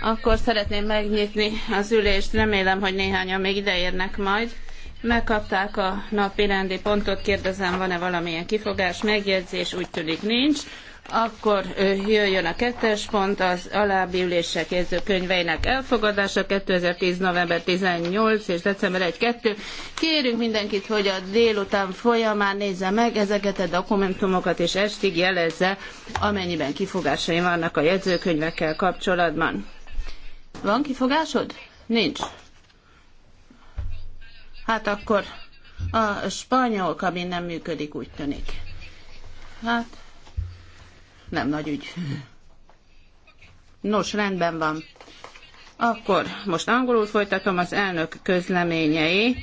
Akkor szeretném megnyitni az ülést, remélem, hogy néhányan még ideérnek majd. Megkapták a napi rendi pontot, kérdezem, van-e valamilyen kifogás, megjegyzés, úgy tűnik nincs. Akkor jöjjön a kettes pont, az alábbi ülések jegyzőkönyveinek elfogadása 2010. november 18 és december 1-2. Kérünk mindenkit, hogy a délután folyamán nézze meg ezeket a dokumentumokat, és estig jelezze, amennyiben kifogásai vannak a jegyzőkönyvekkel kapcsolatban. Van kifogásod? Nincs. Hát akkor a spanyol kabin nem működik, úgy tűnik. Hát, nem nagy ügy. Nos, rendben van. Akkor most angolul folytatom az elnök közleményei.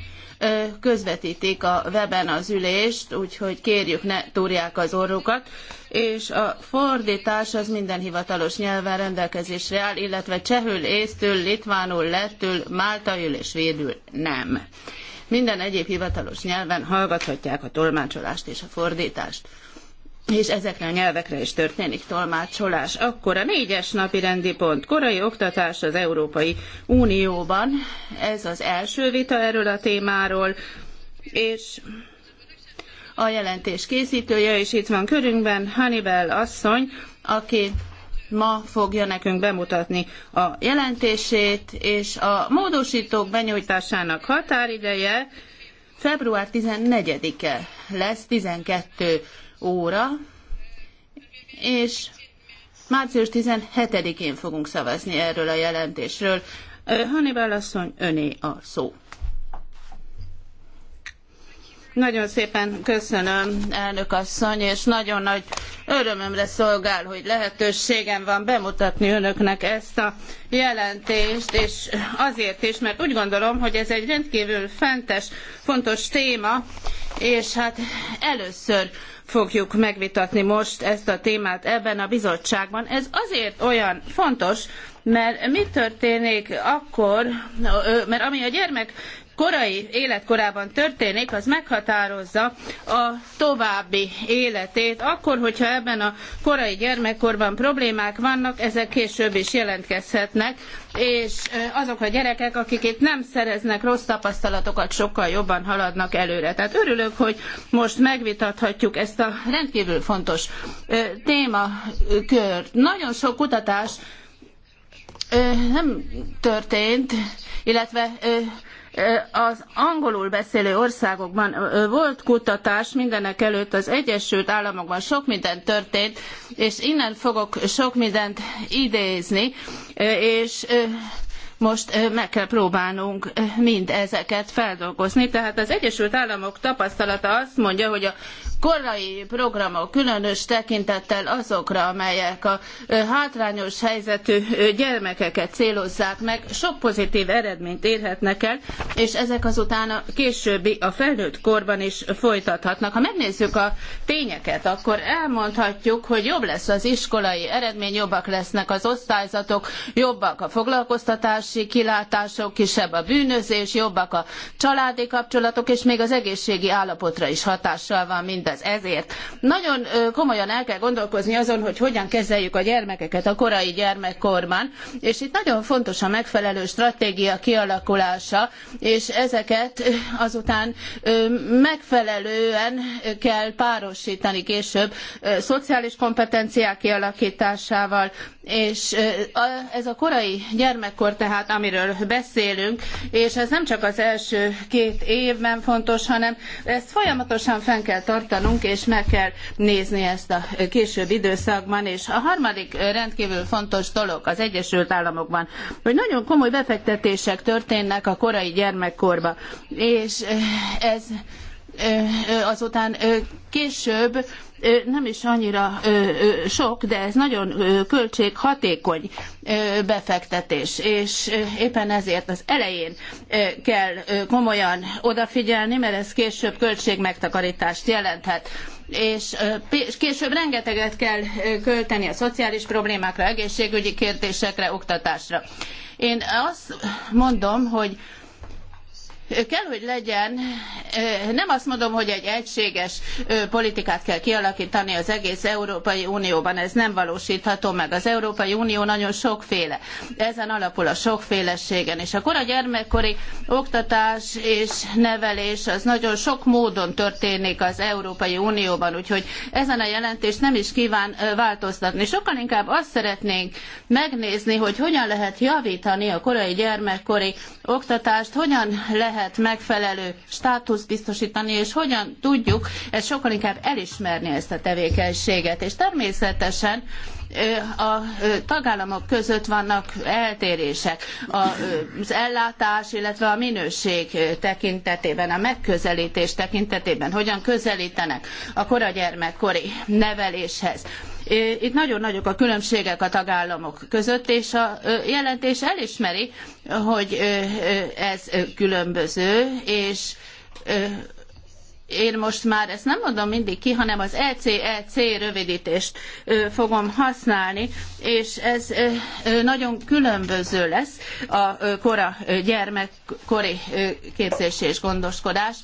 Közvetítik a weben az ülést, úgyhogy kérjük ne túrják az orrukat, és a fordítás az minden hivatalos nyelven rendelkezésre áll, illetve csehül, észtül, litvánul, lettül, máltaiul és védül nem. Minden egyéb hivatalos nyelven hallgathatják a tolmácsolást és a fordítást és ezekre a nyelvekre is történik tolmácsolás. Akkor a négyes napi rendi pont, korai oktatás az Európai Unióban. Ez az első vita erről a témáról, és a jelentés készítője is itt van körünkben, Hannibal asszony, aki ma fogja nekünk bemutatni a jelentését, és a módosítók benyújtásának határideje február 14-e lesz 12 óra, és március 17-én fogunk szavazni erről a jelentésről. Hannibal asszony, öné a szó. Nagyon szépen köszönöm, elnök asszony, és nagyon nagy örömömre szolgál, hogy lehetőségem van bemutatni önöknek ezt a jelentést, és azért is, mert úgy gondolom, hogy ez egy rendkívül fentes, fontos téma, és hát először fogjuk megvitatni most ezt a témát ebben a bizottságban. Ez azért olyan fontos, mert mi történik akkor, mert ami a gyermek korai életkorában történik, az meghatározza a további életét. Akkor, hogyha ebben a korai gyermekkorban problémák vannak, ezek később is jelentkezhetnek, és azok a gyerekek, akik itt nem szereznek rossz tapasztalatokat, sokkal jobban haladnak előre. Tehát örülök, hogy most megvitathatjuk ezt a rendkívül fontos témakört. Nagyon sok kutatás nem történt, illetve az angolul beszélő országokban volt kutatás, mindenek előtt az Egyesült Államokban sok minden történt, és innen fogok sok mindent idézni, és most meg kell próbálnunk mind ezeket feldolgozni. Tehát az Egyesült Államok tapasztalata azt mondja, hogy a korai programok, különös tekintettel azokra, amelyek a hátrányos helyzetű gyermekeket célozzák meg, sok pozitív eredményt érhetnek el, és ezek azután a későbbi, a felnőtt korban is folytathatnak. Ha megnézzük a tényeket, akkor elmondhatjuk, hogy jobb lesz az iskolai eredmény, jobbak lesznek az osztályzatok, jobbak a foglalkoztatási kilátások, kisebb a bűnözés, jobbak a családi kapcsolatok, és még az egészségi állapotra is hatással van minden igaz. Ezért nagyon komolyan el kell gondolkozni azon, hogy hogyan kezeljük a gyermekeket a korai gyermekkorban, és itt nagyon fontos a megfelelő stratégia kialakulása, és ezeket azután megfelelően kell párosítani később szociális kompetenciák kialakításával, és ez a korai gyermekkor tehát, amiről beszélünk, és ez nem csak az első két évben fontos, hanem ezt folyamatosan fenn kell tartani, javítanunk, és meg kell nézni ezt a később időszakban. És a harmadik rendkívül fontos dolog az Egyesült Államokban, hogy nagyon komoly befektetések történnek a korai gyermekkorba, és eh, ez azután később nem is annyira sok, de ez nagyon költséghatékony befektetés, és éppen ezért az elején kell komolyan odafigyelni, mert ez később költségmegtakarítást jelenthet és később rengeteget kell költeni a szociális problémákra, egészségügyi kérdésekre, oktatásra. Én azt mondom, hogy kell, hogy legyen, nem azt mondom, hogy egy egységes politikát kell kialakítani az egész Európai Unióban, ez nem valósítható meg. Az Európai Unió nagyon sokféle, ezen alapul a sokféleségen, és akkor a gyermekkori oktatás és nevelés az nagyon sok módon történik az Európai Unióban, úgyhogy ezen a jelentés nem is kíván változtatni. Sokkal inkább azt szeretnénk megnézni, hogy hogyan lehet javítani a korai gyermekkori oktatást, hogyan lehet lehet megfelelő státuszt biztosítani, és hogyan tudjuk ezt sokkal inkább elismerni ezt a tevékenységet. És természetesen a tagállamok között vannak eltérések az ellátás, illetve a minőség tekintetében, a megközelítés tekintetében, hogyan közelítenek a koragyermekkori neveléshez. Itt nagyon nagyok a különbségek a tagállamok között, és a jelentés elismeri, hogy ez különböző, és én most már ezt nem mondom mindig ki, hanem az ECEC e rövidítést fogom használni, és ez nagyon különböző lesz a kora gyermekkori képzés és gondoskodás,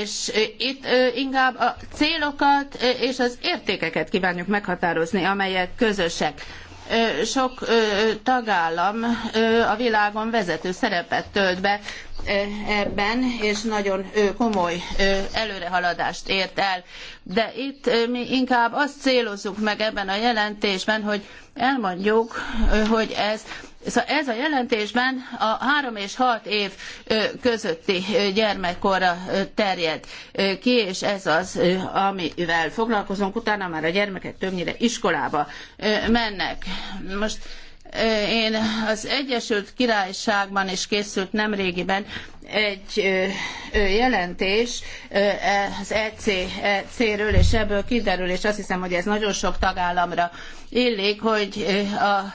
és itt inkább a célokat és az értékeket kívánjuk meghatározni, amelyek közösek sok tagállam a világon vezető szerepet tölt be ebben, és nagyon komoly előrehaladást ért el. De itt mi inkább azt célozzuk meg ebben a jelentésben, hogy elmondjuk, hogy ez Szóval ez a jelentésben a három és hat év közötti gyermekkorra terjed ki, és ez az, amivel foglalkozunk, utána már a gyermekek többnyire iskolába mennek. Most én az Egyesült Királyságban is készült nemrégiben egy jelentés e, az ecc e ről és ebből kiderül, és azt hiszem, hogy ez nagyon sok tagállamra illik, hogy a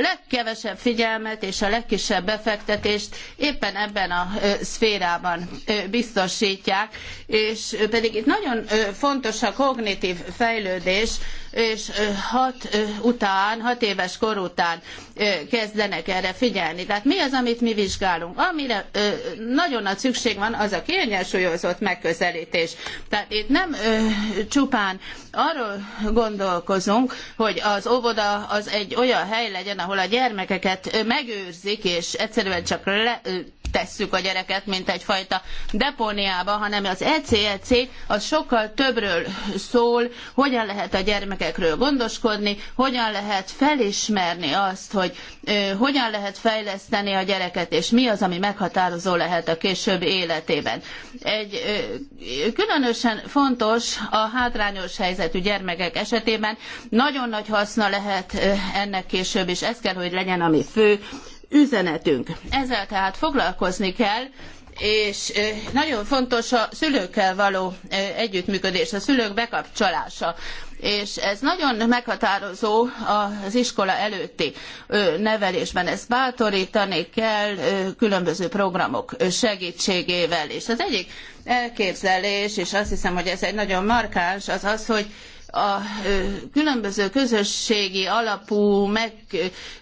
legkevesebb figyelmet és a legkisebb befektetést éppen ebben a szférában biztosítják, és pedig itt nagyon fontos a kognitív fejlődés, és hat után, hat éves kor után kezdenek erre figyelni. Tehát mi az, amit mi vizsgálunk? Amire nagyon nagy szükség van, az a kiegyensúlyozott megközelítés. Tehát itt nem csupán arról gondolkozunk, hogy az óvoda az egy olyan hely legyen, ahol a gyermekeket megőrzik, és egyszerűen csak le, tesszük a gyereket, mint egyfajta depóniába, hanem az ECEC e az sokkal többről szól, hogyan lehet a gyermekekről gondoskodni, hogyan lehet felismerni azt, hogy ö, hogyan lehet fejleszteni a gyereket, és mi az, ami meghatározó lehet a későbbi életében. Egy ö, különösen fontos a hátrányos helyzetű gyermekek esetében nagyon nagy haszna lehet ö, ennek később, és ez kell, hogy legyen a mi fő üzenetünk. Ezzel tehát foglalkozni kell, és nagyon fontos a szülőkkel való együttműködés, a szülők bekapcsolása. És ez nagyon meghatározó az iskola előtti nevelésben. Ezt bátorítani kell különböző programok segítségével. És az egyik elképzelés, és azt hiszem, hogy ez egy nagyon markáns, az az, hogy a különböző közösségi alapú meg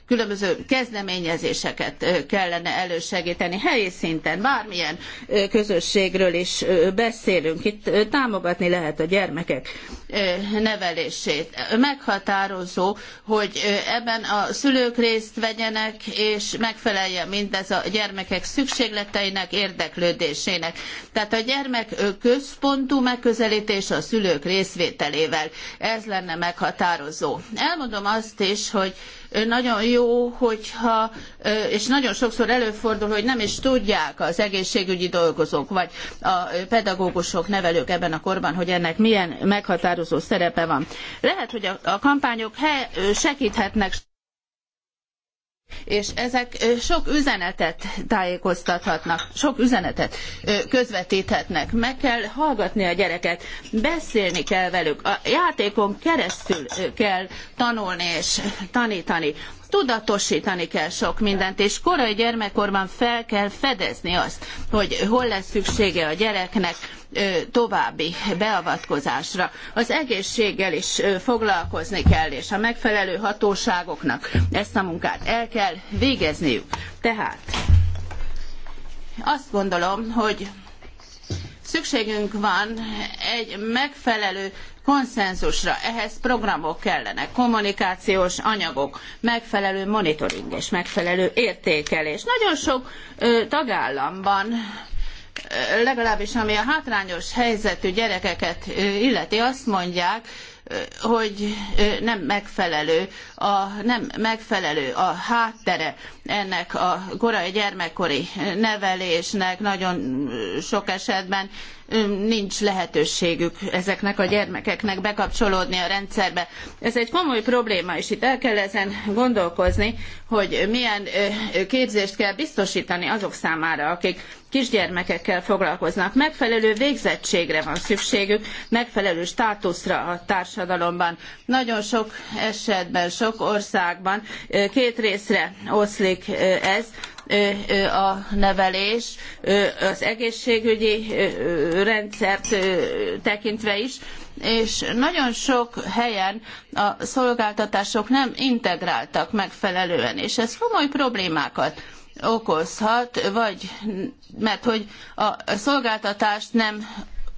különböző kezdeményezéseket kellene elősegíteni helyi szinten, bármilyen közösségről is beszélünk. Itt támogatni lehet a gyermekek nevelését. Meghatározó, hogy ebben a szülők részt vegyenek, és megfeleljen mindez a gyermekek szükségleteinek, érdeklődésének. Tehát a gyermek központú megközelítés a szülők részvételével. Ez lenne meghatározó. Elmondom azt is, hogy nagyon jó, hogyha, és nagyon sokszor előfordul, hogy nem is tudják az egészségügyi dolgozók, vagy a pedagógusok, nevelők ebben a korban, hogy ennek milyen meghatározó szerepe van. Lehet, hogy a, kampányok segíthetnek és ezek sok üzenetet tájékoztathatnak, sok üzenetet közvetíthetnek. Meg kell hallgatni a gyereket, beszélni kell velük, a játékon keresztül kell tanulni és tanítani tudatosítani kell sok mindent, és korai gyermekkorban fel kell fedezni azt, hogy hol lesz szüksége a gyereknek további beavatkozásra. Az egészséggel is foglalkozni kell, és a megfelelő hatóságoknak ezt a munkát el kell végezniük. Tehát azt gondolom, hogy szükségünk van egy megfelelő konszenzusra, ehhez programok kellenek, kommunikációs anyagok, megfelelő monitoring és megfelelő értékelés. Nagyon sok ö, tagállamban legalábbis ami a hátrányos helyzetű gyerekeket illeti, azt mondják, hogy nem megfelelő a, nem megfelelő a háttere ennek a korai gyermekkori nevelésnek, nagyon sok esetben nincs lehetőségük ezeknek a gyermekeknek bekapcsolódni a rendszerbe. Ez egy komoly probléma, és itt el kell ezen gondolkozni, hogy milyen képzést kell biztosítani azok számára, akik kisgyermekekkel foglalkoznak. Megfelelő végzettségre van szükségük, megfelelő státuszra a társadalomban. Nagyon sok esetben, sok országban két részre oszlik ez a nevelés, az egészségügyi rendszert tekintve is, és nagyon sok helyen a szolgáltatások nem integráltak megfelelően, és ez komoly problémákat okozhat, vagy mert hogy a szolgáltatást nem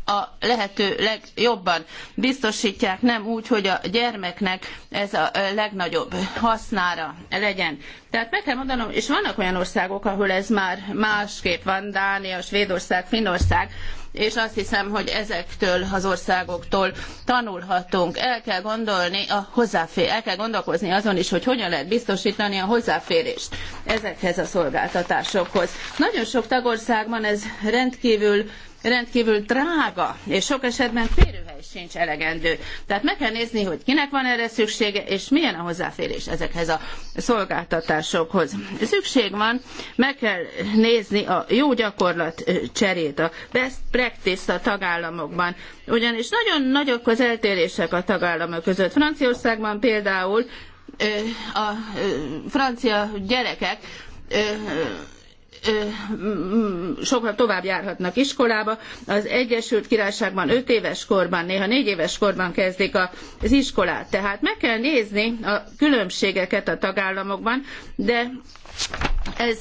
a lehető legjobban biztosítják, nem úgy, hogy a gyermeknek ez a legnagyobb hasznára legyen. Tehát meg kell mondanom, és vannak olyan országok, ahol ez már másképp van, Dánia, Svédország, Finnország, és azt hiszem, hogy ezektől az országoktól tanulhatunk. El kell gondolni a hozzáfér, el kell gondolkozni azon is, hogy hogyan lehet biztosítani a hozzáférést ezekhez a szolgáltatásokhoz. Nagyon sok tagországban ez rendkívül rendkívül drága, és sok esetben férőhely sincs elegendő. Tehát meg kell nézni, hogy kinek van erre szüksége, és milyen a hozzáférés ezekhez a szolgáltatásokhoz. Szükség van, meg kell nézni a jó gyakorlat cserét, a best practice a tagállamokban, ugyanis nagyon nagyok az eltérések a tagállamok között. Franciaországban például a francia gyerekek sokkal tovább járhatnak iskolába. Az Egyesült Királyságban 5 éves korban, néha 4 éves korban kezdik az iskolát. Tehát meg kell nézni a különbségeket a tagállamokban, de ez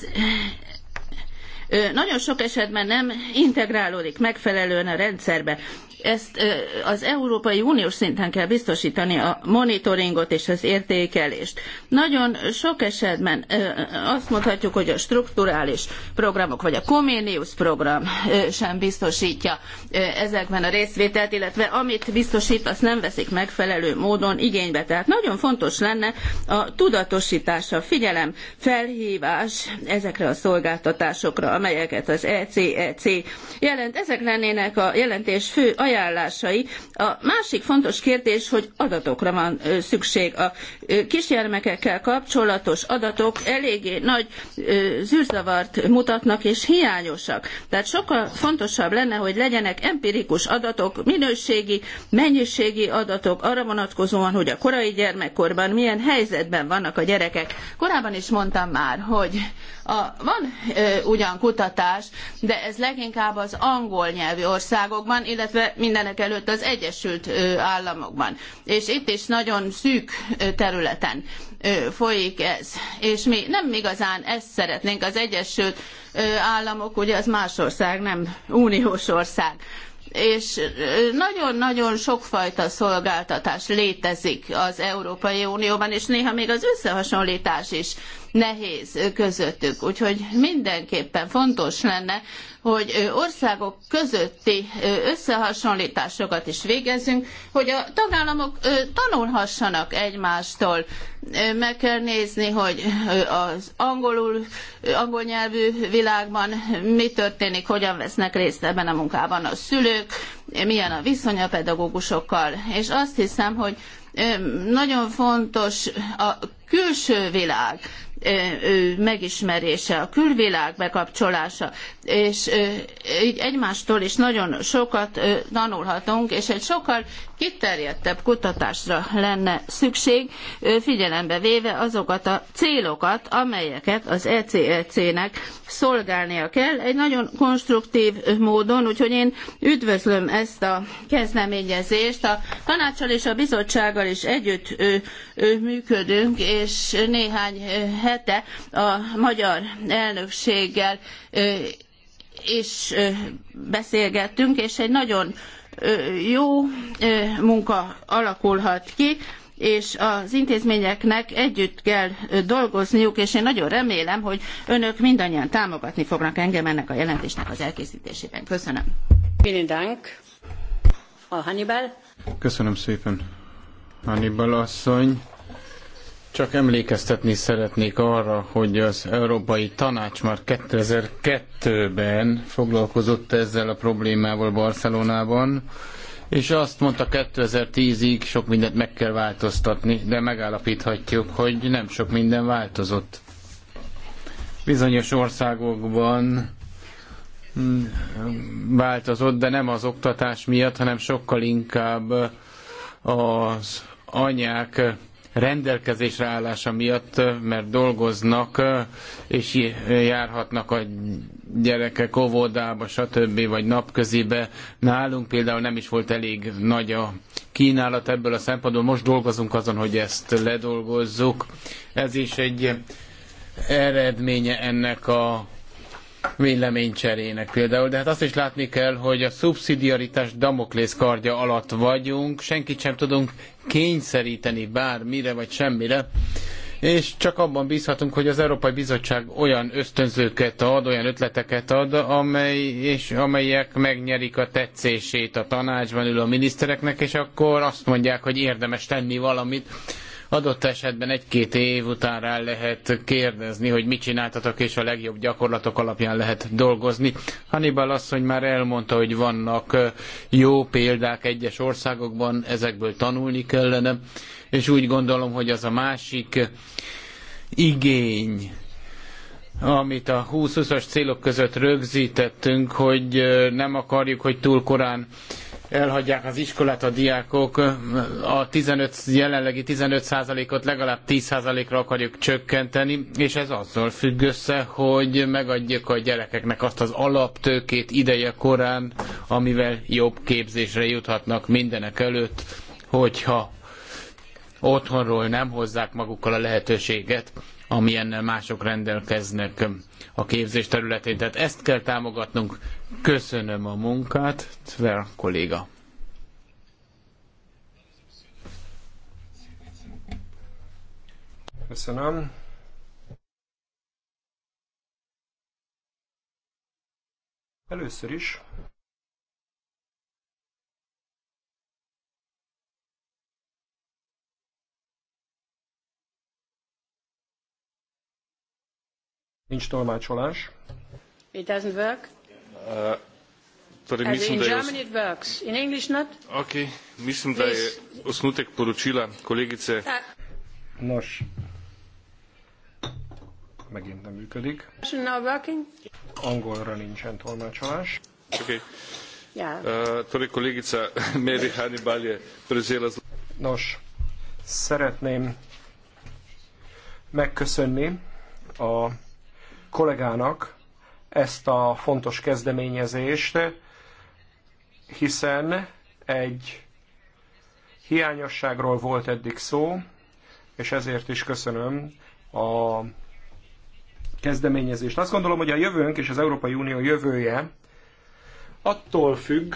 nagyon sok esetben nem integrálódik megfelelően a rendszerbe ezt az Európai Uniós szinten kell biztosítani a monitoringot és az értékelést. Nagyon sok esetben azt mondhatjuk, hogy a strukturális programok, vagy a Comenius program sem biztosítja ezekben a részvételt, illetve amit biztosít, azt nem veszik megfelelő módon igénybe. Tehát nagyon fontos lenne a tudatosítás, a figyelem, felhívás ezekre a szolgáltatásokra, amelyeket az ECEC e jelent. Ezek lennének a jelentés fő ajánlásai ajánlásai. A másik fontos kérdés, hogy adatokra van szükség. A kisgyermekekkel kapcsolatos adatok eléggé nagy zűrzavart mutatnak és hiányosak. Tehát sokkal fontosabb lenne, hogy legyenek empirikus adatok, minőségi, mennyiségi adatok arra vonatkozóan, hogy a korai gyermekkorban milyen helyzetben vannak a gyerekek. Korábban is mondtam már, hogy a, van e, ugyan kutatás, de ez leginkább az angol nyelvű országokban, illetve mindenekelőtt az Egyesült Államokban. És itt is nagyon szűk területen folyik ez. És mi nem igazán ezt szeretnénk. Az Egyesült Államok, ugye az más ország, nem uniós ország és nagyon-nagyon sokfajta szolgáltatás létezik az Európai Unióban, és néha még az összehasonlítás is nehéz közöttük. Úgyhogy mindenképpen fontos lenne, hogy országok közötti összehasonlításokat is végezzünk, hogy a tagállamok tanulhassanak egymástól. Meg kell nézni, hogy az angolul, angol nyelvű világban mi történik, hogyan vesznek részt ebben a munkában a szülők, milyen a viszony a pedagógusokkal. És azt hiszem, hogy nagyon fontos a külső világ, megismerése, a külvilág bekapcsolása, és így egymástól is nagyon sokat tanulhatunk, és egy sokkal kiterjedtebb kutatásra lenne szükség, figyelembe véve azokat a célokat, amelyeket az ECEC-nek szolgálnia kell, egy nagyon konstruktív módon, úgyhogy én üdvözlöm ezt a kezdeményezést. A tanácsal és a bizottsággal is együtt működünk, és néhány hete a magyar elnökséggel is beszélgettünk, és egy nagyon jó munka alakulhat ki és az intézményeknek együtt kell dolgozniuk, és én nagyon remélem, hogy önök mindannyian támogatni fognak engem ennek a jelentésnek az elkészítésében. Köszönöm. Hannibal. Köszönöm szépen, Hannibal asszony. Csak emlékeztetni szeretnék arra, hogy az Európai Tanács már 2002-ben foglalkozott ezzel a problémával Barcelonában, és azt mondta 2010-ig sok mindent meg kell változtatni, de megállapíthatjuk, hogy nem sok minden változott. Bizonyos országokban mm, változott, de nem az oktatás miatt, hanem sokkal inkább az anyák rendelkezésre állása miatt, mert dolgoznak és járhatnak a gyerekek óvodába, stb. vagy napközibe. Nálunk például nem is volt elég nagy a kínálat ebből a szempontból. Most dolgozunk azon, hogy ezt ledolgozzuk. Ez is egy eredménye ennek a véleménycserének például, de hát azt is látni kell, hogy a szubszidiaritás Damoklész kardja alatt vagyunk, senkit sem tudunk kényszeríteni bármire vagy semmire, és csak abban bízhatunk, hogy az Európai Bizottság olyan ösztönzőket ad, olyan ötleteket ad, amely, és amelyek megnyerik a tetszését a tanácsban ülő minisztereknek, és akkor azt mondják, hogy érdemes tenni valamit Adott esetben egy-két év után rá lehet kérdezni, hogy mit csináltatok, és a legjobb gyakorlatok alapján lehet dolgozni. Hannibal hogy már elmondta, hogy vannak jó példák egyes országokban, ezekből tanulni kellene, és úgy gondolom, hogy az a másik igény, amit a 20-20-as célok között rögzítettünk, hogy nem akarjuk, hogy túl korán elhagyják az iskolát a diákok, a 15, jelenlegi 15%-ot legalább 10%-ra akarjuk csökkenteni, és ez azzal függ össze, hogy megadjuk a gyerekeknek azt az alaptőkét ideje korán, amivel jobb képzésre juthatnak mindenek előtt, hogyha otthonról nem hozzák magukkal a lehetőséget, amilyennel mások rendelkeznek a képzés területén. Tehát ezt kell támogatnunk. Köszönöm a munkát, Tver kolléga. Köszönöm. Először is Nincs tolmácsolás. It doesn't work. Uh, torej mislim, in Germany it works. In English not? Okay. Mislim, Please. da je osnutek poročila kolegice... Nos, megint nem működik. Angolra nincsen tolmácsolás. Okay. Yeah. Uh, torej kolegica Mary Hannibal je prevzela... Nos, szeretném megköszönni a kollégának ezt a fontos kezdeményezést, hiszen egy hiányosságról volt eddig szó, és ezért is köszönöm a kezdeményezést. Azt gondolom, hogy a jövőnk és az Európai Unió jövője attól függ,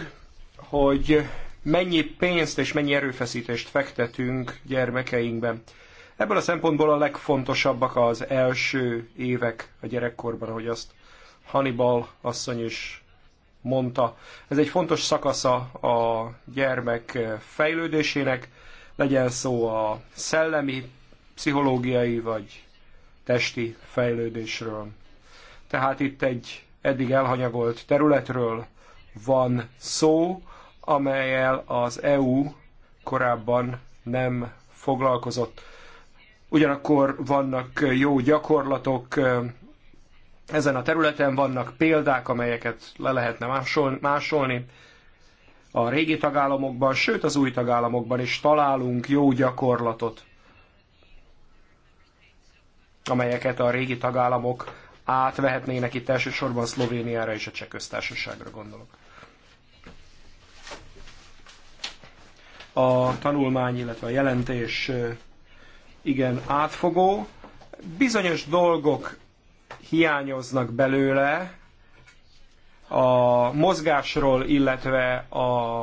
hogy mennyi pénzt és mennyi erőfeszítést fektetünk gyermekeinkbe. Ebből a szempontból a legfontosabbak az első évek a gyerekkorban, ahogy azt Hannibal asszony is mondta. Ez egy fontos szakasza a gyermek fejlődésének, legyen szó a szellemi, pszichológiai vagy testi fejlődésről. Tehát itt egy eddig elhanyagolt területről van szó, amelyel az EU korábban nem foglalkozott. Ugyanakkor vannak jó gyakorlatok, ezen a területen vannak példák, amelyeket le lehetne másolni. A régi tagállamokban, sőt az új tagállamokban is találunk jó gyakorlatot, amelyeket a régi tagállamok átvehetnének itt elsősorban Szlovéniára és a Cseh köztársaságra gondolok. A tanulmány, illetve a jelentés igen átfogó. Bizonyos dolgok hiányoznak belőle a mozgásról, illetve a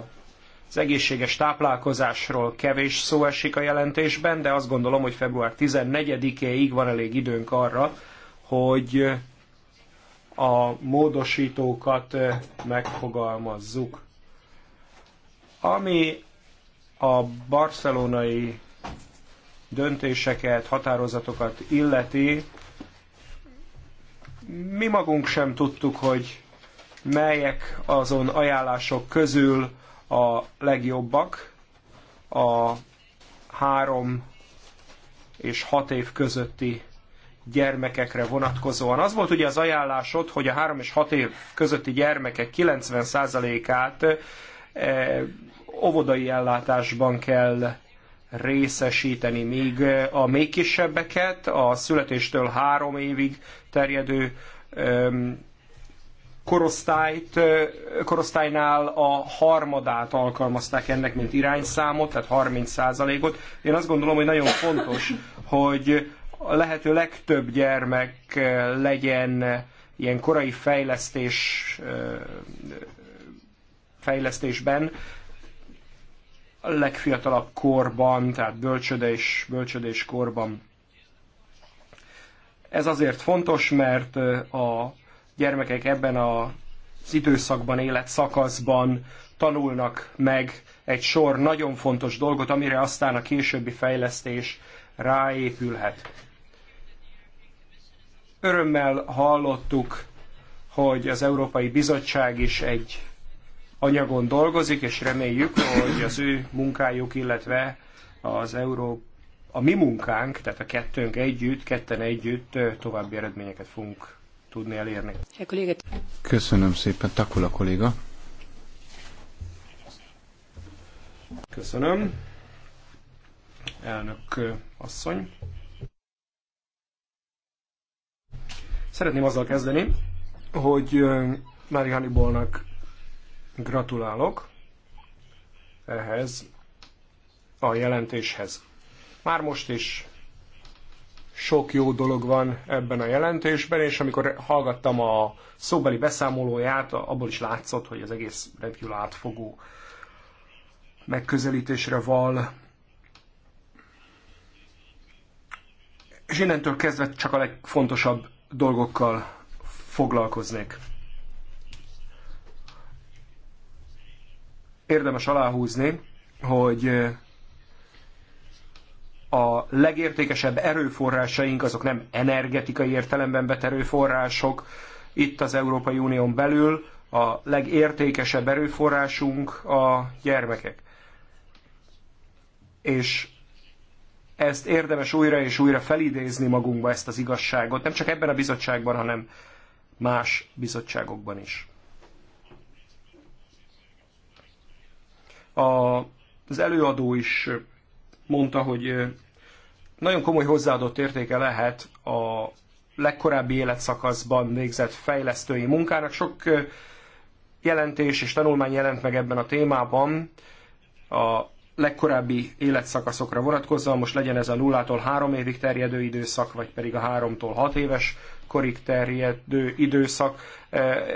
az egészséges táplálkozásról kevés szó esik a jelentésben, de azt gondolom, hogy február 14-éig van elég időnk arra, hogy a módosítókat megfogalmazzuk. Ami a barcelonai döntéseket, határozatokat illeti, mi magunk sem tudtuk, hogy melyek azon ajánlások közül a legjobbak a három és hat év közötti gyermekekre vonatkozóan. Az volt ugye az ajánlásod, hogy a három és hat év közötti gyermekek 90%-át eh, óvodai ellátásban kell részesíteni, míg a még kisebbeket a születéstől három évig terjedő korosztályt, korosztálynál a harmadát alkalmazták ennek, mint irányszámot, tehát 30%-ot. Én azt gondolom, hogy nagyon fontos, hogy a lehető legtöbb gyermek legyen ilyen korai fejlesztés fejlesztésben a legfiatalabb korban, tehát bölcsödés, bölcsödés korban. Ez azért fontos, mert a gyermekek ebben az időszakban, életszakaszban tanulnak meg egy sor nagyon fontos dolgot, amire aztán a későbbi fejlesztés ráépülhet. Örömmel hallottuk, hogy az Európai Bizottság is egy anyagon dolgozik, és reméljük, hogy az ő munkájuk, illetve az Euró a mi munkánk, tehát a kettőnk együtt, ketten együtt további eredményeket fogunk tudni elérni. Köszönöm szépen, Takula kolléga. Köszönöm. Elnök asszony. Szeretném azzal kezdeni, hogy Mári Hannibalnak Gratulálok ehhez a jelentéshez. Már most is sok jó dolog van ebben a jelentésben, és amikor hallgattam a szóbeli beszámolóját, abból is látszott, hogy az egész rendkívül átfogó megközelítésre val. És innentől kezdve csak a legfontosabb dolgokkal foglalkoznék. érdemes aláhúzni, hogy a legértékesebb erőforrásaink azok nem energetikai értelemben vett erőforrások. Itt az Európai Unión belül a legértékesebb erőforrásunk a gyermekek. És ezt érdemes újra és újra felidézni magunkba ezt az igazságot, nem csak ebben a bizottságban, hanem más bizottságokban is. A, az előadó is mondta, hogy nagyon komoly hozzáadott értéke lehet a legkorábbi életszakaszban végzett fejlesztői munkának. Sok jelentés és tanulmány jelent meg ebben a témában a legkorábbi életszakaszokra vonatkozóan, most legyen ez a nullától három évig terjedő időszak, vagy pedig a háromtól hat éves korig terjedő időszak.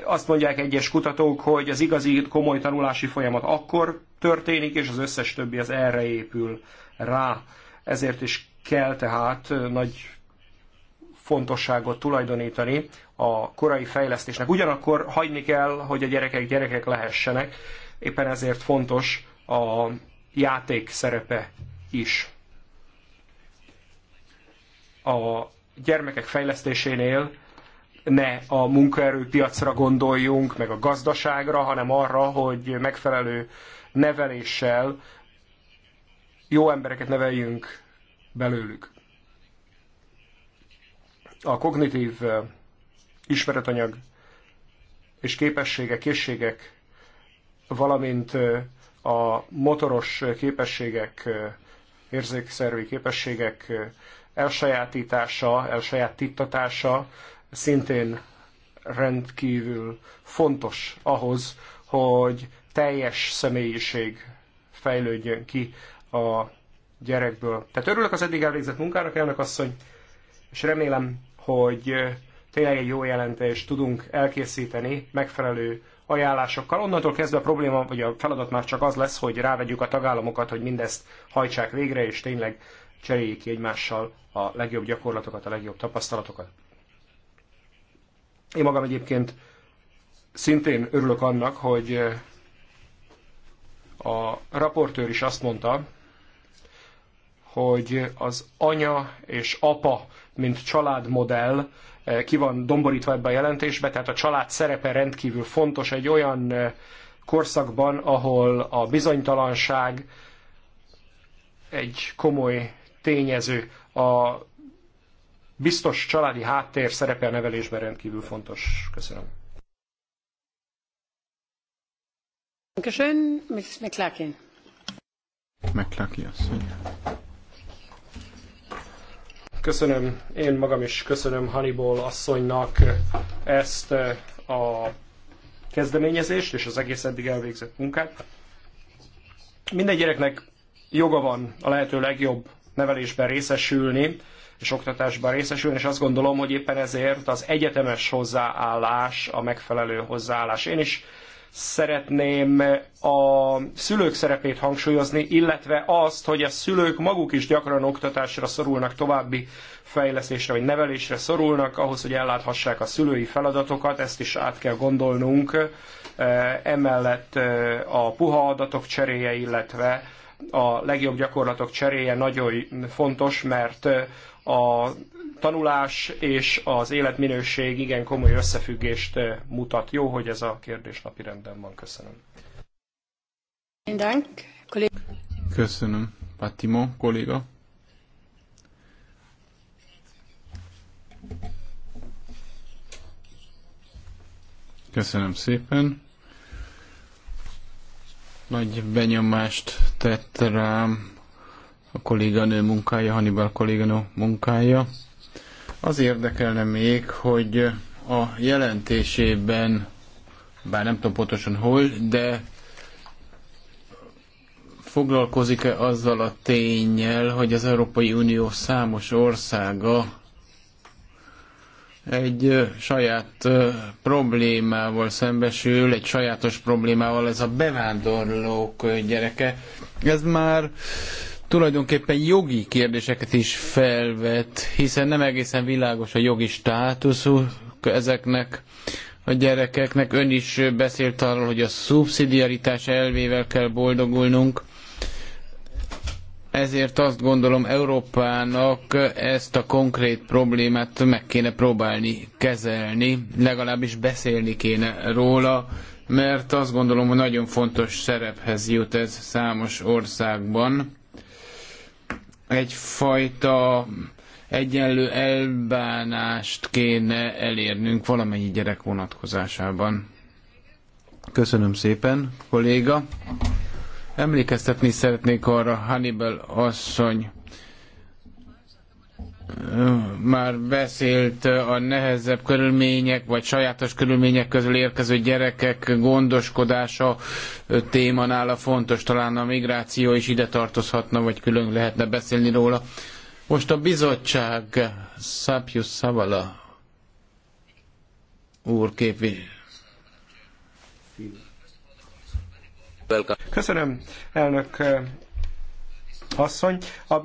Azt mondják egyes kutatók, hogy az igazi komoly tanulási folyamat akkor történik, és az összes többi az erre épül rá. Ezért is kell tehát nagy fontosságot tulajdonítani a korai fejlesztésnek. Ugyanakkor hagyni kell, hogy a gyerekek gyerekek lehessenek, éppen ezért fontos a játék szerepe is. A gyermekek fejlesztésénél ne a munkaerőpiacra gondoljunk, meg a gazdaságra, hanem arra, hogy megfelelő neveléssel jó embereket neveljünk belőlük. A kognitív ismeretanyag és képességek, készségek, valamint a motoros képességek, érzékszervi képességek elsajátítása, elsajátítatása szintén rendkívül fontos ahhoz, hogy teljes személyiség fejlődjön ki a gyerekből. Tehát örülök az eddig elvégzett munkának, elnök asszony, és remélem, hogy tényleg egy jó jelentést tudunk elkészíteni megfelelő ajánlásokkal. Onnantól kezdve a probléma, vagy a feladat már csak az lesz, hogy rávegyük a tagállamokat, hogy mindezt hajtsák végre, és tényleg cseréljék ki egymással a legjobb gyakorlatokat, a legjobb tapasztalatokat. Én magam egyébként szintén örülök annak, hogy a raportőr is azt mondta, hogy az anya és apa, mint családmodell eh, ki van domborítva ebbe a jelentésbe, tehát a család szerepe rendkívül fontos egy olyan eh, korszakban, ahol a bizonytalanság egy komoly tényező. A biztos családi háttér szerepe a nevelésben rendkívül fontos. Köszönöm. Mrs. asszony. Köszönöm, én magam is köszönöm Hannibal asszonynak ezt eh, a kezdeményezést és az egész eddig elvégzett munkát. Minden gyereknek joga van a lehető legjobb nevelésben részesülni, és oktatásban részesülni, és azt gondolom, hogy éppen ezért az egyetemes hozzáállás a megfelelő hozzáállás. Én is szeretném a szülők szerepét hangsúlyozni, illetve azt, hogy a szülők maguk is gyakran oktatásra szorulnak, további fejlesztésre vagy nevelésre szorulnak, ahhoz, hogy elláthassák a szülői feladatokat, ezt is át kell gondolnunk. E, emellett e, a puha adatok cseréje, illetve a legjobb gyakorlatok cseréje nagyon fontos, mert e, a tanulás és az életminőség igen komoly összefüggést eh, mutat. Jó, hogy ez a kérdés napi van. Köszönöm. Köszönöm. Patimo kolléga. Köszönöm szépen. Nagy benyomást tett rám a kolléganő munkája, Hannibal kolléganő munkája. Az érdekelne még, hogy a jelentésében, bár nem tudom pontosan hol, de foglalkozik-e azzal a tényel, hogy az Európai Unió számos országa egy saját problémával szembesül, egy sajátos problémával, ez a bevándorlók gyereke. Ez már tulajdonképpen jogi kérdéseket is felvet, hiszen nem egészen világos a jogi státuszuk ezeknek a gyerekeknek. Ön is beszélt arról, hogy a szubszidiaritás elvével kell boldogulnunk. Ezért azt gondolom, Európának ezt a konkrét problémát meg kéne próbálni kezelni, legalábbis beszélni kéne róla, mert azt gondolom, hogy nagyon fontos szerephez jut ez számos országban egyfajta egyenlő elbánást kéne elérnünk valamennyi gyerek vonatkozásában. Köszönöm szépen, kolléga. Emlékeztetni szeretnék arra Hannibal asszony már beszélt a nehezebb körülmények, vagy sajátos körülmények közül érkező gyerekek gondoskodása téma nála fontos, talán a migráció is ide tartozhatna, vagy külön lehetne beszélni róla. Most a bizottság Szápjus Szavala úr képvi. Köszönöm, elnök eh, asszony. A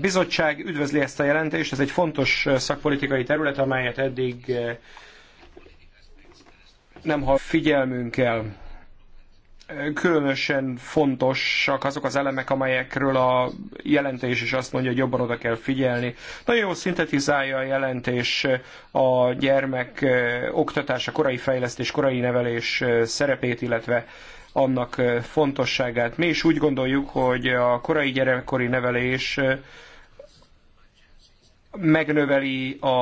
bizottság üdvözli ezt a jelentést, ez egy fontos szakpolitikai terület, amelyet eddig nem ha figyelmünkkel különösen fontosak azok az elemek, amelyekről a jelentés is azt mondja, hogy jobban oda kell figyelni. Nagyon jól szintetizálja a jelentés a gyermek oktatása, korai fejlesztés, korai nevelés szerepét, illetve annak fontosságát. Mi is úgy gondoljuk, hogy a korai gyermekkori nevelés megnöveli a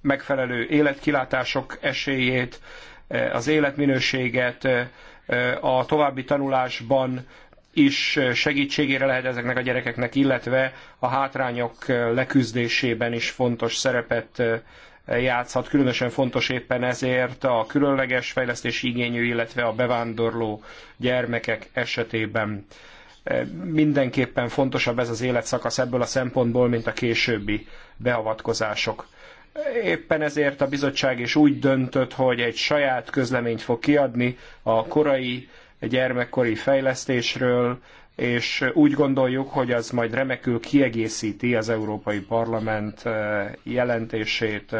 megfelelő életkilátások esélyét, Eh, az életminőséget, eh, eh, a további tanulásban is segítségére lehet ezeknek a gyerekeknek, illetve a hátrányok leküzdésében is fontos szerepet játszhat. Különösen fontos éppen ezért a különleges fejlesztési igényű, illetve a bevándorló gyermekek esetében. Mindenképpen fontosabb ez az életszakasz ebből a szempontból, mint a későbbi beavatkozások. Éppen ezért a bizottság is úgy döntött, hogy egy saját közleményt fog kiadni a korai gyermekkori fejlesztésről, és úgy gondoljuk, hogy az majd remekül kiegészíti az Európai Parlament eh, jelentését.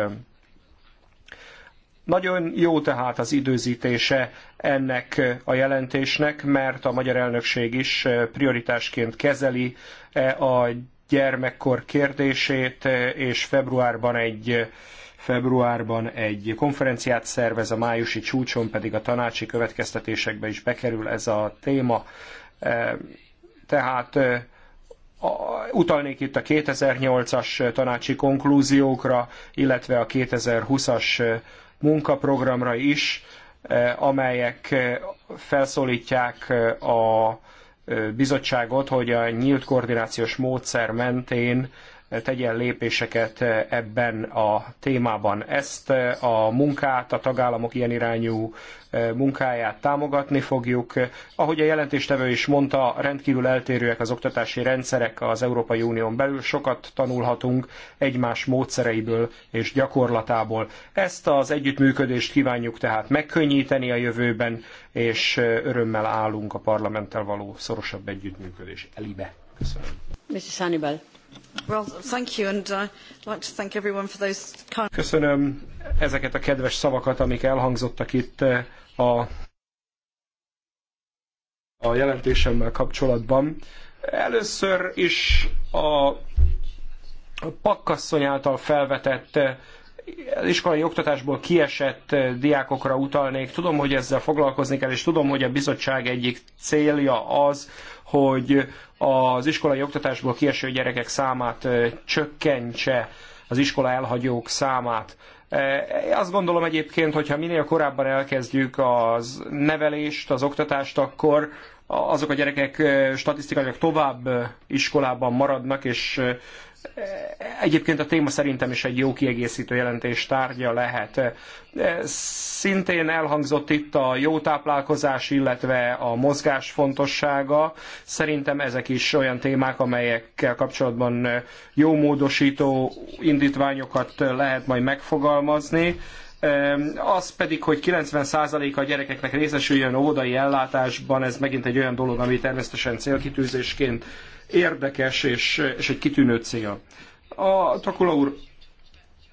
Nagyon jó tehát az időzítése ennek a jelentésnek, mert a magyar elnökség is eh, prioritásként kezeli eh, a gyermekkor kérdését, és februárban egy februárban egy konferenciát szervez, a májusi csúcson pedig a tanácsi következtetésekbe is bekerül ez a téma. E, tehát e, utalnék itt a 2008-as tanácsi konklúziókra, illetve a 2020-as munkaprogramra is, e, amelyek felszólítják a bizottságot, hogy a nyílt koordinációs módszer mentén tegyen lépéseket ebben a témában. Ezt a munkát, a tagállamok ilyen irányú e, munkáját támogatni fogjuk. Ahogy a jelentéstevő is mondta, rendkívül eltérőek az oktatási rendszerek az Európai Unión belül, sokat tanulhatunk egymás módszereiből és gyakorlatából. Ezt az együttműködést kívánjuk tehát megkönnyíteni a jövőben, és e, örömmel állunk a parlamenttel való szorosabb együttműködés elébe. Köszönöm. Mr. Sanibel. Köszönöm ezeket a kedves szavakat, amik elhangzottak itt eh, a, a jelentésemmel kapcsolatban. Először is a, a pakkasszony által felvetett az eh, iskolai oktatásból kiesett eh, diákokra utalnék. Tudom, hogy ezzel foglalkozni kell, és tudom, hogy a bizottság egyik célja az, hogy az iskolai oktatásból kieső gyerekek számát csökkentse, az iskola elhagyók számát. Azt gondolom egyébként, hogyha minél korábban elkezdjük az nevelést, az oktatást, akkor azok a gyerekek statisztikailag tovább iskolában maradnak, és Egyébként a téma szerintem is egy jó kiegészítő jelentés tárgya lehet. Szintén elhangzott itt a jó táplálkozás, illetve a mozgás fontossága. Szerintem ezek is olyan témák, amelyekkel kapcsolatban jó módosító indítványokat lehet majd megfogalmazni. Az pedig, hogy 90% a gyerekeknek részesüljön óvodai ellátásban, ez megint egy olyan dolog, ami természetesen célkitűzésként érdekes és, és egy kitűnő cél. A Takula úr,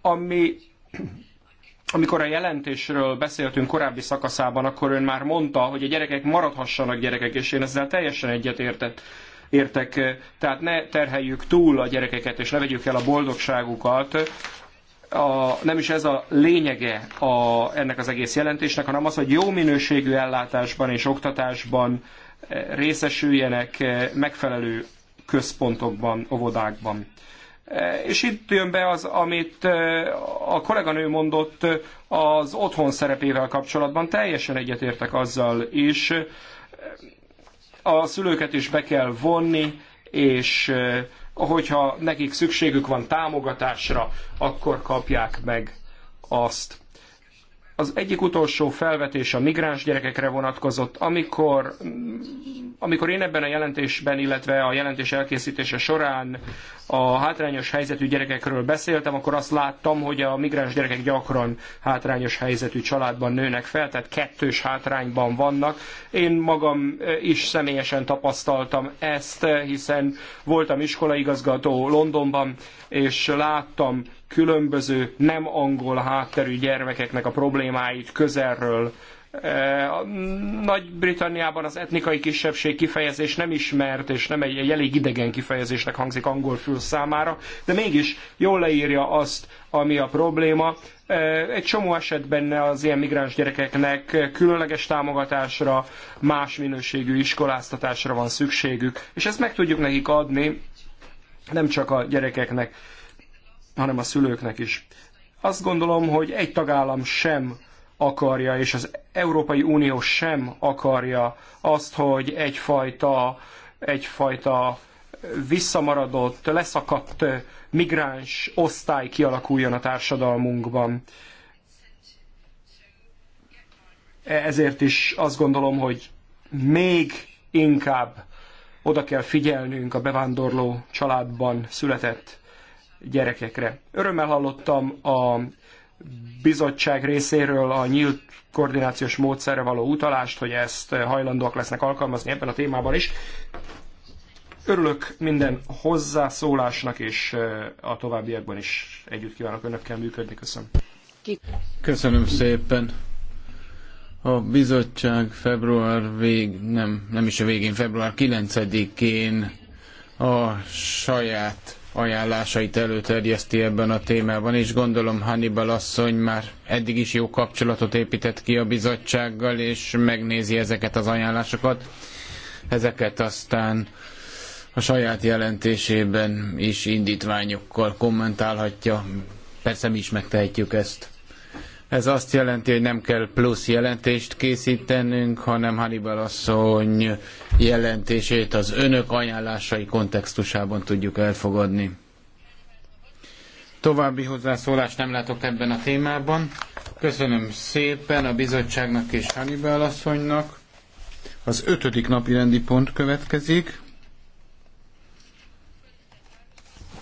ami amikor a jelentésről beszéltünk korábbi szakaszában, akkor ön már mondta, hogy a gyerekek maradhassanak gyerekek, és én ezzel teljesen egyetértek. értek, tehát ne terheljük túl a gyerekeket, és ne vegyük el a boldogságukat a, nem is ez a lényege a, ennek az egész jelentésnek, hanem az, hogy jó minőségű ellátásban és oktatásban eh, részesüljenek eh, megfelelő központokban, óvodákban. Eh, és itt jön be az, amit a kolléganő mondott az otthon szerepével kapcsolatban. Teljesen egyetértek azzal is. A szülőket is be kell vonni, és hogyha nekik szükségük van támogatásra, akkor kapják meg azt. Az egyik utolsó felvetés a migráns gyerekekre vonatkozott. Amikor, amikor én ebben a jelentésben, illetve a jelentés elkészítése során a hátrányos helyzetű gyerekekről beszéltem, akkor azt láttam, hogy a migráns gyerekek gyakran hátrányos helyzetű családban nőnek fel, tehát kettős hátrányban vannak. Én magam eh, is személyesen tapasztaltam ezt, eh, hiszen voltam iskolaigazgató Londonban, és láttam különböző nem angol hátterű gyermekeknek a problémáit közelről. E, Nagy-Britanniában az etnikai kisebbség kifejezés nem ismert, és nem egy, egy elég idegen kifejezésnek hangzik angol fül számára, de mégis jól leírja azt, ami a probléma. E, egy csomó esetben az ilyen migráns gyerekeknek különleges támogatásra, más minőségű iskoláztatásra van szükségük, és ezt meg tudjuk nekik adni, nem csak a gyerekeknek hanem a szülőknek is. Azt gondolom, hogy egy tagállam sem akarja, és az Európai Unió sem akarja azt, hogy egyfajta, egyfajta visszamaradott, leszakadt migráns osztály kialakuljon a társadalmunkban. Ezért is azt gondolom, hogy még inkább oda kell figyelnünk a bevándorló családban született gyerekekre. Örömmel hallottam a bizottság részéről a nyílt koordinációs módszerre való utalást, hogy ezt hajlandóak lesznek alkalmazni ebben a témában is. Örülök minden hozzászólásnak, és a továbbiakban is együtt kívánok önökkel működni. Köszönöm. Köszönöm szépen. A bizottság február vég, nem, nem is a végén, február 9-én a saját ajánlásait előterjeszti ebben a témában, és gondolom Hannibal asszony már eddig is jó kapcsolatot épített ki a bizottsággal, és megnézi ezeket az ajánlásokat. Ezeket aztán a saját jelentésében is indítványokkal kommentálhatja. Persze mi is megtehetjük ezt. Ez azt jelenti, hogy nem kell plusz jelentést készítenünk, hanem Hannibal asszony jelentését az önök ajánlásai kontextusában tudjuk elfogadni. További hozzászólást nem látok ebben a témában. Köszönöm szépen a bizottságnak és Hannibal asszonynak. Az ötödik napi rendi pont következik.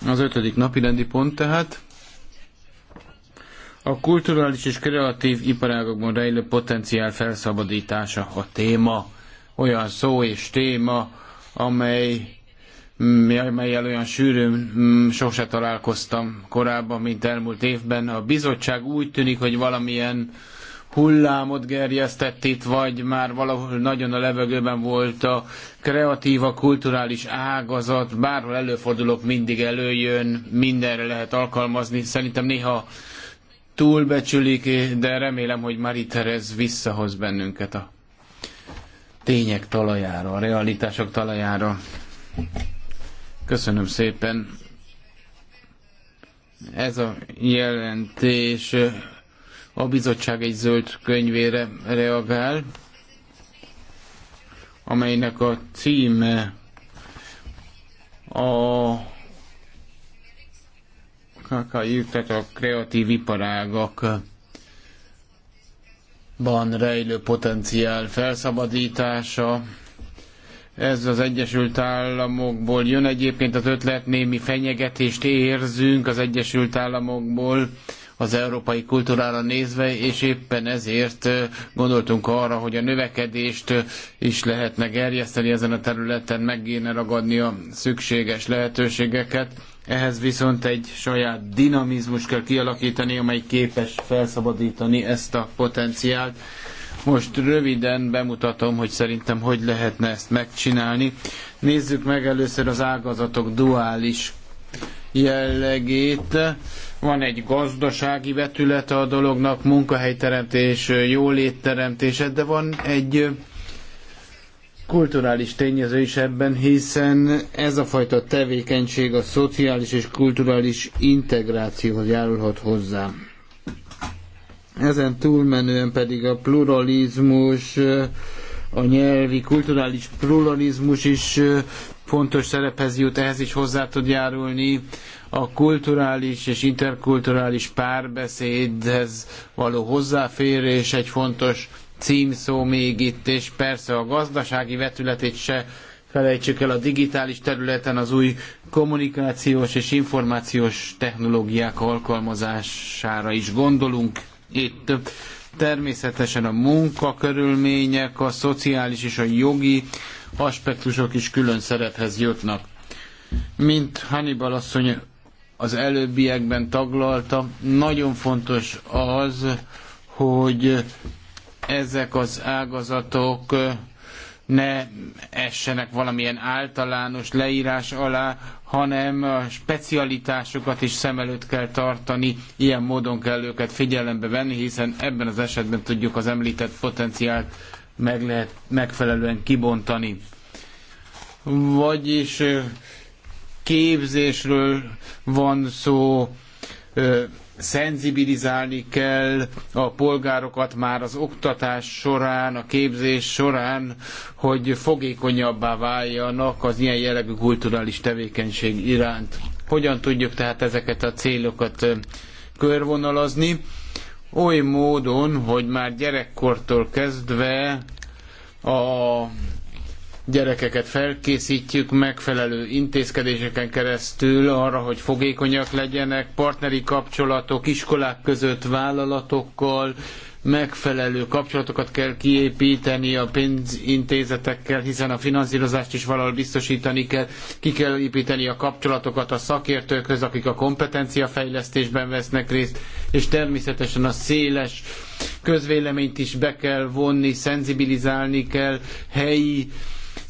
Az ötödik napi rendi pont tehát. A kulturális és kreatív iparágokban rejlő potenciál felszabadítása a téma, olyan szó és téma, amely melyel olyan sűrűn mm, sose találkoztam korábban, mint elmúlt évben. A bizottság úgy tűnik, hogy valamilyen hullámot gerjesztett itt, vagy már valahol nagyon a levegőben volt a kreatív, a kulturális ágazat, bárhol előfordulok, mindig előjön, mindenre lehet alkalmazni. Szerintem néha túlbecsülik, de remélem, hogy Marie Terez visszahoz bennünket a tények talajára, a realitások talajára. Köszönöm szépen. Ez a jelentés a bizottság egy zöld könyvére reagál, amelynek a címe a a tehát a kreatív iparágakban rejlő potenciál felszabadítása. Ez az Egyesült Államokból jön egyébként az ötlet, némi fenyegetést érzünk az Egyesült Államokból az európai kultúrára nézve, és éppen ezért gondoltunk arra, hogy a növekedést is lehetne gerjeszteni ezen a területen, meg kéne ragadni a szükséges lehetőségeket ehhez viszont egy saját dinamizmus kell kialakítani, amely képes felszabadítani ezt a potenciált. Most röviden bemutatom, hogy szerintem hogy lehetne ezt megcsinálni. Nézzük meg először az ágazatok duális jellegét. Van egy gazdasági vetülete a dolognak, munkahelyteremtés, jólétteremtése, de van egy kulturális tényező is ebben, hiszen ez a fajta tevékenység a szociális és kulturális integrációhoz járulhat hozzá. Ezen túlmenően pedig a pluralizmus, a nyelvi, kulturális pluralizmus is fontos szerephez jut, ehhez is hozzá tud járulni a kulturális és interkulturális párbeszédhez való hozzáférés egy fontos címszó még itt, és persze a gazdasági vetületét se felejtsük el a digitális területen az új kommunikációs és információs technológiák alkalmazására is gondolunk. Itt természetesen a munkakörülmények, a szociális és a jogi aspektusok is külön szerephez jutnak. Mint Hannibal asszony az előbbiekben taglalta, nagyon fontos az, hogy ezek az ágazatok ne essenek valamilyen általános leírás alá, hanem a specialitásokat is szem előtt kell tartani, ilyen módon kell őket figyelembe venni, hiszen ebben az esetben tudjuk az említett potenciált meg lehet megfelelően kibontani. Vagyis képzésről van szó, szenzibilizálni kell a polgárokat már az oktatás során, a képzés során, hogy fogékonyabbá váljanak az ilyen jellegű kulturális tevékenység iránt. Hogyan tudjuk tehát ezeket a célokat körvonalazni? Oly módon, hogy már gyerekkortól kezdve a gyerekeket felkészítjük megfelelő intézkedéseken keresztül arra, hogy fogékonyak legyenek, partneri kapcsolatok iskolák között vállalatokkal, megfelelő kapcsolatokat kell kiépíteni a pénzintézetekkel, hiszen a finanszírozást is valahol biztosítani kell, ki kell építeni a kapcsolatokat a szakértőkhöz, akik a kompetenciafejlesztésben vesznek részt, és természetesen a széles közvéleményt is be kell vonni, szenzibilizálni kell, helyi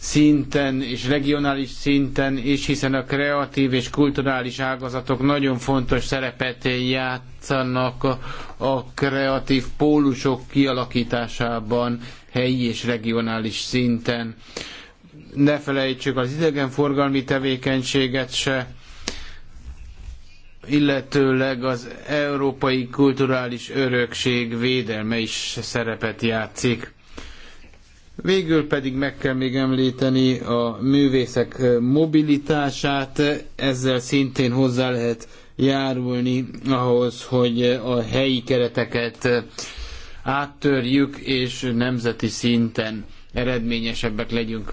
szinten és regionális szinten is, hiszen a kreatív és kulturális ágazatok nagyon fontos szerepet játszanak a kreatív pólusok kialakításában helyi és regionális szinten. Ne felejtsük az idegenforgalmi tevékenységet se, illetőleg az európai kulturális örökség védelme is szerepet játszik Végül pedig meg kell még említeni a művészek mobilitását, ezzel szintén hozzá lehet járulni ahhoz, hogy a helyi kereteket áttörjük, és nemzeti szinten eredményesebbek legyünk.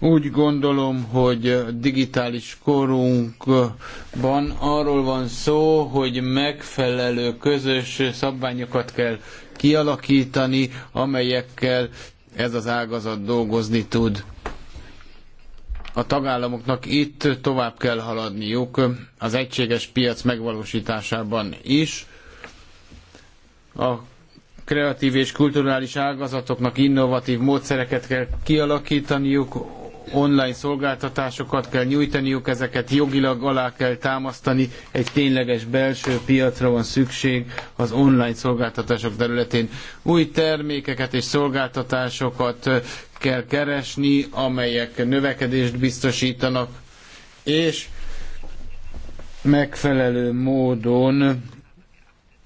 Úgy gondolom, hogy digitális korunkban arról van szó, hogy megfelelő közös szabványokat kell kialakítani, amelyekkel ez az ágazat dolgozni tud. A tagállamoknak itt tovább kell haladniuk az egységes piac megvalósításában is. A kreatív és kulturális ágazatoknak innovatív módszereket kell kialakítaniuk online szolgáltatásokat kell nyújtaniuk, ezeket jogilag alá kell támasztani, egy tényleges belső piacra van szükség az online szolgáltatások területén. Új termékeket és szolgáltatásokat kell keresni, amelyek növekedést biztosítanak, és megfelelő módon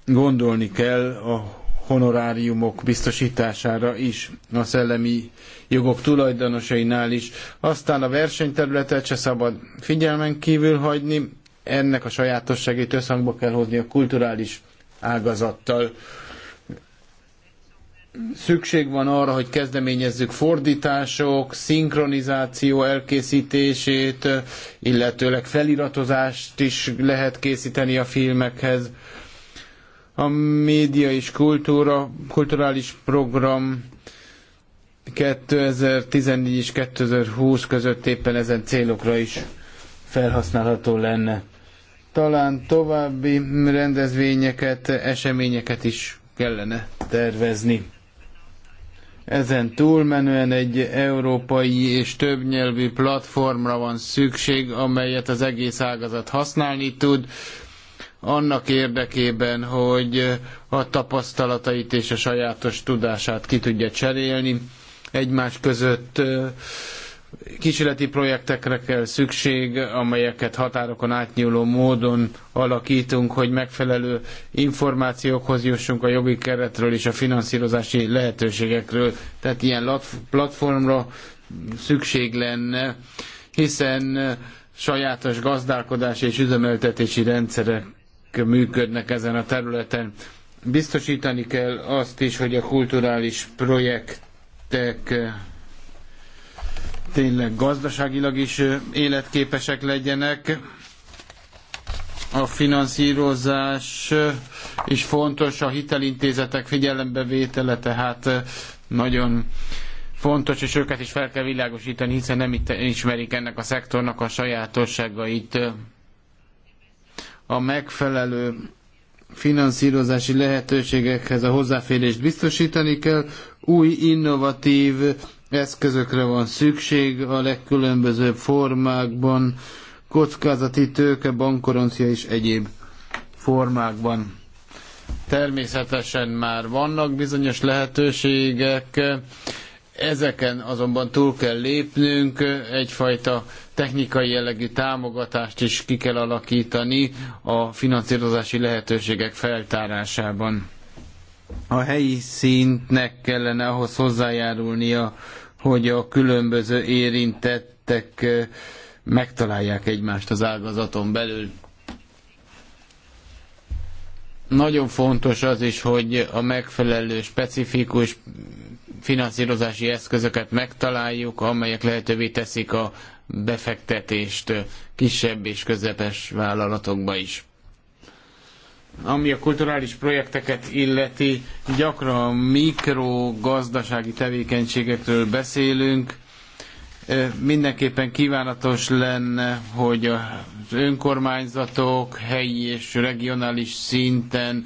gondolni kell a honoráriumok biztosítására is, a szellemi jogok tulajdonosainál is. Aztán a versenyterületet se szabad figyelmen kívül hagyni, ennek a sajátosságét összhangba kell hozni a kulturális ágazattal. Szükség van arra, hogy kezdeményezzük fordítások, szinkronizáció elkészítését, illetőleg feliratozást is lehet készíteni a filmekhez. A média és kultúra, kulturális program 2014 és 2020 között éppen ezen célokra is felhasználható lenne. Talán további rendezvényeket, eseményeket is kellene tervezni. Ezen túlmenően egy európai és többnyelvű platformra van szükség, amelyet az egész ágazat használni tud, annak érdekében, hogy a tapasztalatait és a sajátos tudását ki tudja cserélni. Egymás között kísérleti projektekre kell szükség, amelyeket határokon átnyúló módon alakítunk, hogy megfelelő információkhoz jussunk a jogi keretről és a finanszírozási lehetőségekről. Tehát ilyen platformra szükség lenne, hiszen sajátos gazdálkodási és üzemeltetési rendszerek működnek ezen a területen. Biztosítani kell azt is, hogy a kulturális projektek eh, tényleg gazdaságilag is eh, életképesek legyenek. A finanszírozás eh, is fontos, a hitelintézetek figyelembevétele, tehát nagyon fontos, és őket is fel kell világosítani, hiszen nem ismerik ennek a szektornak a sajátosságait a megfelelő finanszírozási lehetőségekhez a hozzáférést biztosítani kell, új innovatív eszközökre van szükség a legkülönbözőbb formákban, kockázati tőke, bankkoroncia és egyéb formákban. Természetesen már vannak bizonyos lehetőségek, Ezeken azonban túl kell lépnünk, egyfajta technikai jellegű támogatást is ki kell alakítani a finanszírozási lehetőségek feltárásában. A helyi szintnek kellene ahhoz hozzájárulnia, hogy a különböző érintettek eh, megtalálják egymást az ágazaton belül. Nagyon fontos az is, hogy a megfelelő specifikus finanszírozási eszközöket megtaláljuk, amelyek lehetővé teszik a befektetést kisebb és közepes vállalatokba is. Ami a kulturális projekteket illeti, gyakran mikrogazdasági tevékenységekről beszélünk, mindenképpen kívánatos lenne, hogy az önkormányzatok helyi és regionális szinten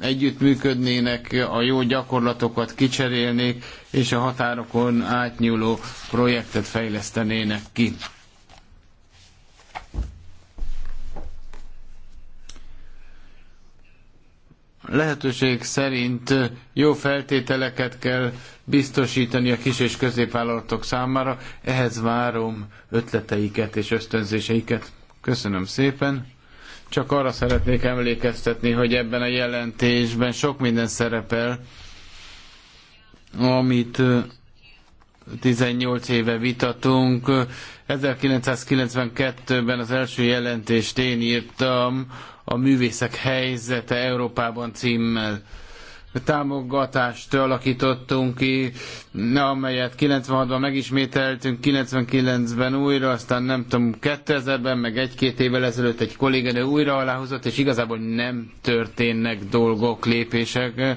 együttműködnének, a jó gyakorlatokat kicserélnék, és a határokon átnyúló projektet fejlesztenének ki. lehetőség szerint jó feltételeket kell biztosítani a kis és középvállalatok számára. Ehhez várom ötleteiket és ösztönzéseiket. Köszönöm szépen. Csak arra szeretnék emlékeztetni, hogy ebben a jelentésben sok minden szerepel, amit 18 éve vitatunk. 1992-ben az első jelentést én írtam a művészek helyzete Európában címmel támogatást alakítottunk ki, amelyet 96-ban megismételtünk, 99-ben újra, aztán nem tudom, 2000-ben, meg egy-két évvel ezelőtt egy kolléganő újra aláhozott, és igazából nem történnek dolgok, lépések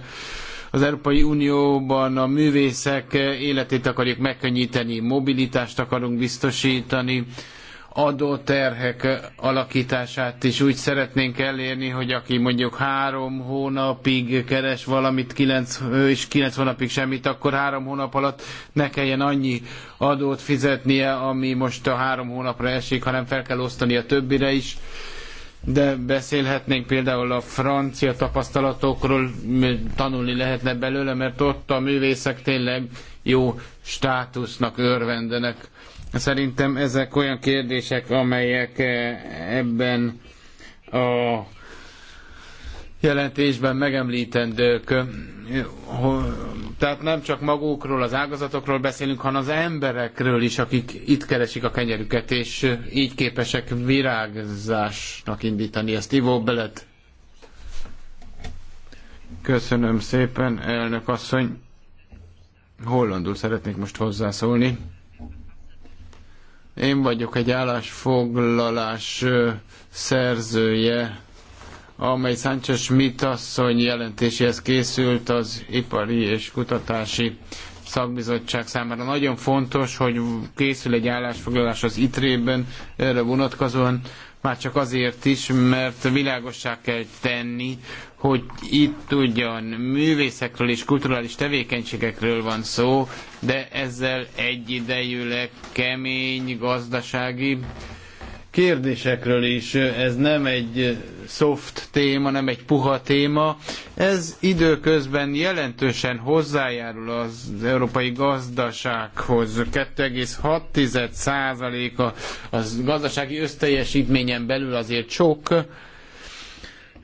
az Európai Unióban a művészek életét akarjuk megkönnyíteni, mobilitást akarunk biztosítani, adóterhek alakítását is úgy szeretnénk elérni, hogy aki mondjuk három hónapig keres valamit, kilenc, és kilenc hónapig semmit, akkor három hónap alatt ne kelljen annyi adót fizetnie, ami most a három hónapra esik, hanem fel kell osztani a többire is. De beszélhetnénk például a francia tapasztalatokról, tanulni lehetne belőle, mert ott a művészek tényleg jó státusznak örvendenek Szerintem ezek olyan kérdések, amelyek eh, ebben a jelentésben megemlítendők. Tehát nem csak magukról, az ágazatokról beszélünk, hanem az emberekről is, akik itt keresik a kenyerüket, és eh, így képesek virágzásnak indítani ezt. Ivó Belet. Köszönöm szépen, elnök asszony. Hollandul szeretnék most hozzászólni. Én vagyok egy állásfoglalás szerzője, amely Sánchez Schmidt asszony jelentéséhez készült az Ipari és Kutatási Szakbizottság számára. Nagyon fontos, hogy készül egy állásfoglalás az ITRE-ben erre vonatkozóan, már csak azért is, mert világossá kell tenni, hogy itt ugyan művészekről és kulturális tevékenységekről van szó, de ezzel egyidejűleg kemény gazdasági kérdésekről is. Ez nem egy soft téma, nem egy puha téma. Ez időközben jelentősen hozzájárul az európai gazdasághoz. 2,6%-a az gazdasági összteljesítményen belül azért sok,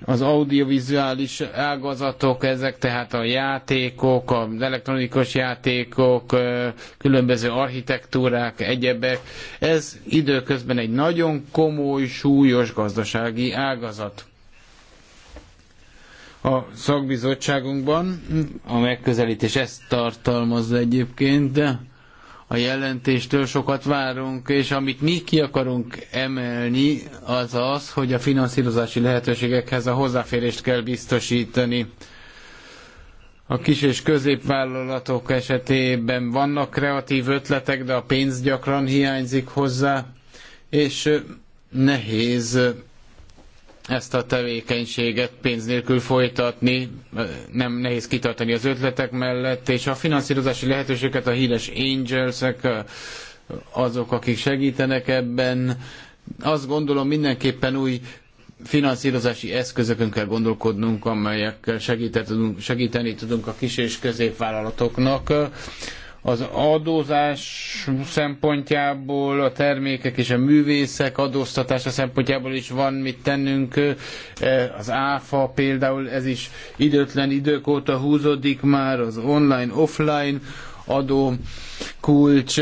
az audiovizuális ágazatok, ezek tehát a játékok, az elektronikus játékok, különböző architektúrák, egyebek. Ez időközben egy nagyon komoly, súlyos gazdasági ágazat. A szakbizottságunkban a megközelítés ezt tartalmazza egyébként, de a jelentéstől sokat várunk, és amit mi ki akarunk emelni, az az, hogy a finanszírozási lehetőségekhez a hozzáférést kell biztosítani. A kis és középvállalatok esetében vannak kreatív ötletek, de a pénz gyakran hiányzik hozzá, és nehéz ezt a tevékenységet pénz nélkül folytatni, nem nehéz kitartani az ötletek mellett, és a finanszírozási lehetőséget a híres angelsek, azok, akik segítenek ebben, azt gondolom mindenképpen új finanszírozási eszközökön kell gondolkodnunk, amelyekkel segíteni tudunk a kis és középvállalatoknak az adózás szempontjából, a termékek és a művészek adóztatása szempontjából is van mit tennünk. E, az áfa például, ez is időtlen idők óta húzódik már, az online-offline adó kulcs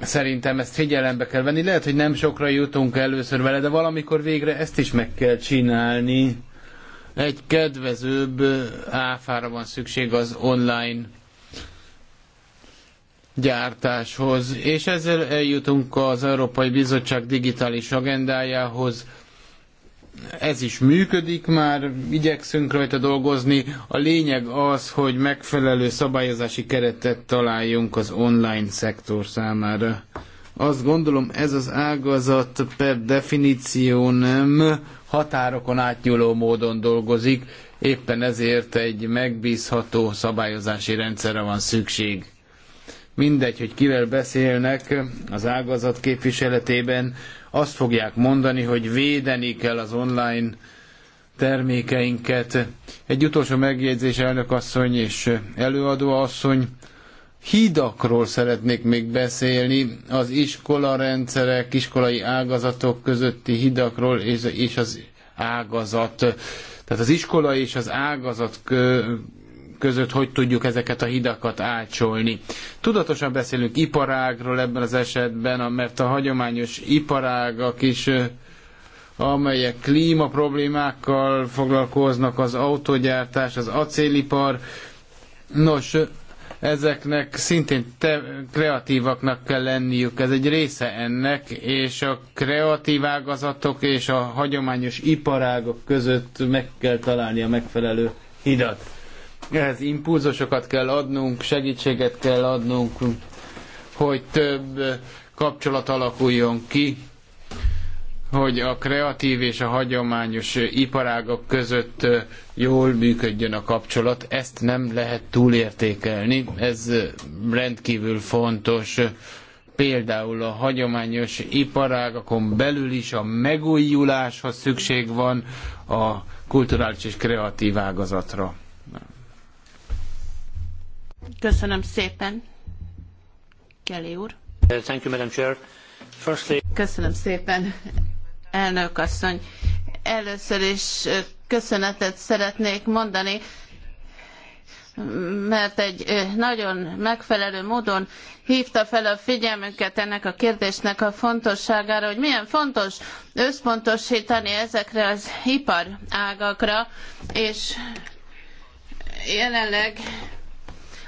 szerintem ezt figyelembe kell venni. Lehet, hogy nem sokra jutunk először vele, de valamikor végre ezt is meg kell csinálni. Egy kedvezőbb áfára van szükség az online gyártáshoz, és ezzel eljutunk az Európai Bizottság digitális agendájához. Ez is működik már, igyekszünk rajta dolgozni. A lényeg az, hogy megfelelő szabályozási keretet találjunk az online szektor számára. Azt gondolom, ez az ágazat per definíció nem határokon átnyúló módon dolgozik, éppen ezért egy megbízható szabályozási rendszerre van szükség mindegy, hogy kivel beszélnek az ágazat képviseletében, azt fogják mondani, hogy védeni kell az online termékeinket. Egy utolsó megjegyzés elnök asszony és előadó asszony. Hídakról szeretnék még beszélni, az iskolarendszerek, iskolai ágazatok közötti hidakról és, és az ágazat. Tehát az iskola és az ágazat között hogy tudjuk ezeket a hidakat ácsolni. Tudatosan beszélünk iparágról ebben az esetben, mert a hagyományos iparágak is amelyek klíma problémákkal foglalkoznak, az autogyártás, az acélipar. Nos, ezeknek szintén te, kreatívaknak kell lenniük, ez egy része ennek, és a kreatív ágazatok és a hagyományos iparágok között meg kell találni a megfelelő hidat ehhez impulzusokat kell adnunk, segítséget kell adnunk, hogy több kapcsolat alakuljon ki, hogy a kreatív és a hagyományos iparágok között jól működjön a kapcsolat. Ezt nem lehet túlértékelni, ez rendkívül fontos. Például a hagyományos iparágakon belül is a megújuláshoz szükség van a kulturális és kreatív ágazatra. Köszönöm szépen. Thank you, Madam Chair. Köszönöm szépen, elnök asszony. Először is köszönetet szeretnék mondani, mert egy nagyon megfelelő módon hívta fel a figyelmünket ennek a kérdésnek a fontosságára, hogy milyen fontos összpontostani ezekre az iparágakra, és jelenleg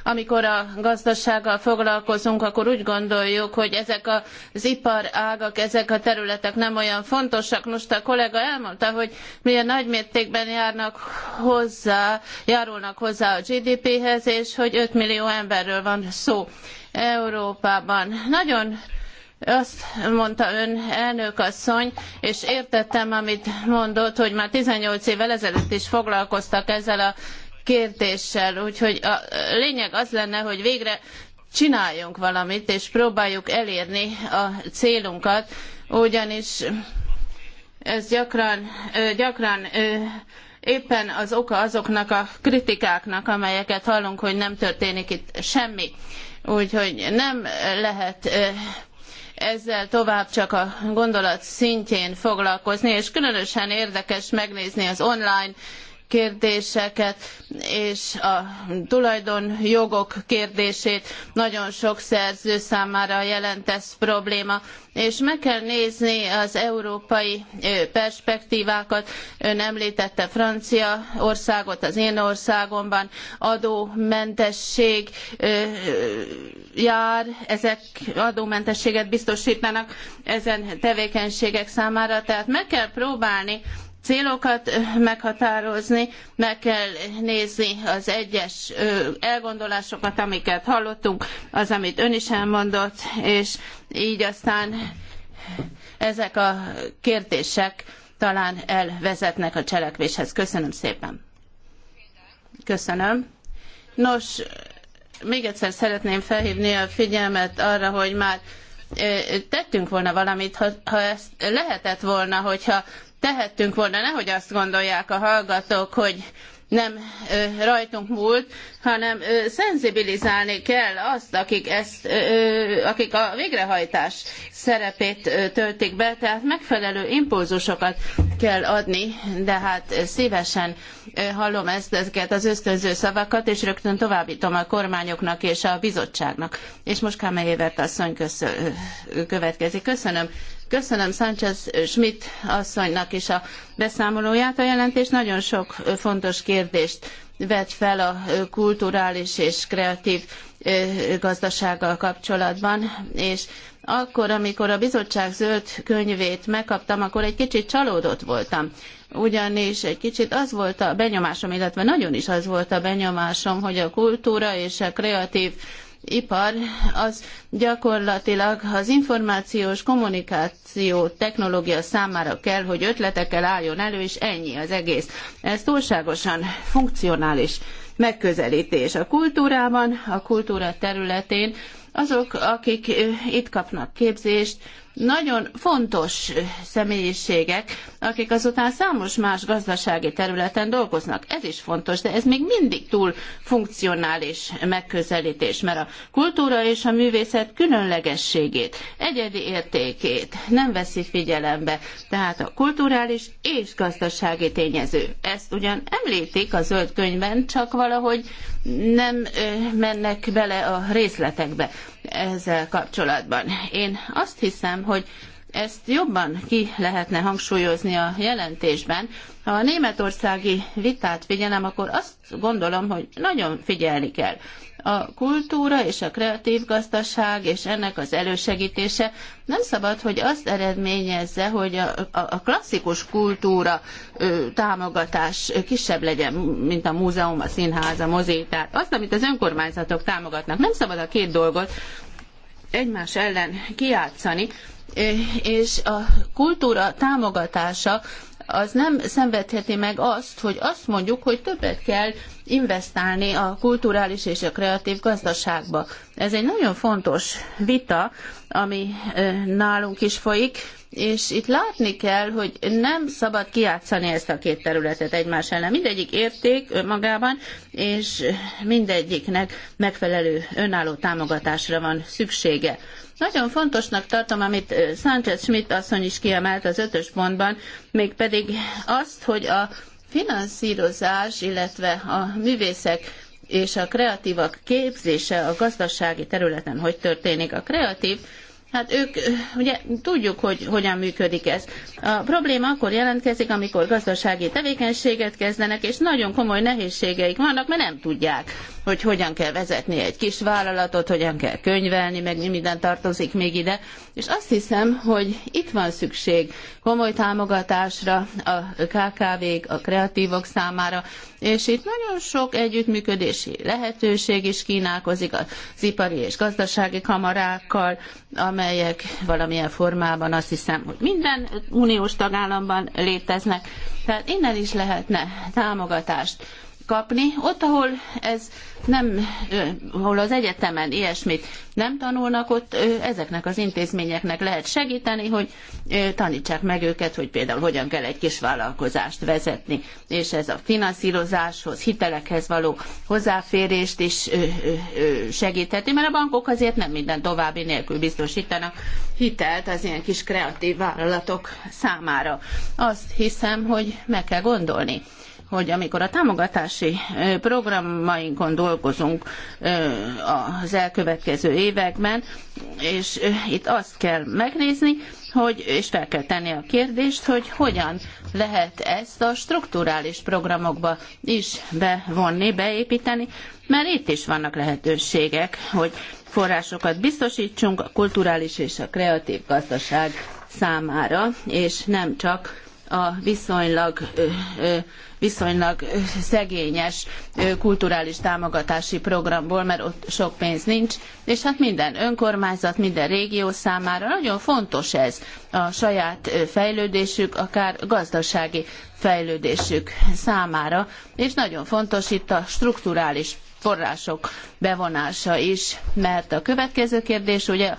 amikor a gazdasággal foglalkozunk, akkor úgy gondoljuk, hogy ezek az iparágak, ezek a területek nem olyan fontosak. Most a kollega elmondta, hogy milyen nagy mértékben járnak hozzá, járulnak hozzá a GDP-hez, és hogy 5 millió emberről van szó Európában. Nagyon azt mondta ön, elnök asszony, és értettem, amit mondott, hogy már 18 évvel ezelőtt is foglalkoztak ezzel a kérdéssel, úgyhogy a lényeg az lenne, hogy végre csináljunk valamit, és próbáljuk elérni a célunkat, ugyanis ez gyakran, gyakran éppen az oka azoknak a kritikáknak, amelyeket hallunk, hogy nem történik itt semmi. Úgyhogy nem lehet ezzel tovább csak a gondolat szintjén foglalkozni, és különösen érdekes megnézni az online kérdéseket és a tulajdonjogok kérdését nagyon sok szerző számára jelent ez probléma. És meg kell nézni az európai perspektívákat. Ön említette Franciaországot, az én országomban adómentesség jár, ezek adómentességet biztosítanak ezen tevékenységek számára. Tehát meg kell próbálni célokat meghatározni, meg kell nézni az egyes elgondolásokat, amiket hallottunk, az, amit ön is elmondott, és így aztán ezek a kérdések talán elvezetnek a cselekvéshez. Köszönöm szépen. Köszönöm. Nos, még egyszer szeretném felhívni a figyelmet arra, hogy már tettünk volna valamit, ha, ha ezt lehetett volna, hogyha tehettünk volna, nehogy azt gondolják a hallgatók, hogy nem rajtunk múlt, hanem szenzibilizálni kell azt, akik, ezt, akik a végrehajtás szerepét töltik be, tehát megfelelő impulzusokat kell adni, de hát szívesen hallom ezt, ezeket az ösztönző szavakat, és rögtön továbbítom a kormányoknak és a bizottságnak. És most Kámelyévert asszony köszön, következik. Köszönöm Köszönöm Sánchez Schmidt asszonynak is a beszámolóját. A jelentés nagyon sok fontos kérdést vet fel a kulturális és kreatív gazdasággal kapcsolatban, és akkor, amikor a bizottság zöld könyvét megkaptam, akkor egy kicsit csalódott voltam. Ugyanis egy kicsit az volt a benyomásom, illetve nagyon is az volt a benyomásom, hogy a kultúra és a kreatív ipar az gyakorlatilag az információs kommunikáció technológia számára kell, hogy ötletekkel álljon elő, és ennyi az egész. Ez túlságosan funkcionális megközelítés. A kultúrában, a kultúra területén azok, akik eh, itt kapnak képzést, nagyon fontos személyiségek, akik azután számos más gazdasági területen dolgoznak. Ez is fontos, de ez még mindig túl funkcionális megközelítés, mert a kultúra és a művészet különlegességét, egyedi értékét nem veszi figyelembe. Tehát a kulturális és gazdasági tényező. Ezt ugyan említik a zöld könyvben, csak valahogy nem mennek bele a részletekbe ezzel kapcsolatban. Én azt hiszem, hogy ezt jobban ki lehetne hangsúlyozni a jelentésben. Ha a németországi vitát figyelem, akkor azt gondolom, hogy nagyon figyelni kell. A kultúra és a kreatív gazdaság és ennek az elősegítése nem szabad, hogy azt eredményezze, hogy a, a klasszikus kultúra ö, támogatás kisebb legyen, mint a múzeum, a színház, a mozi. Tehát azt, amit az önkormányzatok támogatnak, nem szabad a két dolgot egymás ellen kiátszani és a kultúra támogatása az nem szenvedheti meg azt, hogy azt mondjuk, hogy többet kell investálni a kulturális és a kreatív gazdaságba. Ez egy nagyon fontos vita, ami eh, nálunk is folyik, és itt látni kell, hogy nem szabad kiátszani ezt a két területet egymás ellen. Mindegyik érték önmagában, és mindegyiknek megfelelő önálló támogatásra van szüksége. Nagyon fontosnak tartom, amit Sánchez Schmidt asszony is kiemelt az ötös pontban, mégpedig azt, hogy a finanszírozás, illetve a művészek és a kreatívak képzése a gazdasági területen hogy történik. A kreatív Hát ők, ugye tudjuk, hogy hogyan működik ez. A probléma akkor jelentkezik, amikor gazdasági tevékenységet kezdenek, és nagyon komoly nehézségeik vannak, mert nem tudják, hogy hogyan kell vezetni egy kis vállalatot, hogyan kell könyvelni, meg minden tartozik még ide. És azt hiszem, hogy itt van szükség komoly támogatásra a KKV-k, a kreatívok számára, és itt nagyon sok együttműködési lehetőség is kínálkozik az ipari és gazdasági kamarákkal, amelyek valamilyen formában azt hiszem, hogy minden uniós tagállamban léteznek. Tehát innen is lehetne támogatást kapni. Ott, ahol ez nem, ahol az egyetemen ilyesmit nem tanulnak, ott ezeknek az intézményeknek lehet segíteni, hogy tanítsák meg őket, hogy például hogyan kell egy kis vállalkozást vezetni, és ez a finanszírozáshoz, hitelekhez való hozzáférést is segítheti, mert a bankok azért nem minden további nélkül biztosítanak hitelt az ilyen kis kreatív vállalatok számára. Azt hiszem, hogy meg kell gondolni hogy amikor a támogatási programainkon dolgozunk az elkövetkező években, és itt azt kell megnézni, hogy, és fel kell tenni a kérdést, hogy hogyan lehet ezt a strukturális programokba is bevonni, beépíteni, mert itt is vannak lehetőségek, hogy forrásokat biztosítsunk a kulturális és a kreatív gazdaság számára, és nem csak a viszonylag, viszonylag szegényes kulturális támogatási programból, mert ott sok pénz nincs, és hát minden önkormányzat, minden régió számára nagyon fontos ez a saját fejlődésük, akár gazdasági fejlődésük számára, és nagyon fontos itt a strukturális források bevonása is, mert a következő kérdés ugye a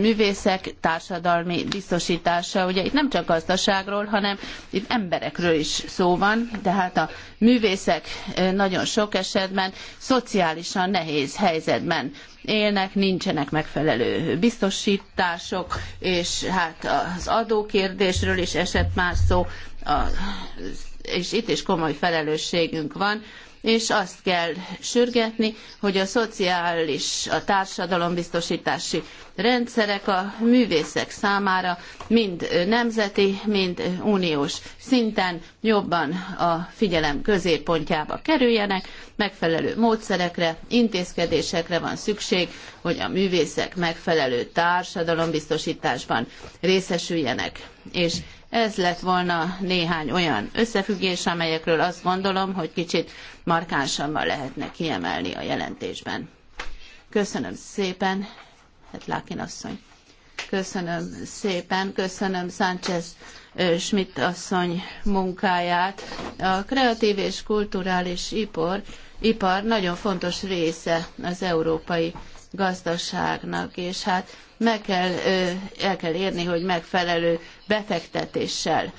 művészek társadalmi biztosítása, ugye itt nem csak gazdaságról, hanem itt emberekről is szó van, tehát a művészek nagyon sok esetben szociálisan nehéz helyzetben élnek, nincsenek megfelelő biztosítások, és hát az adókérdésről is esett már szó, és itt is komoly felelősségünk van és azt kell sürgetni, hogy a szociális, a társadalombiztosítási rendszerek a művészek számára mind nemzeti, mind uniós szinten jobban a figyelem középpontjába kerüljenek, megfelelő módszerekre, intézkedésekre van szükség, hogy a művészek megfelelő társadalombiztosításban részesüljenek. És ez lett volna néhány olyan összefüggés, amelyekről azt gondolom, hogy kicsit markánsabban lehetne kiemelni a jelentésben. Köszönöm szépen, hát Lákin asszony. Köszönöm szépen, köszönöm Sánchez Schmidt asszony munkáját. A kreatív és kulturális ipar, ipar nagyon fontos része az európai gazdaságnak, és hát meg kell, el kell érni, hogy megfelelő befektetéssel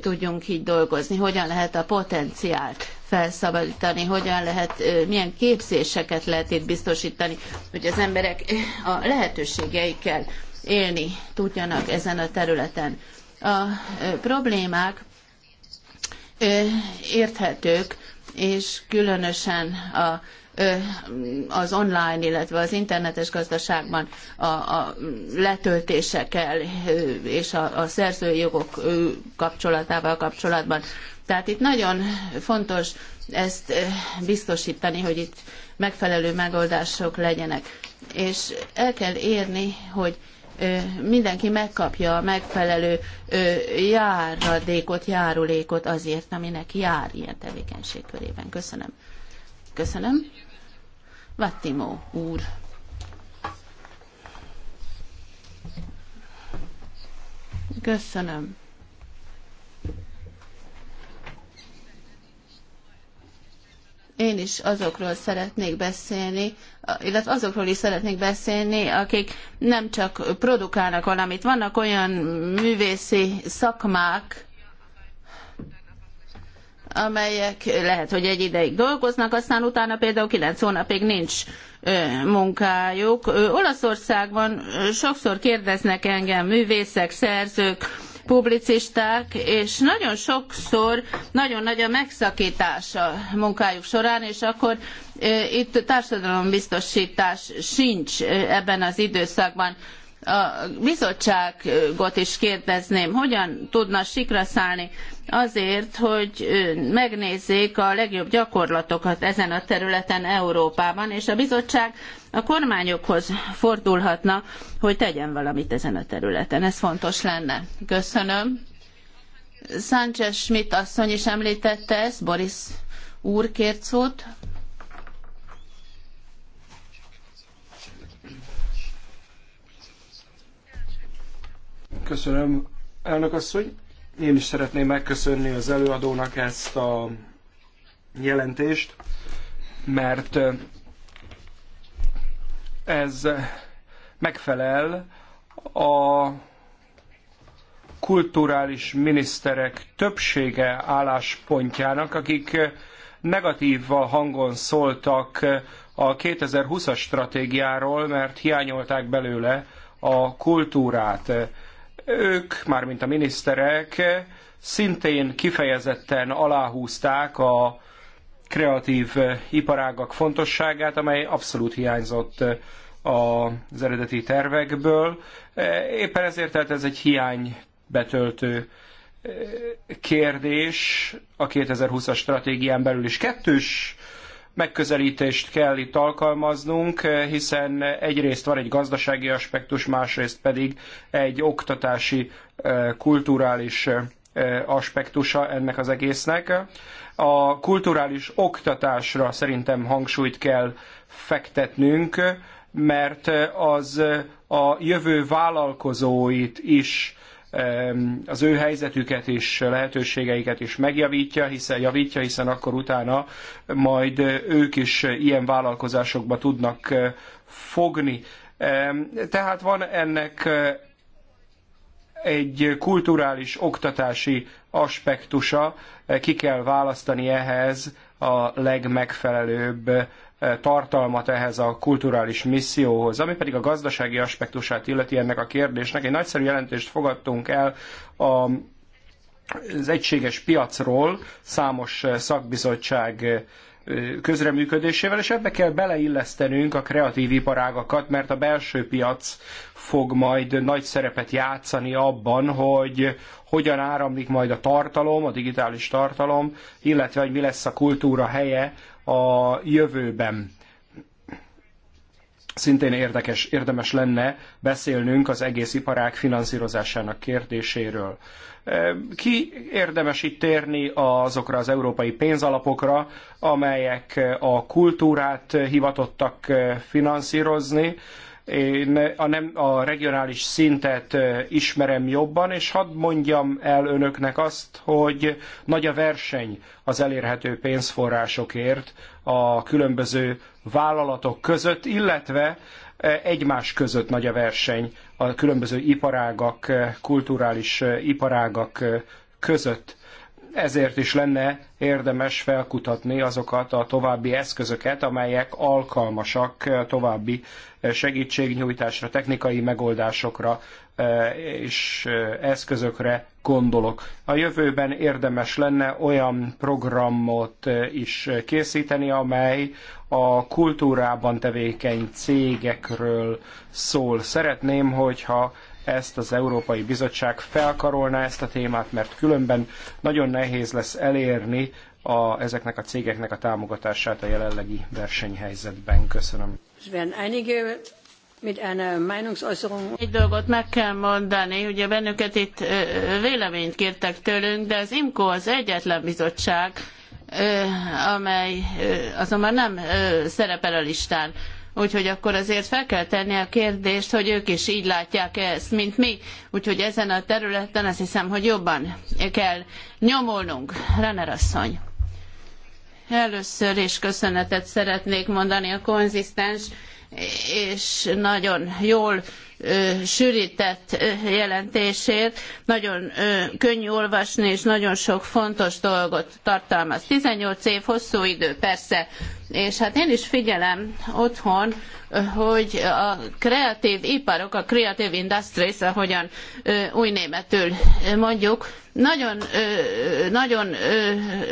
tudjunk így dolgozni, hogyan lehet a potenciált felszabadítani, hogyan lehet, milyen képzéseket lehet itt biztosítani, hogy az emberek a lehetőségeikkel élni tudjanak ezen a területen. A problémák érthetők, és különösen a az online, illetve az internetes gazdaságban a, a letöltésekkel és a, a szerzői jogok kapcsolatával kapcsolatban. Tehát itt nagyon fontos ezt biztosítani, hogy itt megfelelő megoldások legyenek. És el kell érni, hogy mindenki megkapja a megfelelő járadékot, járulékot azért, ami neki jár ilyen tevékenység körében. Köszönöm. Köszönöm. Vattimó úr. Köszönöm. Én is azokról szeretnék beszélni, illetve azokról is szeretnék beszélni, akik nem csak produkálnak valamit. Vannak olyan művészi szakmák, amelyek lehet, hogy egy ideig dolgoznak, aztán utána például 9 hónapig nincs munkájuk. Olaszországban sokszor kérdeznek engem művészek, szerzők, publicisták, és nagyon sokszor nagyon nagy a megszakítás a munkájuk során, és akkor itt társadalombiztosítás sincs ebben az időszakban a bizottságot is kérdezném, hogyan tudna sikra szállni azért, hogy megnézzék a legjobb gyakorlatokat ezen a területen Európában, és a bizottság a kormányokhoz fordulhatna, hogy tegyen valamit ezen a területen. Ez fontos lenne. Köszönöm. Sánchez Schmidt asszony is említette ezt, Boris úr kért szót. Köszönöm, elnök asszony. Én is szeretném megköszönni az előadónak ezt a jelentést, mert ez megfelel a kulturális miniszterek többsége álláspontjának, akik negatív hangon szóltak a 2020-as stratégiáról, mert hiányolták belőle a kultúrát. Ők, mármint a miniszterek, szintén kifejezetten aláhúzták a kreatív iparágak fontosságát, amely abszolút hiányzott az eredeti tervekből. Éppen ezért tehát ez egy hiány betöltő kérdés a 2020-as stratégián belül is. Kettős megközelítést kell itt alkalmaznunk, hiszen egyrészt van egy gazdasági aspektus, másrészt pedig egy oktatási, kulturális aspektusa ennek az egésznek. A kulturális oktatásra szerintem hangsúlyt kell fektetnünk, mert az a jövő vállalkozóit is az ő helyzetüket és lehetőségeiket is megjavítja, hiszen javítja, hiszen akkor utána majd ők is ilyen vállalkozásokba tudnak eh, fogni. Tehát van ennek eh, egy kulturális oktatási aspektusa, eh, ki kell választani ehhez a legmegfelelőbb tartalmat ehhez a kulturális misszióhoz. Ami pedig a gazdasági aspektusát illeti ennek a kérdésnek, egy nagyszerű jelentést fogadtunk el a az egységes piacról számos szakbizottság közreműködésével, és ebbe kell beleillesztenünk a kreatív iparágakat, mert a belső piac fog majd nagy szerepet játszani abban, hogy hogyan áramlik majd a tartalom, a digitális tartalom, illetve hogy mi lesz a kultúra helye a jövőben. Szintén érdekes, érdemes lenne beszélnünk az egész iparág finanszírozásának kérdéséről. E, ki érdemes itt térni azokra az európai pénzalapokra, amelyek a kultúrát hivatottak e, finanszírozni, én a, nem, a regionális szintet ismerem jobban, és hadd mondjam el önöknek azt, hogy nagy a verseny az elérhető pénzforrásokért a különböző vállalatok között, illetve egymás között nagy a verseny a különböző iparágak, kulturális iparágak között ezért is lenne érdemes felkutatni azokat a további eszközöket, amelyek alkalmasak további segítségnyújtásra, technikai megoldásokra e, és e, eszközökre gondolok. A jövőben érdemes lenne olyan programot e, is készíteni, amely a kultúrában tevékeny cégekről szól. Szeretném, hogyha ezt az Európai Bizottság felkarolná ezt a témát, mert különben nagyon nehéz lesz elérni a, ezeknek a cégeknek a támogatását a jelenlegi versenyhelyzetben. Köszönöm. Egy dolgot meg kell mondani, ugye bennünket itt véleményt kértek tőlünk, de az IMCO az egyetlen bizottság, amely azonban nem szerepel a listán. Úgyhogy akkor azért fel kell tenni a kérdést, hogy ők is így látják -e ezt, mint mi. Úgyhogy ezen a területen azt hiszem, hogy jobban kell nyomolnunk. Renner asszony. Először is köszönetet szeretnék mondani a konzisztens és nagyon jól sűrített jelentését. Nagyon könnyű olvasni, és nagyon sok fontos dolgot tartalmaz. 18 év hosszú idő, persze, és hát én is figyelem otthon, hogy a kreatív iparok, a kreatív industries, ahogyan új németül mondjuk, nagyon, nagyon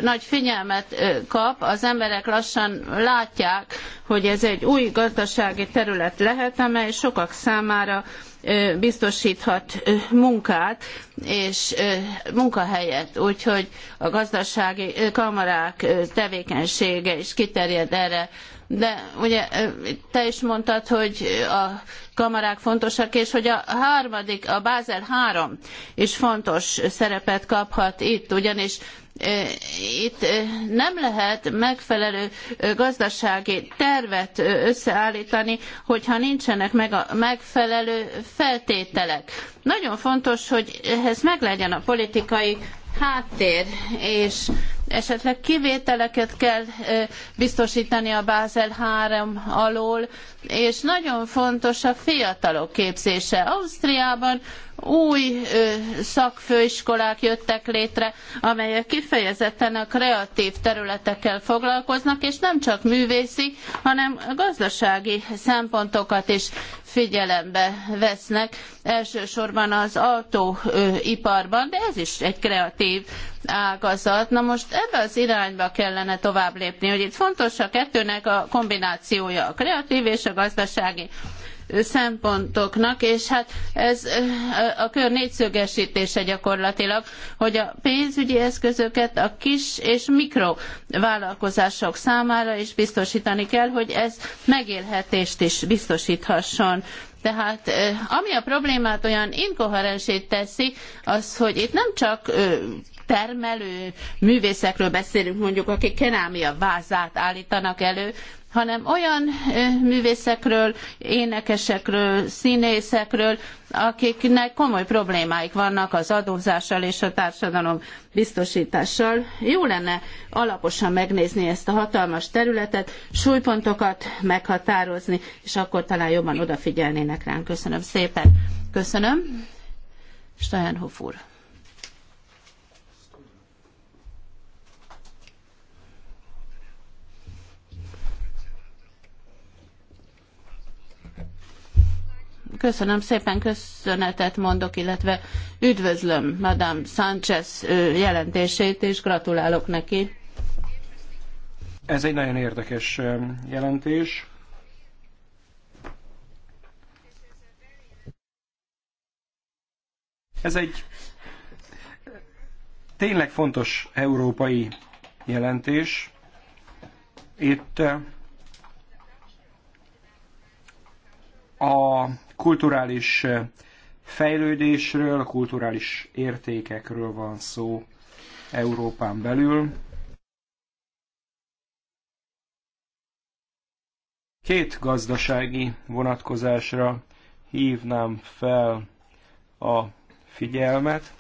nagy figyelmet kap, az emberek lassan látják, hogy ez egy új gazdasági terület lehet, amely sokak számára számára biztosíthat munkát és munkahelyet, úgyhogy a gazdasági kamarák tevékenysége is kiterjed erre. De ugye te is mondtad, hogy a kamarák fontosak, és hogy a harmadik, a Bázel 3 is fontos szerepet kaphat itt, ugyanis itt nem lehet megfelelő gazdasági tervet összeállítani, hogyha nincsenek meg a megfelelő feltételek. Nagyon fontos, hogy ehhez meglegyen a politikai háttér, és esetleg kivételeket kell biztosítani a Bázel 3 alól, és nagyon fontos a fiatalok képzése. Ausztriában új szakfőiskolák jöttek létre, amelyek kifejezetten a kreatív területekkel foglalkoznak, és nem csak művészi, hanem gazdasági szempontokat is figyelembe vesznek, elsősorban az autóiparban, de ez is egy kreatív ágazat. Na most ebbe az irányba kellene tovább lépni, hogy itt fontos a kettőnek a kombinációja, a kreatív és a gazdasági szempontoknak, és hát ez a kör négyszögesítése gyakorlatilag, hogy a pénzügyi eszközöket a kis és mikrovállalkozások számára is biztosítani kell, hogy ez megélhetést is biztosíthasson. Tehát ami a problémát olyan inkoherensét teszi, az, hogy itt nem csak termelő művészekről beszélünk, mondjuk, akik kerámia vázát állítanak elő, hanem olyan művészekről, énekesekről, színészekről, akiknek komoly problémáik vannak az adózással és a társadalom biztosítással. Jó lenne alaposan megnézni ezt a hatalmas területet, súlypontokat meghatározni, és akkor talán jobban odafigyelnének ránk. Köszönöm szépen. Köszönöm. Steyenhoff úr. köszönöm szépen, köszönetet mondok, illetve üdvözlöm Madame Sánchez jelentését, és gratulálok neki. Ez egy nagyon érdekes jelentés. Ez egy tényleg fontos európai jelentés. Itt a kulturális eh, fejlődésről, kulturális értékekről van szó Európán belül. Két gazdasági vonatkozásra hívnám fel a figyelmet.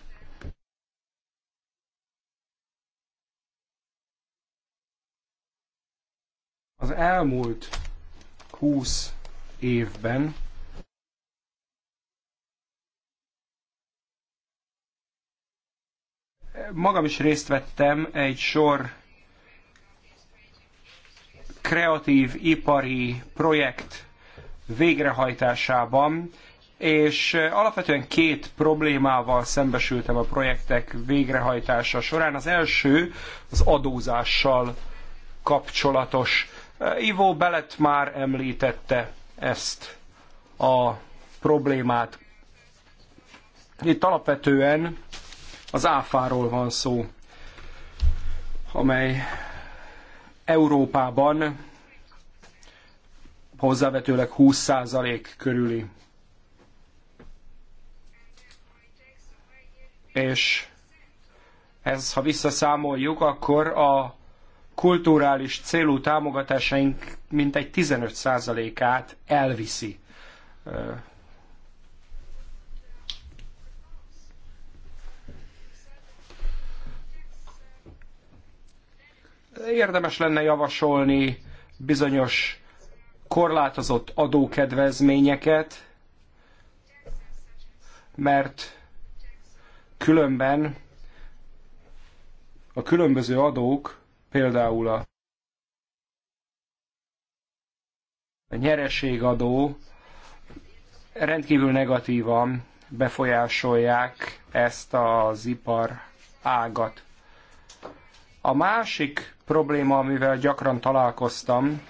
Az elmúlt 20 évben Magam is részt vettem egy sor kreatív ipari projekt végrehajtásában, és eh, alapvetően két problémával szembesültem a projektek végrehajtása során. Az első az adózással kapcsolatos. Eh, Ivo Belet már említette ezt a problémát. Itt alapvetően az áfáról van szó, amely Európában hozzávetőleg 20% körüli. És ez, ha visszaszámoljuk, akkor a kulturális célú támogatásaink mintegy 15%-át elviszi érdemes lenne javasolni bizonyos korlátozott adókedvezményeket, mert különben a különböző adók, például a nyereségadó rendkívül negatívan befolyásolják ezt az ipar ágat. A másik probléma, amivel gyakran találkoztam,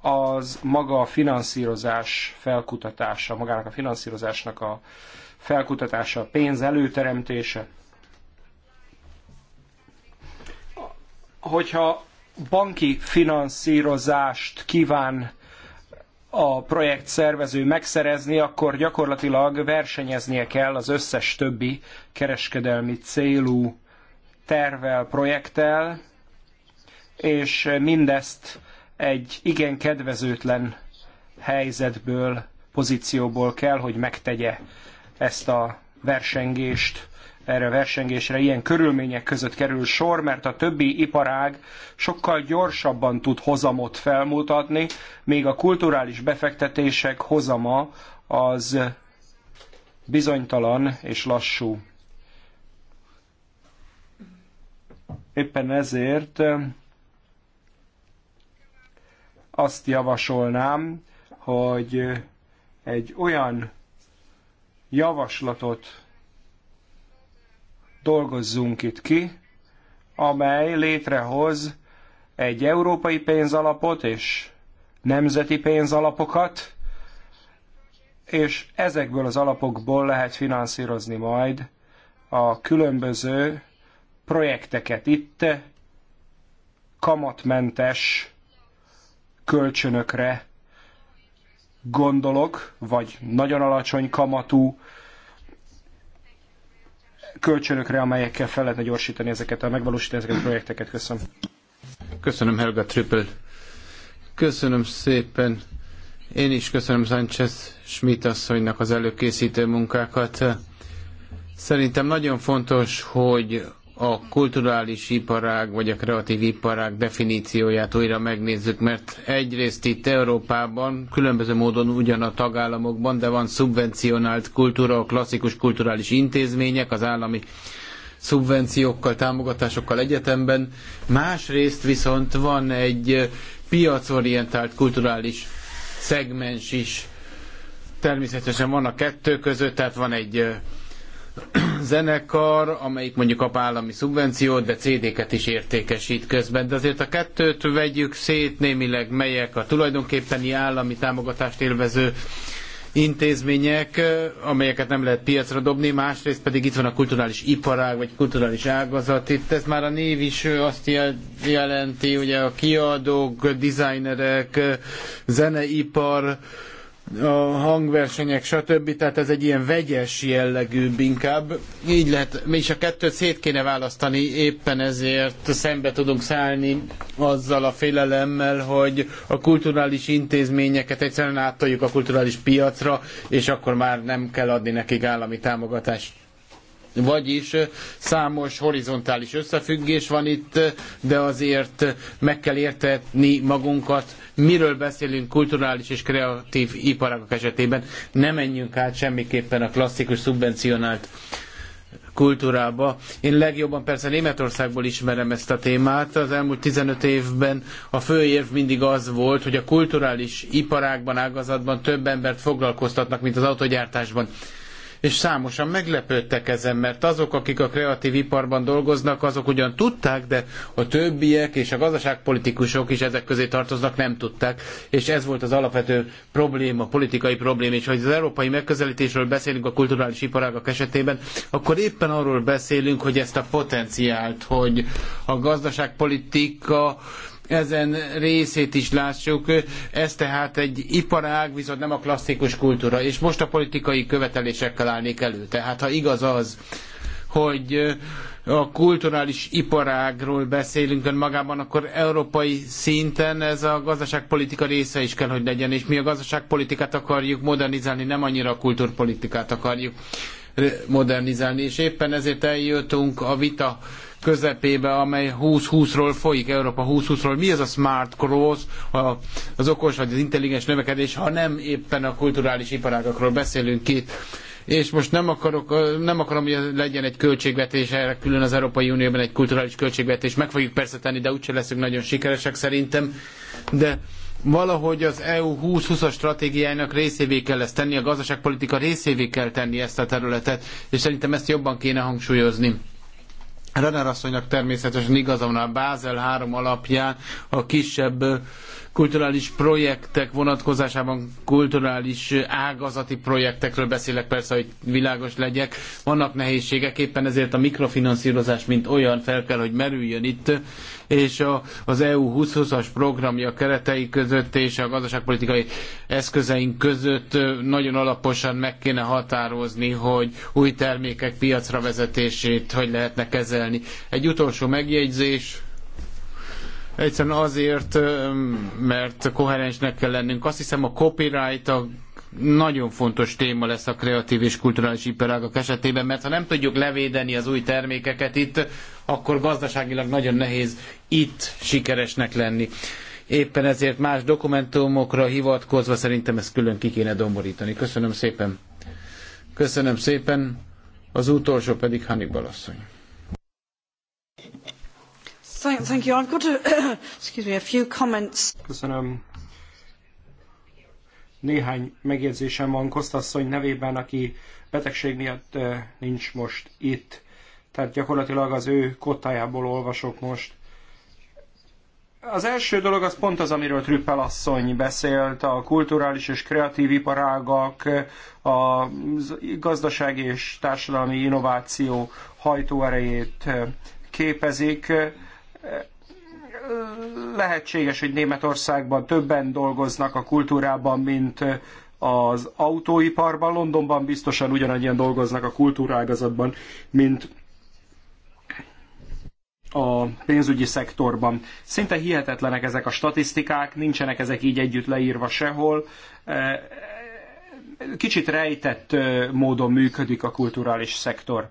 az maga a finanszírozás felkutatása, magának a finanszírozásnak a felkutatása, a pénz előteremtése. Hogyha banki finanszírozást kíván a projekt szervező megszerezni, akkor gyakorlatilag versenyeznie kell az összes többi kereskedelmi célú tervel, projekttel, és mindezt egy igen kedvezőtlen helyzetből, pozícióból kell, hogy megtegye ezt a versengést, erre a versengésre ilyen körülmények között kerül sor, mert a többi iparág sokkal gyorsabban tud hozamot felmutatni, még a kulturális befektetések hozama az bizonytalan és lassú. Éppen ezért azt javasolnám, hogy egy olyan javaslatot dolgozzunk itt ki, amely létrehoz egy európai pénzalapot és nemzeti pénzalapokat, és ezekből az alapokból lehet finanszírozni majd a különböző projekteket. Itt kamatmentes kölcsönökre gondolok, vagy nagyon alacsony kamatú kölcsönökre, amelyekkel fel lehetne gyorsítani ezeket a megvalósítani ezeket a projekteket. Köszönöm. Köszönöm Helga Triple Köszönöm szépen. Én is köszönöm Sánchez Schmidt asszonynak az előkészítő munkákat. Szerintem nagyon fontos, hogy a kulturális iparág vagy a kreatív iparág definícióját újra megnézzük, mert egyrészt itt Európában, különböző módon ugyan a tagállamokban, de van szubvencionált kultúra, a klasszikus kulturális intézmények, az állami szubvenciókkal, támogatásokkal egyetemben. Másrészt viszont van egy piacorientált kulturális szegmens is. Természetesen van a kettő között, tehát van egy zenekar, amelyik mondjuk kap állami szubvenciót, de CD-ket is értékesít közben. De azért a kettőt vegyük szét némileg, melyek a tulajdonképpeni állami támogatást élvező intézmények, amelyeket nem lehet piacra dobni, másrészt pedig itt van a kulturális iparág, vagy kulturális ágazat. Itt ez már a név is azt jelenti, ugye a kiadók, designerek, zeneipar, a hangversenyek, stb. Tehát ez egy ilyen vegyes jellegű inkább. Így lehet, mi is a kettőt szét kéne választani, éppen ezért szembe tudunk szállni azzal a félelemmel, hogy a kulturális intézményeket egyszerűen áttoljuk a kulturális piacra, és akkor már nem kell adni nekik állami támogatást. Vagyis számos horizontális összefüggés van itt, de azért meg kell értetni magunkat, miről beszélünk kulturális és kreatív iparágak esetében. Ne menjünk át semmiképpen a klasszikus szubvencionált kultúrába. Én legjobban persze Németországból ismerem ezt a témát. Az elmúlt 15 évben a fő érv mindig az volt, hogy a kulturális iparágban, ágazatban több embert foglalkoztatnak, mint az autogyártásban és számosan meglepődtek ezen, mert azok, akik a kreatív iparban dolgoznak, azok ugyan tudták, de a többiek és a gazdaságpolitikusok is ezek közé tartoznak, nem tudták, és ez volt az alapvető probléma, politikai probléma, és ha az európai megközelítésről beszélünk a kulturális iparágak esetében, akkor éppen arról beszélünk, hogy ezt a potenciált, hogy a gazdaságpolitika ezen részét is lássuk. Ez tehát egy iparág, viszont nem a klasszikus kultúra. És most a politikai követelésekkel állnék elő. Tehát ha igaz az, hogy a kulturális iparágról beszélünk önmagában, akkor európai szinten ez a gazdaságpolitika része is kell, hogy legyen, és mi a gazdaságpolitikát akarjuk modernizálni, nem annyira a kulturpolitikát akarjuk modernizálni, és éppen ezért eljöttünk a vita közepébe, amely 20-20-ról folyik, Európa 20-20-ról. Mi az a smart Cross? az okos vagy az intelligens növekedés, ha nem éppen a kulturális iparágakról beszélünk itt? és most nem, akarok, nem akarom, hogy legyen egy költségvetés erre külön az Európai Unióban egy kulturális költségvetés. Meg fogjuk persze tenni, de úgyse leszünk nagyon sikeresek szerintem. De valahogy az EU 2020-as stratégiájának részévé kell ezt tenni, a gazdaságpolitika részévé kell tenni ezt a területet, és szerintem ezt jobban kéne hangsúlyozni. Renner asszonynak természetesen igazam, a Bázel 3 alapján a kisebb kulturális projektek vonatkozásában, kulturális ágazati projektekről beszélek persze, hogy világos legyek. Vannak nehézségek, éppen ezért a mikrofinanszírozás mint olyan fel kell, hogy merüljön itt, és a, az EU 2020-as programja keretei között és a gazdaságpolitikai eszközeink között nagyon alaposan meg kéne határozni, hogy új termékek piacra vezetését hogy lehetne kezelni. Egy utolsó megjegyzés, Egyszerűen azért, mert koherensnek kell lennünk. Azt hiszem a copyright a nagyon fontos téma lesz a kreatív és kulturális iparágak esetében, mert ha nem tudjuk levédeni az új termékeket itt, akkor gazdaságilag nagyon nehéz itt sikeresnek lenni. Éppen ezért más dokumentumokra hivatkozva szerintem ezt külön ki kéne domborítani. Köszönöm szépen. Köszönöm szépen. Az utolsó pedig Hannibal asszony. Köszönöm. Néhány megjegyzésem van asszony nevében, aki betegség miatt nincs most itt. Tehát gyakorlatilag az ő kottájából olvasok most. Az első dolog az pont az, amiről Trüppel asszony beszélt, a kulturális és kreatív iparágak, a gazdasági és társadalmi innováció hajtóerejét képezik lehetséges, hogy Németországban többen dolgoznak a kultúrában, mint az autóiparban, Londonban biztosan ugyanannyian dolgoznak a kultúrágazatban, mint a pénzügyi szektorban. Szinte hihetetlenek ezek a statisztikák, nincsenek ezek így együtt leírva sehol. Kicsit rejtett módon működik a kulturális szektor.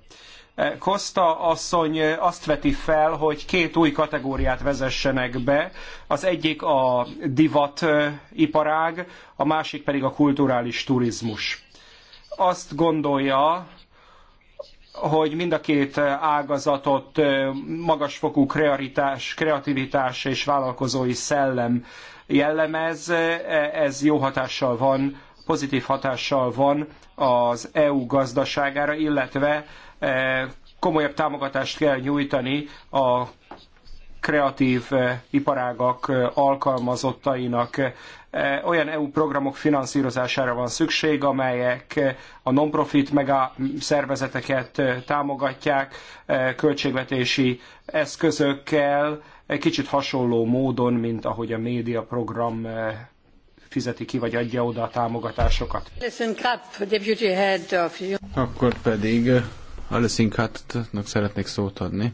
Costa asszony azt veti fel, hogy két új kategóriát vezessenek be. Az egyik a divat iparág, a másik pedig a kulturális turizmus. Azt gondolja, hogy mind a két ágazatot magasfokú kreativitás, kreativitás és vállalkozói szellem jellemez, ez jó hatással van, pozitív hatással van az EU gazdaságára, illetve Eh, komolyabb támogatást kell nyújtani a kreatív eh, iparágak eh, alkalmazottainak. Olyan EU programok finanszírozására van szükség, amelyek a non-profit mega szervezeteket támogatják költségvetési eszközökkel, kicsit hasonló módon, mint ahogy a média program fizeti ki, vagy adja oda a támogatásokat. Akkor pedig Alice szeretnék szót adni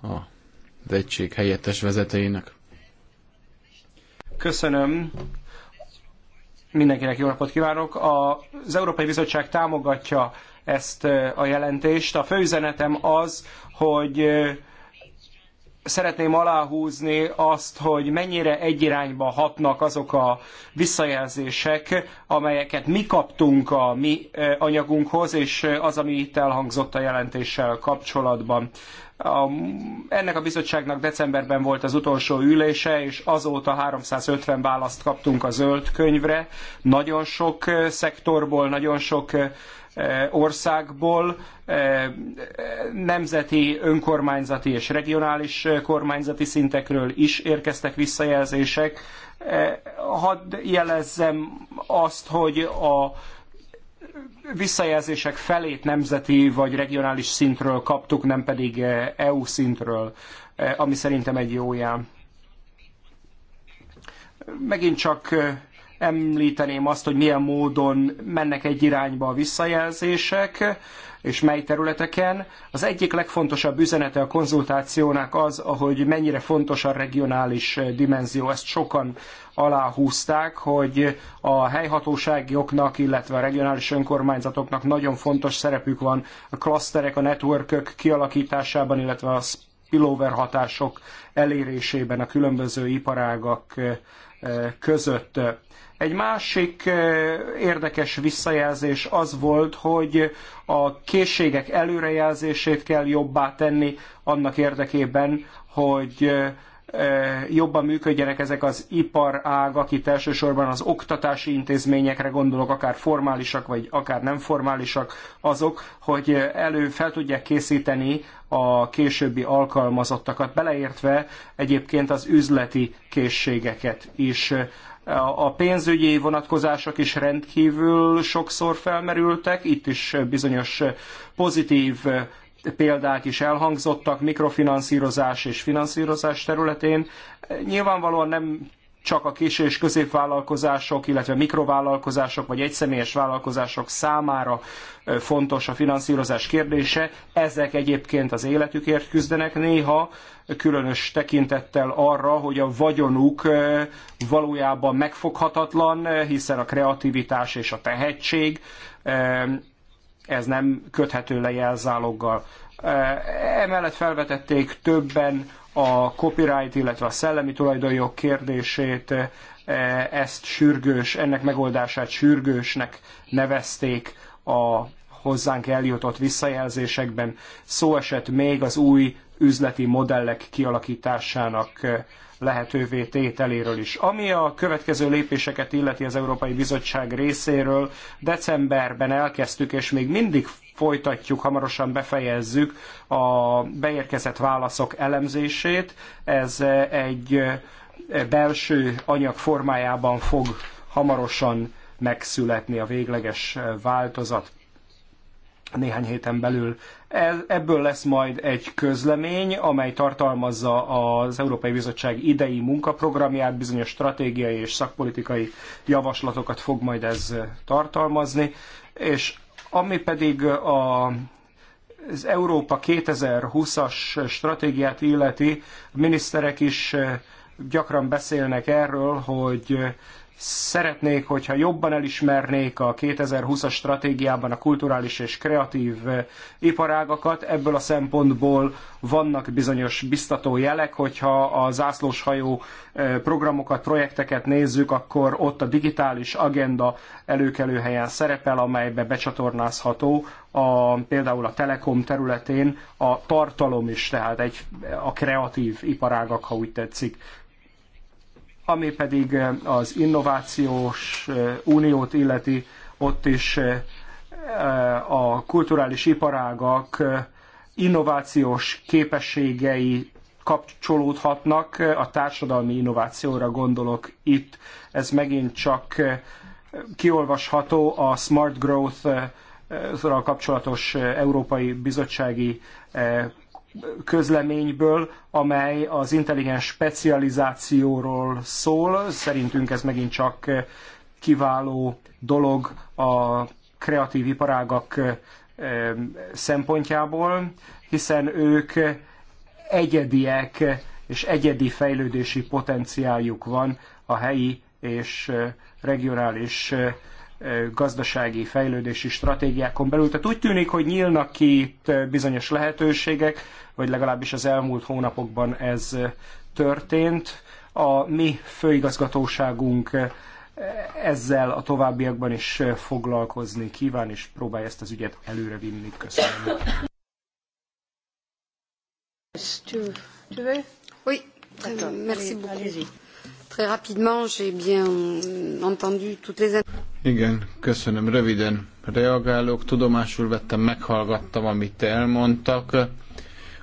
az egység helyettes vezetőjének. Köszönöm. Mindenkinek jó napot kívánok. Az Európai Bizottság támogatja ezt a jelentést. A főüzenetem az, hogy szeretném aláhúzni azt, hogy mennyire egy irányba hatnak azok a visszajelzések, amelyeket mi kaptunk a mi anyagunkhoz, és az, ami itt elhangzott a jelentéssel kapcsolatban. A, ennek a bizottságnak decemberben volt az utolsó ülése, és azóta 350 választ kaptunk a zöld könyvre. Nagyon sok szektorból, nagyon sok országból nemzeti, önkormányzati és regionális kormányzati szintekről is érkeztek visszajelzések. Hadd jelezzem azt, hogy a visszajelzések felét nemzeti vagy regionális szintről kaptuk, nem pedig EU szintről, ami szerintem egy jó jel. Megint csak említeném azt, hogy milyen módon mennek egy irányba a visszajelzések, és mely területeken. Az egyik legfontosabb üzenete a konzultációnak az, ahogy mennyire fontos a regionális dimenzió. Ezt sokan aláhúzták, hogy a helyhatóságoknak, illetve a regionális önkormányzatoknak nagyon fontos szerepük van a klaszterek, a networkök kialakításában, illetve a spillover hatások elérésében a különböző iparágak eh, között. Egy másik eh, érdekes visszajelzés az volt, hogy a készségek előrejelzését kell jobbá tenni annak érdekében, hogy eh, eh, jobban működjenek ezek az iparágak, itt elsősorban az oktatási intézményekre gondolok, akár formálisak, vagy akár nem formálisak azok, hogy elő fel tudják készíteni a későbbi alkalmazottakat, beleértve egyébként az üzleti készségeket is. A pénzügyi vonatkozások is rendkívül sokszor felmerültek, itt is bizonyos pozitív példák is elhangzottak mikrofinanszírozás és finanszírozás területén. Nyilvánvalóan nem csak a kis és középvállalkozások, illetve mikrovállalkozások vagy egyszemélyes vállalkozások számára fontos a finanszírozás kérdése. Ezek egyébként az életükért küzdenek néha, különös tekintettel arra, hogy a vagyonuk valójában megfoghatatlan, hiszen a kreativitás és a tehetség ez nem köthető le jelzáloggal. Emellett felvetették többen a copyright, illetve a szellemi tulajdonjog kérdését, e, ezt sürgős, ennek megoldását sürgősnek nevezték a hozzánk eljutott visszajelzésekben. Szó esett még az új üzleti modellek kialakításának e, lehetővé tételéről is. Ami a következő lépéseket illeti az Európai Bizottság részéről, decemberben elkezdtük, és még mindig folytatjuk, hamarosan befejezzük a beérkezett válaszok elemzését. Ez egy belső anyag formájában fog hamarosan megszületni a végleges változat néhány héten belül. Ebből lesz majd egy közlemény, amely tartalmazza az Európai Bizottság idei munkaprogramját, bizonyos stratégiai és szakpolitikai javaslatokat fog majd ez tartalmazni, és ami pedig a az Európa 2020-as stratégiát illeti, a miniszterek is gyakran beszélnek erről, hogy Szeretnék, hogyha jobban elismernék a 2020-as stratégiában a kulturális és kreatív eh, iparágakat. Ebből a szempontból vannak bizonyos biztató jelek, hogyha a zászlóshajó eh, programokat, projekteket nézzük, akkor ott a digitális agenda előkelő helyen szerepel, amelybe becsatornázható a, például a telekom területén a tartalom is, tehát egy, a kreatív iparágak, ha úgy tetszik. Ami pedig eh, az innovációs eh, uniót illeti, ott is eh, a kulturális iparágak innovációs képességei kapcsolódhatnak, a társadalmi innovációra gondolok itt. Ez megint csak kiolvasható a Smart Growth kapcsolatos Európai Bizottsági közleményből, amely az intelligens specializációról szól. Szerintünk ez megint csak kiváló dolog a kreatív iparágak szempontjából, hiszen ők egyediek és egyedi fejlődési potenciáljuk van a helyi és regionális gazdasági fejlődési stratégiákon belül. Tehát úgy tűnik, hogy nyílnak ki itt bizonyos lehetőségek, vagy legalábbis az elmúlt hónapokban ez történt. A mi főigazgatóságunk ezzel a továbbiakban is foglalkozni kíván, és próbálja ezt az ügyet előrevinni. Köszönöm. Oui, merci beaucoup. Très rapidement, j'ai bien entendu toutes les... Igen, köszönöm. Röviden reagálok. Tudomásul vettem, meghallgattam, amit elmondtak.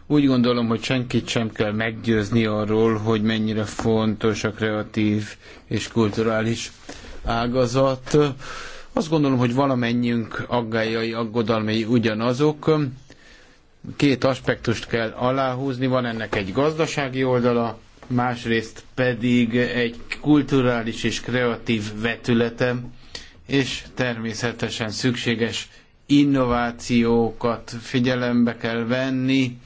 Úgy gondolom, hogy senkit sem kell meggyőzni arról, hogy mennyire fontos a kreatív és kulturális ágazat. Azt gondolom, hogy valamennyiünk aggályai, aggodalmai ugyanazok. Két aspektust kell aláhúzni, van ennek egy gazdasági oldala, másrészt pedig egy kulturális és kreatív vetülete, és természetesen szükséges innovációkat figyelembe kell venni,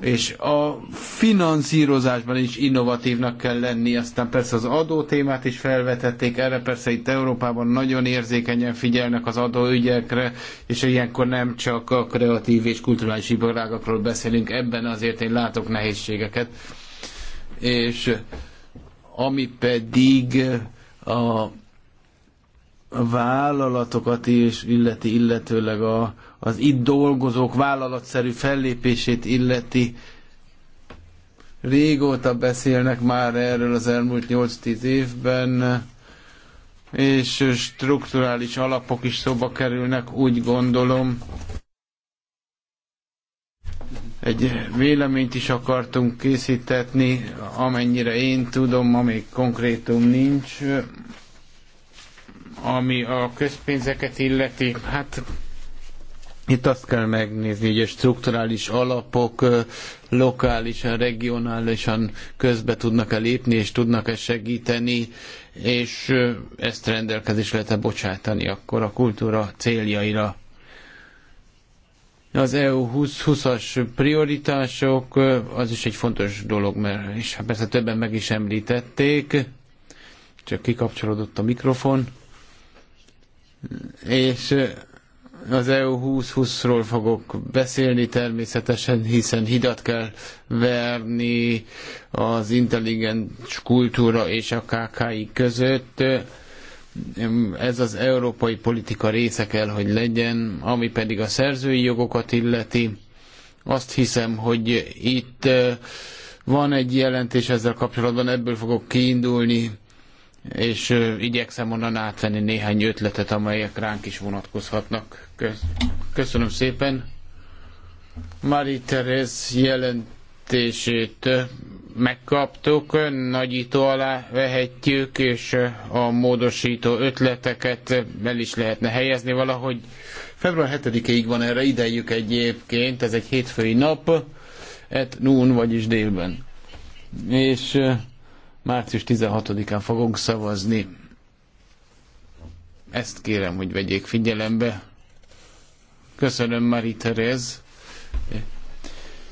és a finanszírozásban is innovatívnak kell lenni, aztán persze az adó témát is felvetették, erre persze itt Európában nagyon érzékenyen figyelnek az adóügyekre, és ilyenkor nem csak a kreatív és kulturális iparágakról beszélünk, ebben azért én látok nehézségeket és ami pedig a vállalatokat is illeti, illetőleg a, az itt dolgozók vállalatszerű fellépését illeti. Régóta beszélnek már erről az elmúlt 8-10 évben, és strukturális alapok is szóba kerülnek, úgy gondolom egy véleményt is akartunk készítetni, amennyire én tudom, ami konkrétum nincs, ami a közpénzeket illeti. Hát itt azt kell megnézni, hogy a strukturális alapok lokálisan, regionálisan közbe tudnak-e lépni, és tudnak-e segíteni, és ezt rendelkezésre lehet -e bocsátani akkor a kultúra céljaira. Az EU 2020-as prioritások, az is egy fontos dolog, mert és hát persze többen meg is említették, csak kikapcsolódott a mikrofon, és az EU 2020-ról fogok beszélni természetesen, hiszen hidat kell verni az intelligens kultúra és a KKI között ez az európai politika része kell, hogy legyen, ami pedig a szerzői jogokat illeti. Azt hiszem, hogy itt van egy jelentés ezzel kapcsolatban, ebből fogok kiindulni, és igyekszem onnan átvenni néhány ötletet, amelyek ránk is vonatkozhatnak. Köszönöm szépen. Marie Therese jelentését megkaptuk, nagyító alá vehetjük, és a módosító ötleteket el is lehetne helyezni valahogy. Február 7-ig van erre idejük egyébként, ez egy hétfői nap, et nun, vagyis délben. És március 16-án fogunk szavazni. Ezt kérem, hogy vegyék figyelembe. Köszönöm, Marie Terez,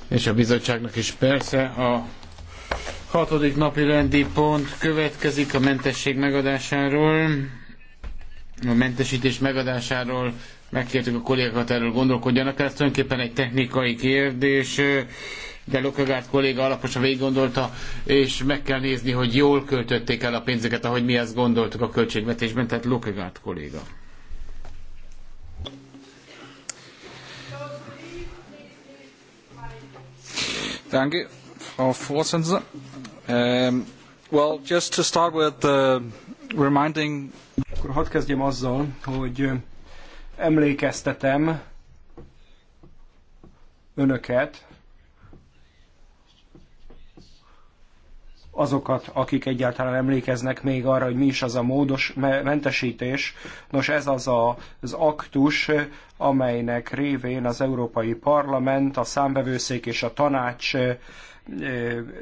és a bizottságnak is persze a Hatodik napi rendi pont következik a mentesség megadásáról. A mentesítés megadásáról megkértük a kollégákat erről gondolkodjanak. Ez tulajdonképpen egy technikai kérdés, de Lokagárt kolléga alaposan gondolta, és meg kell nézni, hogy jól költötték el a pénzeket, ahogy mi ezt gondoltuk a költségvetésben, tehát Lokagárt kolléga. Danke, Frau Vorsitzende. Um, well, just to start with uh, reminding... Akkor hadd kezdjem azzal, hogy uh, emlékeztetem önöket, azokat, akik egyáltalán emlékeznek még arra, hogy mi is az a módos mentesítés. Nos, ez az a, az aktus, amelynek révén az Európai Parlament, a számbevőszék és a tanács uh,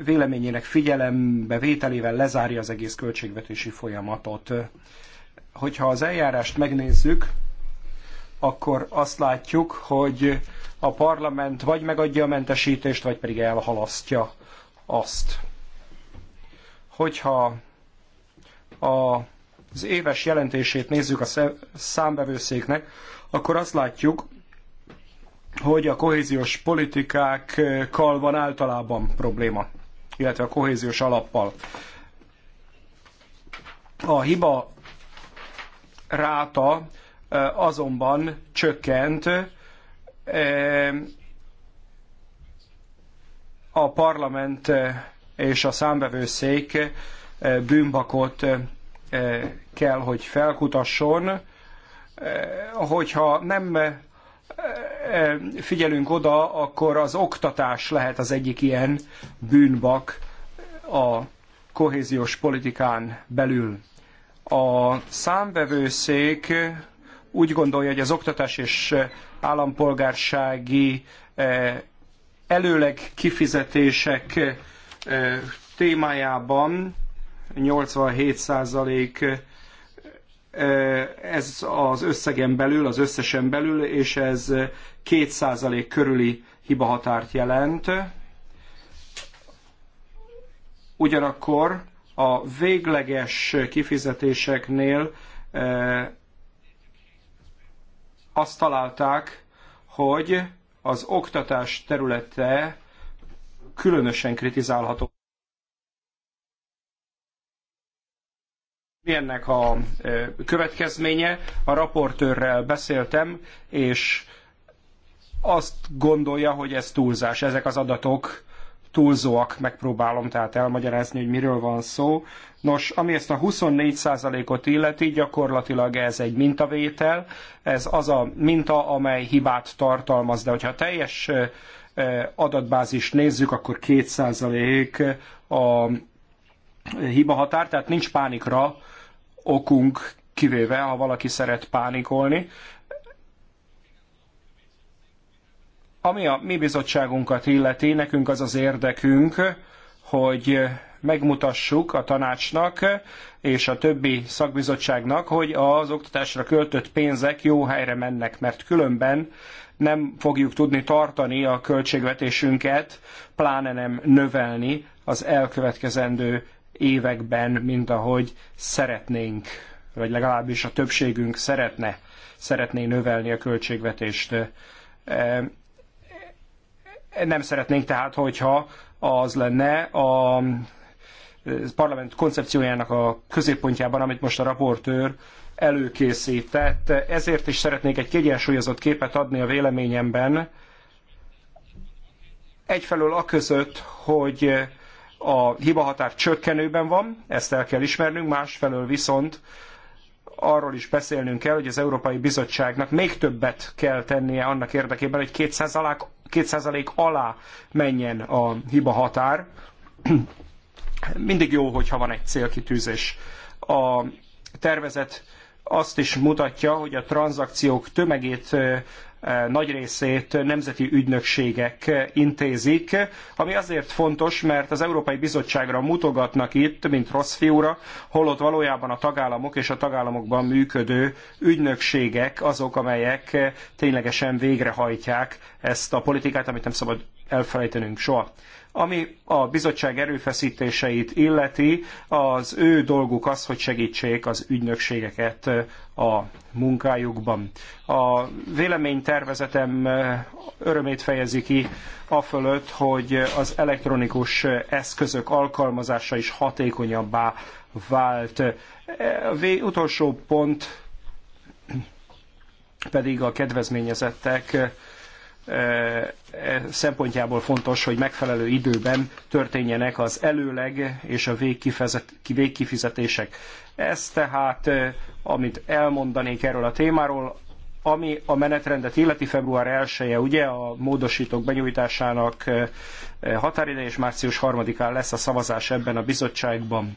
véleményének figyelembe vételével lezárja az egész költségvetési folyamatot. Hogyha az eljárást megnézzük, akkor azt látjuk, hogy a parlament vagy megadja a mentesítést, vagy pedig elhalasztja azt. Hogyha a, az éves jelentését nézzük a számbevőszéknek, akkor azt látjuk, hogy a kohéziós politikákkal van általában probléma, illetve a kohéziós alappal. A hiba ráta eh, azonban csökkent, eh, a parlament eh, és a számbevőszék bűnbakot kell, hogy felkutasson, hogyha nem figyelünk oda, akkor az oktatás lehet az egyik ilyen bűnbak a kohéziós politikán belül. A számbevőszék úgy gondolja, hogy az oktatás és állampolgársági előleg kifizetések témájában 87% ez az összegen belül, az összesen belül, és ez 2% körüli hibahatárt jelent. Ugyanakkor a végleges kifizetéseknél azt találták, hogy az oktatás területe különösen kritizálható. mi ennek a következménye. A raportőrrel beszéltem, és azt gondolja, hogy ez túlzás. Ezek az adatok túlzóak, megpróbálom tehát elmagyarázni, hogy miről van szó. Nos, ami ezt a 24%-ot illeti, gyakorlatilag ez egy mintavétel, ez az a minta, amely hibát tartalmaz, de hogyha a teljes adatbázist nézzük, akkor 2% a hiba határ, tehát nincs pánikra okunk, kivéve ha valaki szeret pánikolni. Ami a mi bizottságunkat illeti, nekünk az az érdekünk, hogy megmutassuk a tanácsnak és a többi szakbizottságnak, hogy az oktatásra költött pénzek jó helyre mennek, mert különben nem fogjuk tudni tartani a költségvetésünket, pláne nem növelni az elkövetkezendő években, mint ahogy szeretnénk, vagy legalábbis a többségünk szeretne, szeretné növelni a költségvetést. E, nem szeretnénk tehát, hogyha az lenne a parlament koncepciójának a középpontjában, amit most a raportőr előkészített. Ezért is szeretnék egy kiegyensúlyozott képet adni a véleményemben. Egyfelől a között, hogy a hibahatár csökkenőben van, ezt el kell ismernünk, másfelől viszont arról is beszélnünk kell, hogy az Európai Bizottságnak még többet kell tennie annak érdekében, hogy 200 alá, alá menjen a hibahatár. Mindig jó, hogyha van egy célkitűzés. A tervezet azt is mutatja, hogy a tranzakciók tömegét nagy részét nemzeti ügynökségek intézik, ami azért fontos, mert az Európai Bizottságra mutogatnak itt, mint rossz fiúra, holott valójában a tagállamok és a tagállamokban működő ügynökségek azok, amelyek ténylegesen végrehajtják ezt a politikát, amit nem szabad elfelejtenünk soha. Ami a bizottság erőfeszítéseit illeti, az ő dolguk az, hogy segítsék az ügynökségeket a munkájukban. A véleménytervezetem örömét fejezi ki a fölött, hogy az elektronikus eszközök alkalmazása is hatékonyabbá vált. utolsó pont pedig a kedvezményezettek E, e szempontjából fontos, hogy megfelelő időben történjenek az előleg és a végkifizetések. Ez tehát, e, amit elmondanék erről a témáról, ami a menetrendet illeti február 1 -e, ugye a módosítók benyújtásának határideje, és március 3-án lesz a szavazás ebben a bizottságban.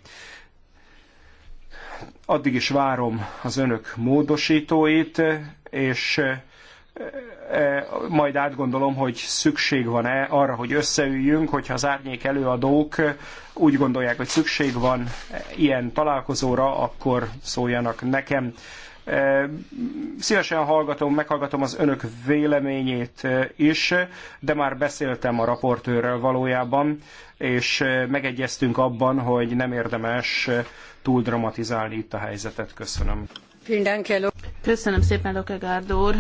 Addig is várom az önök módosítóit, és E, majd átgondolom, hogy szükség van-e arra, hogy összeüljünk, hogyha az árnyék előadók úgy gondolják, hogy szükség van ilyen találkozóra, akkor szóljanak nekem. E, szívesen hallgatom, meghallgatom az önök véleményét is, de már beszéltem a raportőrrel valójában, és megegyeztünk abban, hogy nem érdemes túl dramatizálni itt a helyzetet. Köszönöm. Köszönöm szépen, Lokegárd úr.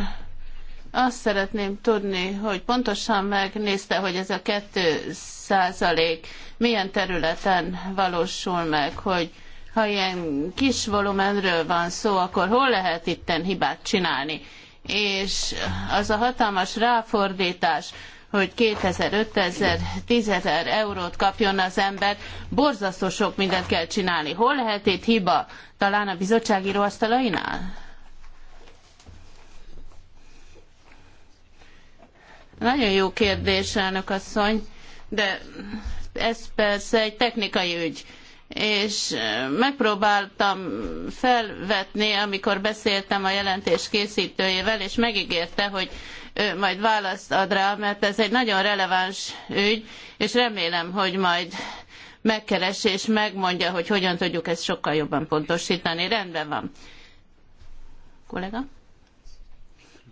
Azt szeretném tudni, hogy pontosan megnézte, hogy ez a 2 százalék milyen területen valósul meg, hogy ha ilyen kis volumenről van szó, akkor hol lehet itten hibát csinálni? És az a hatalmas ráfordítás, hogy 2000, 5000, 10000 eurót kapjon az ember, borzasztó sok mindent kell csinálni. Hol lehet itt hiba? Talán a bizottsági íróasztalainál? Nagyon jó kérdés, elnök asszony, de ez persze egy technikai ügy és megpróbáltam felvetni, amikor beszéltem a jelentés készítőjével, és megígérte, hogy ő majd választ ad rá, mert ez egy nagyon releváns ügy, és remélem, hogy majd megkeres és megmondja, hogy hogyan tudjuk ezt sokkal jobban pontosítani. Rendben van. Kollega?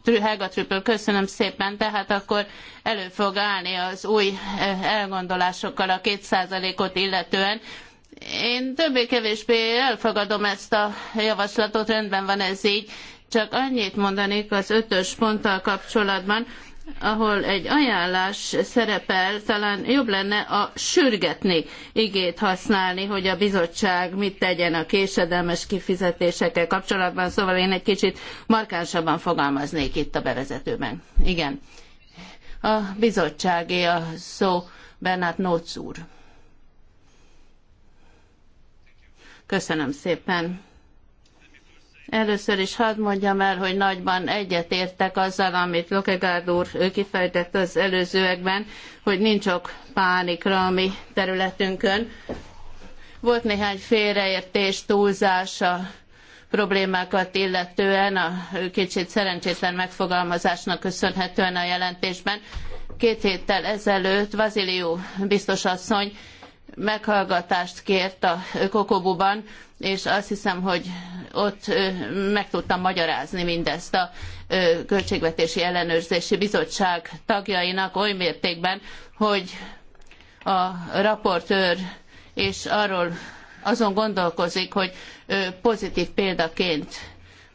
Helga Trüppel, köszönöm szépen, tehát akkor elő fog állni az új eh, elgondolásokkal a kétszázalékot illetően. Én többé-kevésbé elfogadom ezt a javaslatot, rendben van ez így, csak annyit mondanék az ötös ponttal kapcsolatban, ahol egy ajánlás szerepel, talán jobb lenne a sürgetni igét használni, hogy a bizottság mit tegyen a késedelmes kifizetésekkel kapcsolatban, szóval én egy kicsit markánsabban fogalmaznék itt a bevezetőben. Igen. A bizottságé a szó Bernát Nócz úr. Köszönöm szépen. Először is hadd mondjam el, hogy nagyban egyetértek azzal, amit Lokegárd úr kifejtett az előzőekben, hogy nincs ok pánikra a mi területünkön. Volt néhány félreértés, túlzás a problémákat illetően, a kicsit szerencsétlen megfogalmazásnak köszönhetően a jelentésben. Két héttel ezelőtt Vaziliu biztos asszony meghallgatást kért a Kokobuban, és azt hiszem, hogy ott meg tudtam magyarázni mindezt a Költségvetési Ellenőrzési Bizottság tagjainak oly mértékben, hogy a raportőr és arról azon gondolkozik, hogy pozitív példaként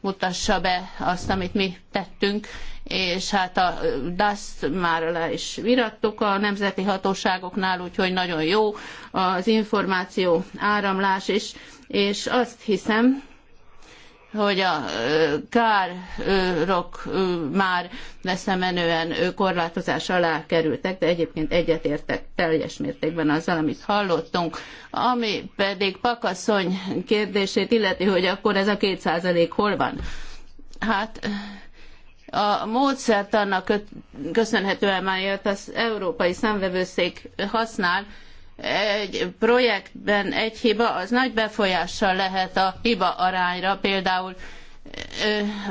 mutassa be azt, amit mi tettünk, és hát a DASZ már le is virattuk a nemzeti hatóságoknál, úgyhogy nagyon jó az információ áramlás is, és azt hiszem, hogy a károk már veszemenően korlátozás alá kerültek, de egyébként egyetértek teljes mértékben azzal, amit hallottunk. Ami pedig Pakaszony kérdését illeti, hogy akkor ez a kétszázalék hol van? Hát a módszertannak köszönhetően, melyet az Európai Számvevőszék használ, egy projektben egy hiba, az nagy befolyással lehet a hiba arányra. Például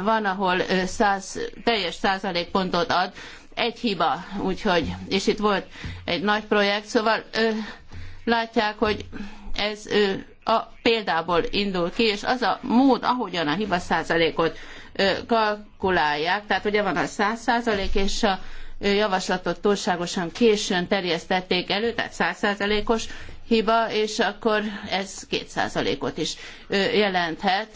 van, ahol 100, teljes százalékpontot ad egy hiba, úgyhogy, és itt volt egy nagy projekt, szóval látják, hogy ez a példából indul ki, és az a mód, ahogyan a hiba százalékot kalkulálják, tehát ugye van a 100% és a javaslatot túlságosan későn terjesztették elő, tehát 100%-os hiba, és akkor ez 2%-ot is jelenthet.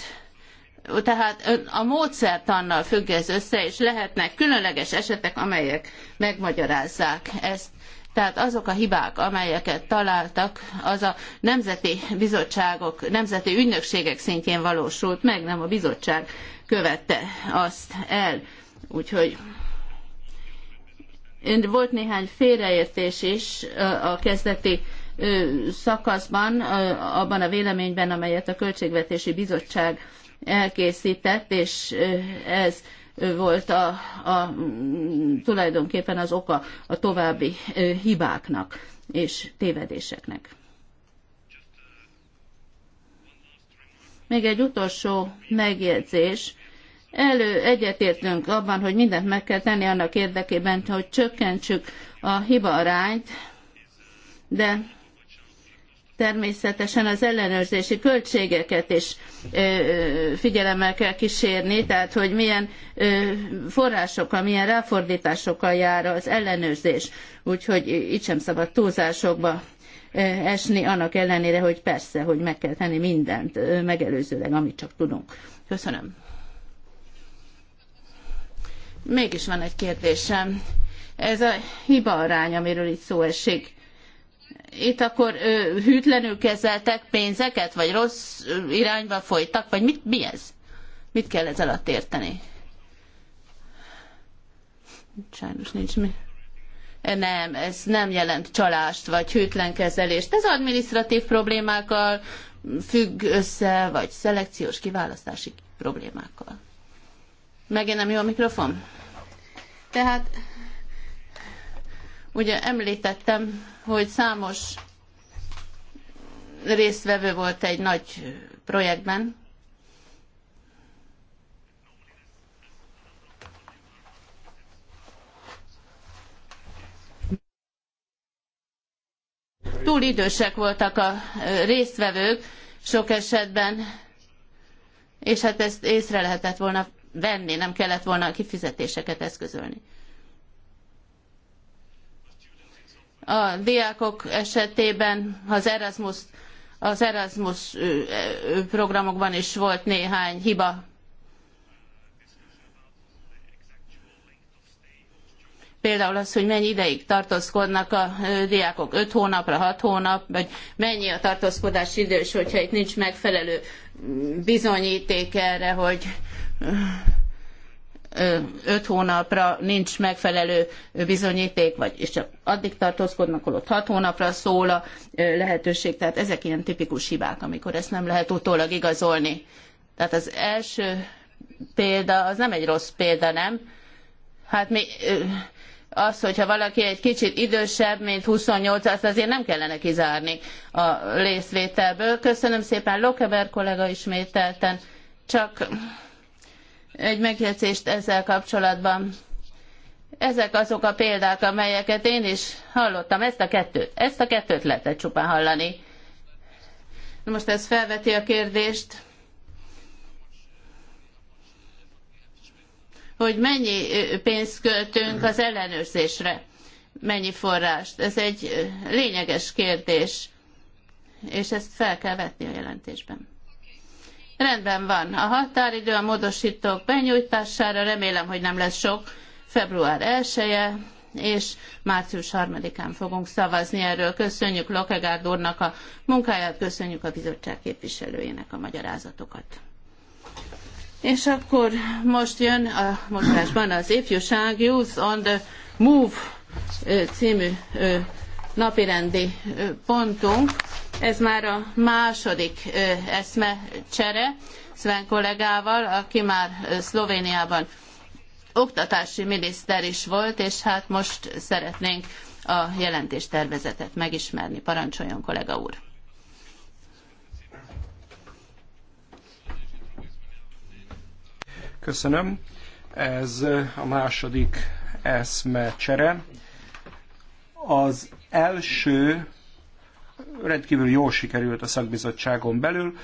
Tehát a módszertannal függ ez össze, és lehetnek különleges esetek, amelyek megmagyarázzák ezt. Tehát azok a hibák, amelyeket találtak, az a nemzeti bizottságok, nemzeti ügynökségek szintjén valósult meg, nem a bizottság követte azt el. Úgyhogy volt néhány félreértés is a kezdeti szakaszban, abban a véleményben, amelyet a Költségvetési Bizottság elkészített, és ez volt a, a, tulajdonképpen az oka a további hibáknak és tévedéseknek. Még egy utolsó megjegyzés elő egyetértünk abban, hogy mindent meg kell tenni annak érdekében, hogy csökkentsük a hiba arányt, de természetesen az ellenőrzési költségeket is figyelemmel kell kísérni, tehát hogy milyen forrásokkal, milyen ráfordításokkal jár az ellenőrzés. Úgyhogy itt sem szabad túlzásokba esni, annak ellenére, hogy persze, hogy meg kell tenni mindent megelőzőleg, amit csak tudunk. Köszönöm. Mégis van egy kérdésem. Ez a hiba arány, amiről itt szó esik. Itt akkor ö, hűtlenül kezeltek pénzeket, vagy rossz irányba folytak, vagy mit, mi ez? Mit kell ez alatt érteni? Sajnos nincs mi. Nem, ez nem jelent csalást, vagy hűtlen kezelést. Ez administratív problémákkal függ össze, vagy szelekciós kiválasztási problémákkal. Megint nem jó a mikrofon? Tehát ugye említettem, hogy számos résztvevő volt egy nagy projektben, túl idősek voltak a résztvevők sok esetben, és hát ezt észre lehetett volna venni, nem kellett volna a kifizetéseket eszközölni. A diákok esetében az Erasmus, az Erasmus programokban is volt néhány hiba. Például az, hogy mennyi ideig tartózkodnak a diákok, 5 hónapra, 6 hónap, vagy mennyi a tartózkodás idős, hogyha itt nincs megfelelő mm, bizonyíték erre, hogy öt hónapra nincs megfelelő bizonyíték, vagy és csak addig tartózkodnak, holott hat hónapra szól a lehetőség. Tehát ezek ilyen tipikus hibák, amikor ezt nem lehet utólag igazolni. Tehát az első példa, az nem egy rossz példa, nem? Hát mi az, hogyha valaki egy kicsit idősebb, mint 28, azt azért nem kellene kizárni a részvételből. Köszönöm szépen Lokeber kollega ismételten, csak egy megjegyzést ezzel kapcsolatban. Ezek azok a példák, amelyeket én is hallottam. Ezt a kettőt, ezt a kettőt lehetett csupán hallani. Most ez felveti a kérdést, hogy mennyi pénzt költünk az ellenőrzésre, mennyi forrást. Ez egy lényeges kérdés, és ezt fel kell vetni a jelentésben. Rendben van. A határidő a módosítók benyújtására, remélem, hogy nem lesz sok, február 1 -e, és március 3-án fogunk szavazni erről. Köszönjük Lokegárd úrnak a munkáját, köszönjük a bizottság képviselőjének a magyarázatokat. És akkor most jön a mozgásban az ifjúság Youth on the Move című napirendi pontunk. Ez már a második eszmecsere Sven kollégával, aki már Szlovéniában oktatási miniszter is volt, és hát most szeretnénk a jelentéstervezetet megismerni. Parancsoljon, kollega úr! Köszönöm. Ez a második eszmecsere. Az első rendkívül jól sikerült a szakbizottságon belül.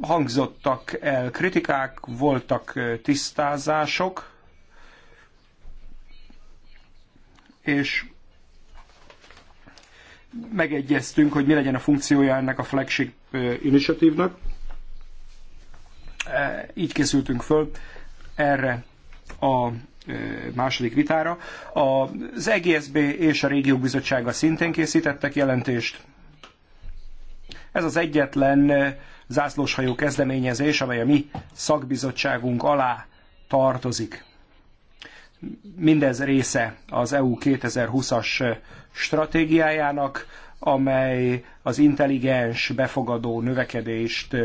Hangzottak el kritikák, voltak tisztázások, és megegyeztünk, hogy mi legyen a funkciója ennek a flagship initiatívnak. Így készültünk föl erre a második vitára. Az EGSB és a Régiók Bizottsága szintén készítettek jelentést. Ez az egyetlen zászlóshajó kezdeményezés, amely a mi szakbizottságunk alá tartozik. Mindez része az EU 2020-as stratégiájának, amely az intelligens, befogadó növekedést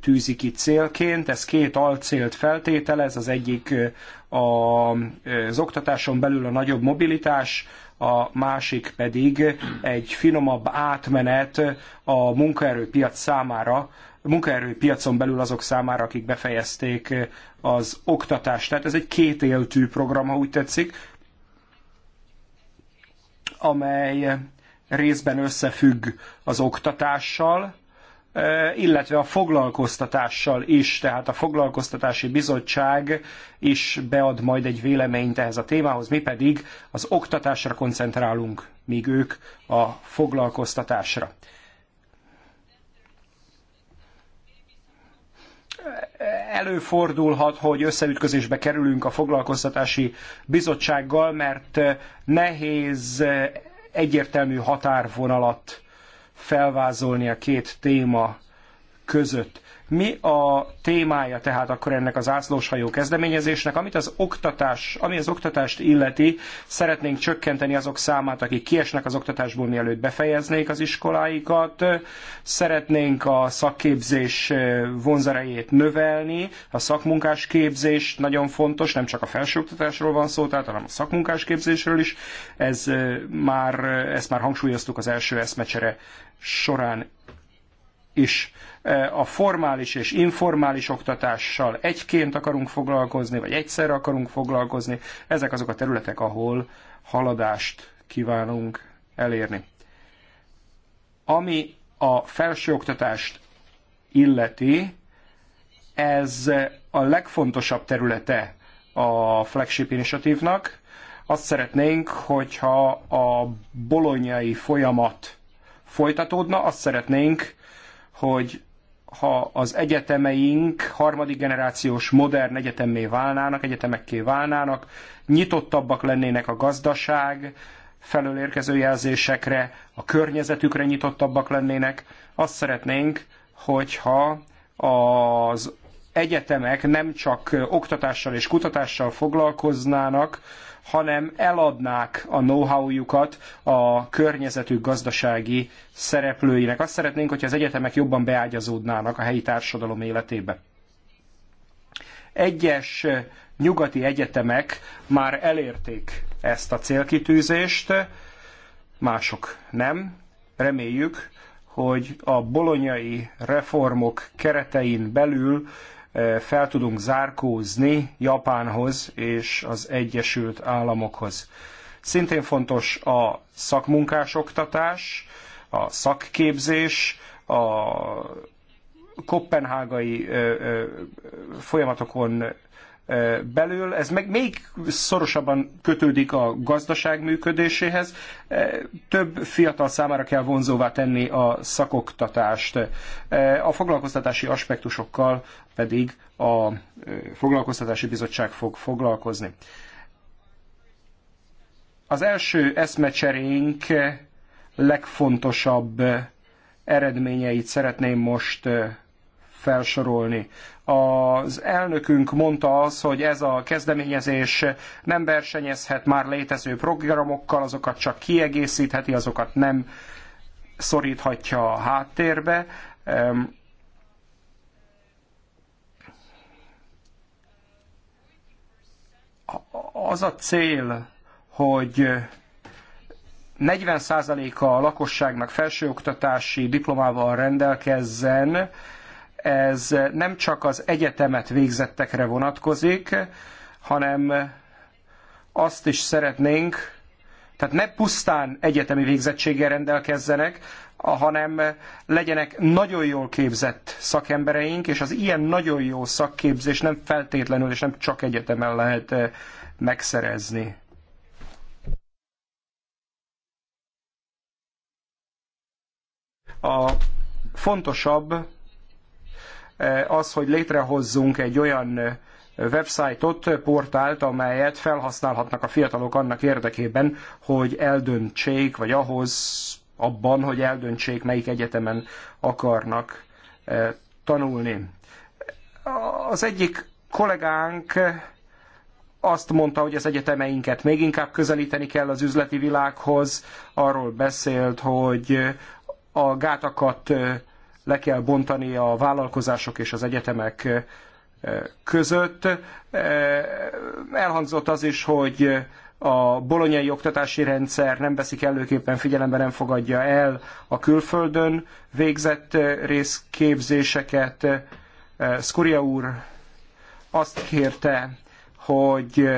tűzi ki célként. Ez két alcélt feltételez, az egyik az oktatáson belül a nagyobb mobilitás, a másik pedig egy finomabb átmenet a munkaerőpiac számára, munkaerőpiacon belül azok számára, akik befejezték az oktatást. Tehát ez egy kétéltű program, ha úgy tetszik, amely részben összefügg az oktatással, Eh, illetve a foglalkoztatással is, tehát a foglalkoztatási bizottság is bead majd egy véleményt ehhez a témához, mi pedig az oktatásra koncentrálunk, míg ők a foglalkoztatásra. előfordulhat, hogy összeütközésbe kerülünk a foglalkoztatási bizottsággal, mert nehéz egyértelmű határvonalat felvázolni a két téma között. Mi a témája tehát akkor ennek az ászlóshajó kezdeményezésnek, amit az oktatás, ami az oktatást illeti, szeretnénk csökkenteni azok számát, akik kiesnek az oktatásból, mielőtt befejeznék az iskoláikat, szeretnénk a szakképzés eh, vonzerejét növelni, a szakmunkás képzés nagyon fontos, nem csak a felsőoktatásról van szó, tehát hanem a szakmunkás képzésről is, ez eh, már, eh, ezt már hangsúlyoztuk az első eszmecsere során is eh, a formális és informális oktatással egyként akarunk foglalkozni, vagy egyszerre akarunk foglalkozni. Ezek azok a területek, ahol haladást kívánunk elérni. Ami a felsőoktatást illeti, ez a legfontosabb területe a flagship initiatívnak. Azt szeretnénk, hogyha a bolonyai folyamat folytatódna, azt szeretnénk, hogy ha az egyetemeink harmadik generációs modern egyetemé válnának, egyetemekké válnának, nyitottabbak lennének a gazdaság felől érkező jelzésekre, a környezetükre nyitottabbak lennének. Azt szeretnénk, hogyha az egyetemek nem csak oktatással és kutatással foglalkoznának, hanem eladnák a know-howjukat a környezetük gazdasági szereplőinek. Azt szeretnénk, hogy az egyetemek jobban beágyazódnának a helyi társadalom életébe. Egyes nyugati egyetemek már elérték ezt a célkitűzést, mások nem. Reméljük, hogy a bolonyai reformok keretein belül fel tudunk zárkózni Japánhoz és az Egyesült Államokhoz. Szintén fontos a szakmunkásoktatás, a szakképzés, a kopenhágai folyamatokon belül, ez meg még szorosabban kötődik a gazdaság működéséhez. Több fiatal számára kell vonzóvá tenni a szakoktatást. A foglalkoztatási aspektusokkal pedig a foglalkoztatási bizottság fog foglalkozni. Az első eszmecserénk legfontosabb eredményeit szeretném most felsorolni. Az elnökünk mondta az, hogy ez a kezdeményezés nem versenyezhet már létező programokkal, azokat csak kiegészítheti, azokat nem szoríthatja a háttérbe. Az a cél, hogy 40%-a a lakosságnak felsőoktatási diplomával rendelkezzen, ez nem csak az egyetemet végzettekre vonatkozik, hanem azt is szeretnénk, tehát ne pusztán egyetemi végzettséggel rendelkezzenek, hanem legyenek nagyon jól képzett szakembereink, és az ilyen nagyon jó szakképzés nem feltétlenül és nem csak egyetemen lehet eh, megszerezni. A fontosabb Eh, az, hogy létrehozzunk egy olyan eh, websájtot, portált, amelyet felhasználhatnak a fiatalok annak érdekében, hogy eldöntsék, vagy ahhoz abban, hogy eldöntsék, melyik egyetemen akarnak eh, tanulni. Az egyik kollégánk azt mondta, hogy az egyetemeinket még inkább közelíteni kell az üzleti világhoz, arról beszélt, hogy a gátakat le kell bontani a vállalkozások és az egyetemek eh, között. Eh, elhangzott az is, hogy a bolonyai oktatási rendszer nem veszik előképpen figyelembe, nem fogadja el a külföldön végzett eh, részképzéseket. Skuria úr azt kérte, hogy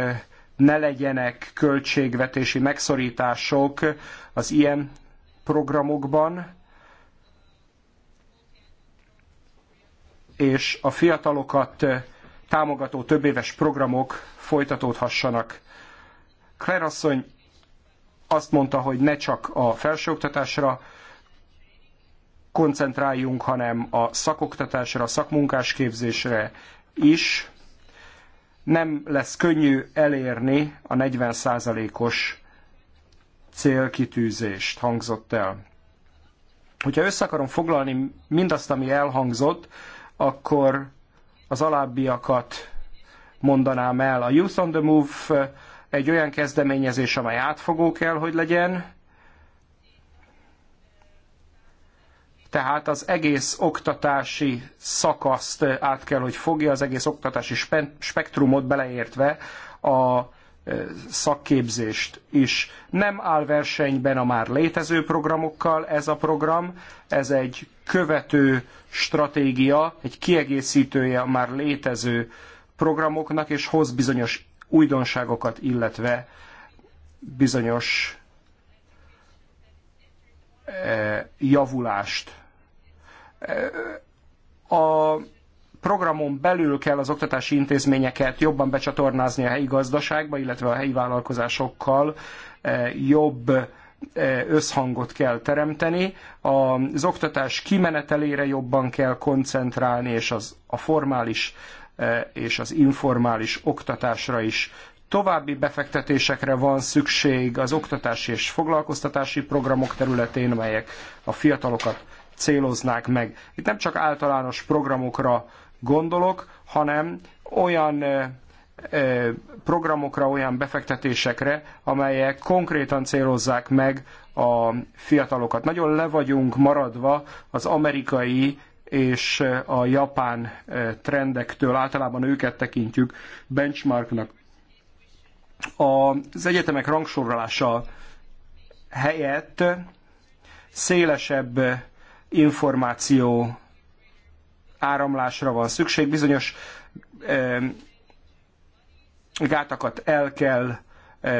ne legyenek költségvetési megszorítások az ilyen programokban. és a fiatalokat eh, támogató többéves programok folytatódhassanak. Claire asszony azt mondta, hogy ne csak a felsőoktatásra koncentráljunk, hanem a szakoktatásra, a szakmunkásképzésre is. Nem lesz könnyű elérni a 40%-os célkitűzést, hangzott el. Hogyha össze akarom foglalni mindazt, ami elhangzott, akkor az alábbiakat mondanám el. A Youth on the Move egy olyan kezdeményezés, amely átfogó kell, hogy legyen, tehát az egész oktatási szakaszt át kell, hogy fogja, az egész oktatási spektrumot beleértve a szakképzést is. Nem áll versenyben a már létező programokkal ez a program, ez egy követő stratégia, egy kiegészítője a már létező programoknak, és hoz bizonyos újdonságokat, illetve bizonyos javulást. A programon belül kell az oktatási intézményeket jobban becsatornázni a helyi gazdaságba, illetve a helyi vállalkozásokkal eh, jobb eh, összhangot kell teremteni, az oktatás kimenetelére jobban kell koncentrálni, és az, a formális eh, és az informális oktatásra is további befektetésekre van szükség az oktatási és foglalkoztatási programok területén, melyek a fiatalokat céloznák meg. Itt nem csak általános programokra gondolok, hanem olyan programokra, olyan befektetésekre, amelyek konkrétan célozzák meg a fiatalokat. Nagyon le vagyunk maradva az amerikai és a japán trendektől, általában őket tekintjük benchmarknak. Az egyetemek rangsorolása helyett szélesebb információ áramlásra van szükség, bizonyos gátakat el kell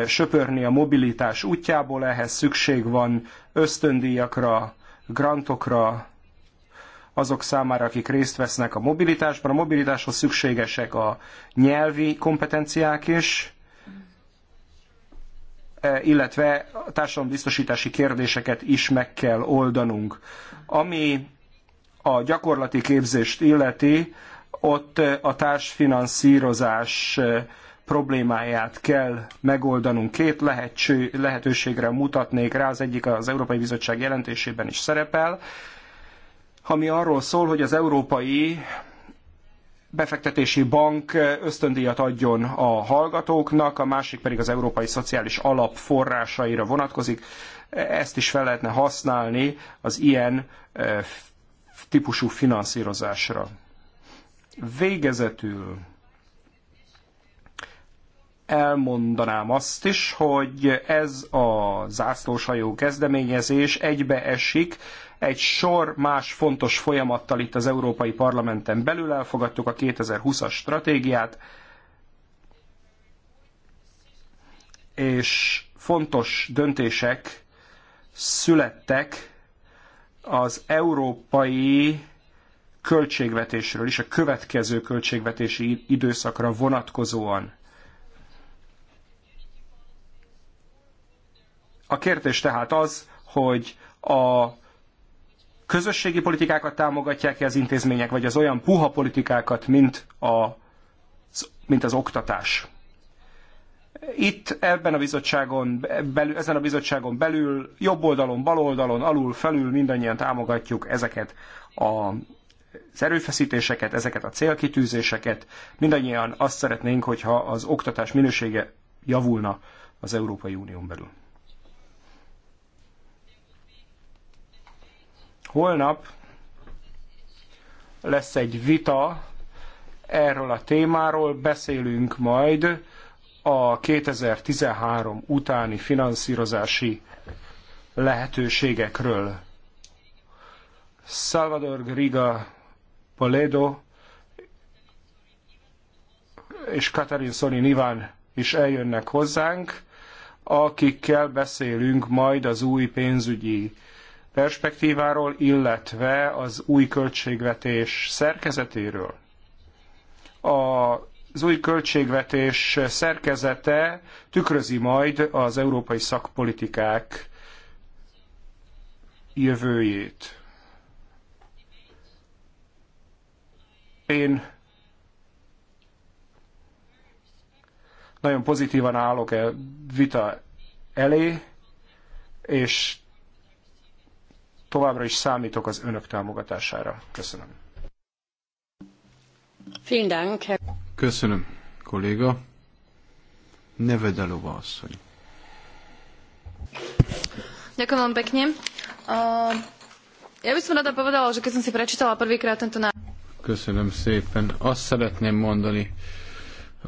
söpörni a mobilitás útjából, ehhez szükség van ösztöndíjakra, grantokra, azok számára, akik részt vesznek a mobilitásban. A mobilitáshoz szükségesek a nyelvi kompetenciák is, illetve a társadalombiztosítási kérdéseket is meg kell oldanunk. Ami a gyakorlati képzést illeti, ott eh, a társfinanszírozás eh, problémáját kell megoldanunk. Két lehetőségre mutatnék rá, az egyik az Európai Bizottság jelentésében is szerepel, ami arról szól, hogy az Európai befektetési bank eh, ösztöndíjat adjon a hallgatóknak, a másik pedig az Európai Szociális Alap forrásaira vonatkozik. E-, ezt is fel lehetne használni az ilyen típusú finanszírozásra. Végezetül elmondanám azt is, hogy ez a zászlóshajó kezdeményezés egybeesik egy sor más fontos folyamattal itt az Európai Parlamenten belül. Elfogadtuk a 2020-as stratégiát, és fontos döntések születtek az európai költségvetésről is, a következő költségvetési időszakra vonatkozóan. A kérdés tehát az, hogy a közösségi politikákat támogatják-e az intézmények, vagy az olyan puha politikákat, mint, a, mint az oktatás itt ebben a bizottságon, belül, ezen a bizottságon belül, jobb oldalon, bal oldalon, alul, felül mindannyian támogatjuk ezeket a az erőfeszítéseket, ezeket a célkitűzéseket. Mindannyian azt szeretnénk, hogyha az oktatás minősége javulna az Európai Unión belül. Holnap lesz egy vita erről a témáról, beszélünk majd a 2013 utáni finanszírozási lehetőségekről. Salvador Griga Poledo és Katarin Szorin Niván is eljönnek hozzánk, akikkel beszélünk majd az új pénzügyi perspektíváról, illetve az új költségvetés szerkezetéről. A az új költségvetés szerkezete tükrözi majd az európai szakpolitikák jövőjét. Én nagyon pozitívan állok e vita elé, és továbbra is számítok az önök támogatására. Köszönöm. Köszönöm, kolléga. Nevedelova asszony. Ďakujem vám pekne. Uh, ja by som rada povedala, že keď som si prečítala prvýkrát tento návrh... Köszönöm szépen. Azt szeretném mondani,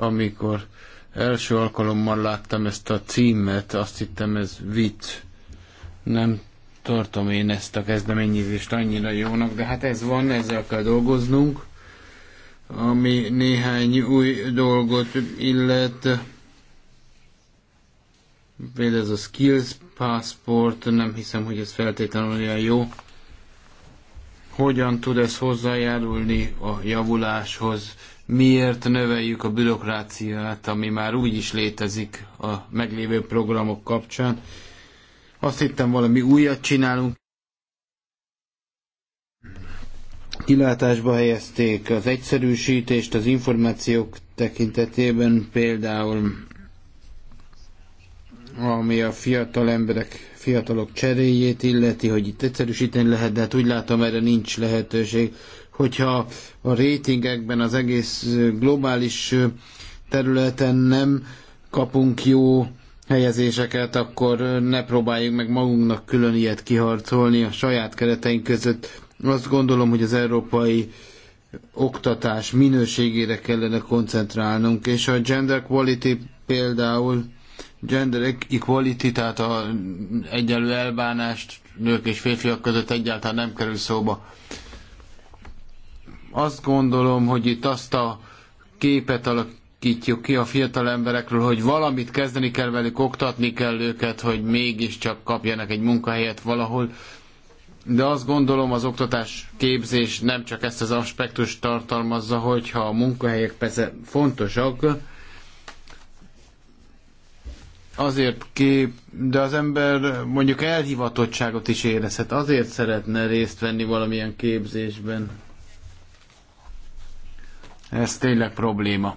amikor első alkalommal láttam ezt a címet, azt hittem ez vicc. Nem tartom én ezt a kezdeményezést annyira jónak, de hát ez van, ezzel kell dolgoznunk ami néhány új dolgot illet. Például ez a Skills Passport, nem hiszem, hogy ez feltétlenül olyan jó. Hogyan tud ez hozzájárulni a javuláshoz? Miért növeljük a bürokráciát, ami már úgy is létezik a meglévő programok kapcsán? Azt hittem valami újat csinálunk. kilátásba helyezték az egyszerűsítést az információk tekintetében, például ami a fiatal emberek, fiatalok cseréjét illeti, hogy itt egyszerűsíteni lehet, de hát úgy látom erre nincs lehetőség. Hogyha a rétingekben az egész globális területen nem kapunk jó helyezéseket, akkor ne próbáljuk meg magunknak külön ilyet kiharcolni a saját kereteink között azt gondolom, hogy az európai oktatás minőségére kellene koncentrálnunk, és a gender quality például gender equality, tehát a egyenlő elbánást nők és férfiak között egyáltalán nem kerül szóba. Azt gondolom, hogy itt azt a képet alakítjuk ki a fiatal emberekről, hogy valamit kezdeni kell velük, oktatni kell őket, hogy mégiscsak kapjanak egy munkahelyet valahol de azt gondolom az oktatás képzés nem csak ezt az aspektus tartalmazza, hogyha a munkahelyek persze fontosak, azért kép, de az ember mondjuk elhivatottságot is érezhet, azért szeretne részt venni valamilyen képzésben. Ez tényleg probléma.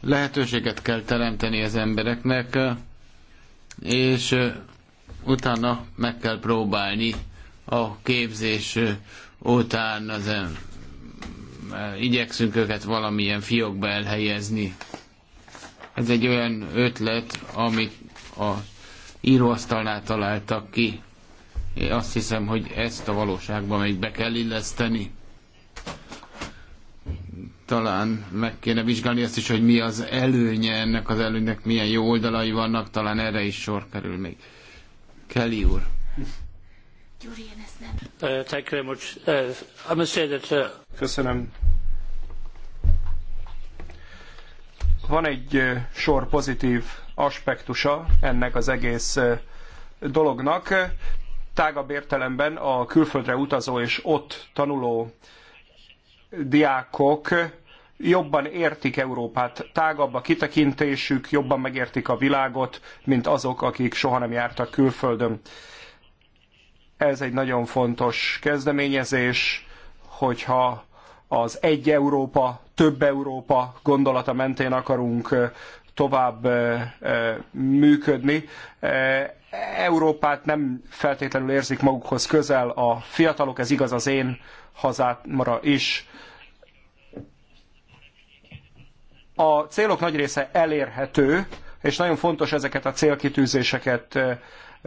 Lehetőséget kell teremteni az embereknek, és utána meg kell próbálni a képzés után az igyekszünk őket valamilyen fiókba elhelyezni. Ez egy olyan ötlet, amit a íróasztalnál találtak ki. Én azt hiszem, hogy ezt a valóságban még be kell illeszteni. Talán meg kéne vizsgálni azt is, hogy mi az előnye ennek az előnynek, milyen jó oldalai vannak, talán erre is sor kerül még. Kelly úr. nem. Uh, thank you very much. Uh, I must say that. Uh, Köszönöm. Van egy sor pozitív aspektusa ennek az egész dolognak. Tágabb értelemben a külföldre utazó és ott tanuló diákok jobban értik Európát, tágabb a kitekintésük, jobban megértik a világot, mint azok, akik soha nem jártak külföldön. Ez egy nagyon fontos kezdeményezés, hogyha az egy Európa, több Európa gondolata mentén akarunk tovább működni. Európát nem feltétlenül érzik magukhoz közel a fiatalok, ez igaz az én hazámra is. A célok nagy része elérhető, és nagyon fontos ezeket a célkitűzéseket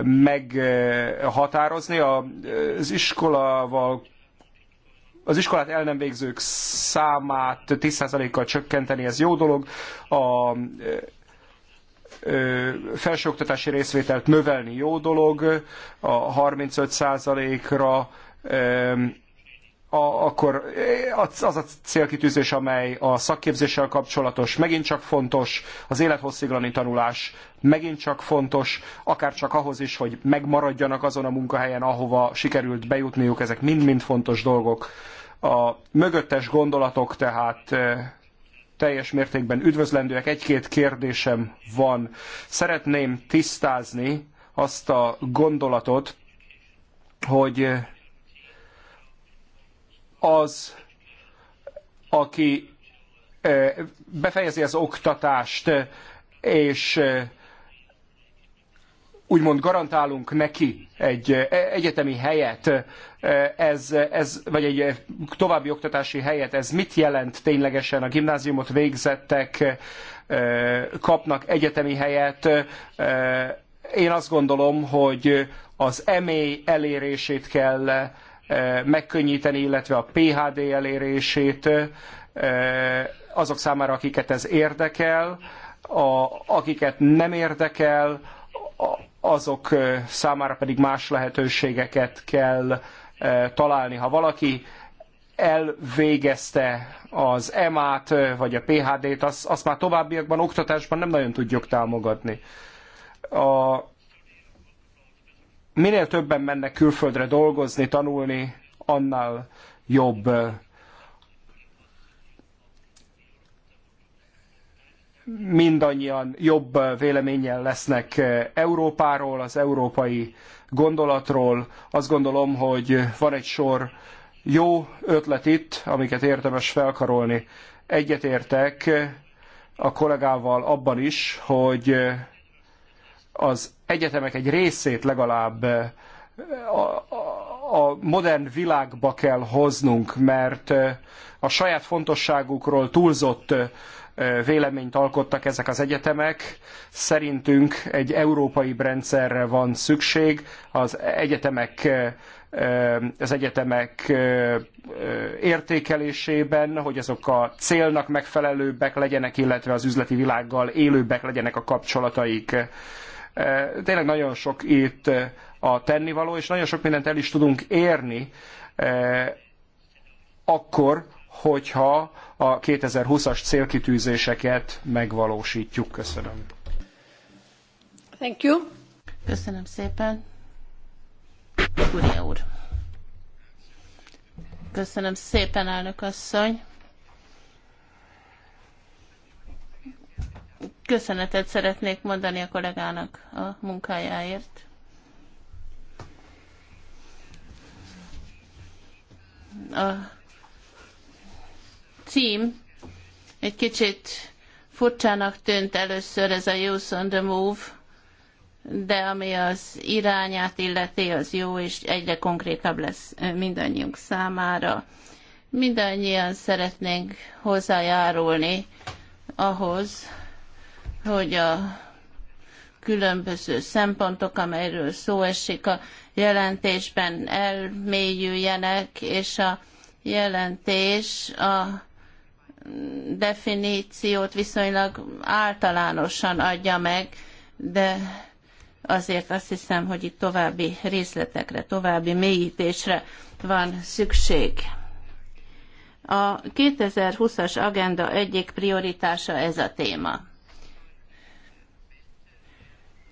meghatározni. Az iskolával az iskolát el nem végzők számát 10%-kal csökkenteni, ez jó dolog. A felsőoktatási részvételt növelni jó dolog, a 35%-ra a, akkor eh, az a célkitűzés, amely a szakképzéssel kapcsolatos, megint csak fontos, az élethosszíglani tanulás megint csak fontos, akár csak ahhoz is, hogy megmaradjanak azon a munkahelyen, ahova sikerült bejutniuk, ezek mind-mind fontos dolgok. A mögöttes gondolatok tehát eh, teljes mértékben üdvözlendőek. Egy-két kérdésem van. Szeretném tisztázni azt a gondolatot, hogy eh, az, aki befejezi az oktatást, és úgymond garantálunk neki egy egyetemi helyet, ez, ez, vagy egy további oktatási helyet, ez mit jelent ténylegesen a gimnáziumot végzettek, kapnak egyetemi helyet. Én azt gondolom, hogy az emély elérését kell megkönnyíteni, illetve a PHD elérését azok számára, akiket ez érdekel, a, akiket nem érdekel, azok számára pedig más lehetőségeket kell találni. Ha valaki elvégezte az EMA-t vagy a PHD-t, azt, az már továbbiakban oktatásban nem nagyon tudjuk támogatni. A, minél többen mennek külföldre dolgozni, tanulni, annál jobb. Mindannyian jobb véleménnyel lesznek Európáról, az európai gondolatról. Azt gondolom, hogy van egy sor jó ötlet itt, amiket érdemes felkarolni. Egyetértek a kollégával abban is, hogy az egyetemek egy részét legalább a, a, a modern világba kell hoznunk, mert a saját fontosságukról túlzott véleményt alkottak ezek az egyetemek. Szerintünk egy európai rendszerre van szükség. Az egyetemek az egyetemek értékelésében, hogy azok a célnak megfelelőbbek legyenek, illetve az üzleti világgal élőbbek legyenek a kapcsolataik. Tényleg nagyon sok itt a tennivaló, és nagyon sok mindent el is tudunk érni akkor, hogyha a 2020-as célkitűzéseket megvalósítjuk. Köszönöm. Thank you. Köszönöm szépen. Kuria úr. Köszönöm szépen, elnök asszony. Köszönetet szeretnék mondani a kollégának a munkájáért. A cím egy kicsit furcsának tűnt először ez a Use on the Move, de ami az irányát illeti, az jó, és egyre konkrétabb lesz mindannyiunk számára. Mindannyian szeretnénk hozzájárulni ahhoz, hogy a különböző szempontok, amelyről szó esik a jelentésben elmélyüljenek, és a jelentés a definíciót viszonylag általánosan adja meg, de azért azt hiszem, hogy itt további részletekre, további mélyítésre van szükség. A 2020-as agenda egyik prioritása ez a téma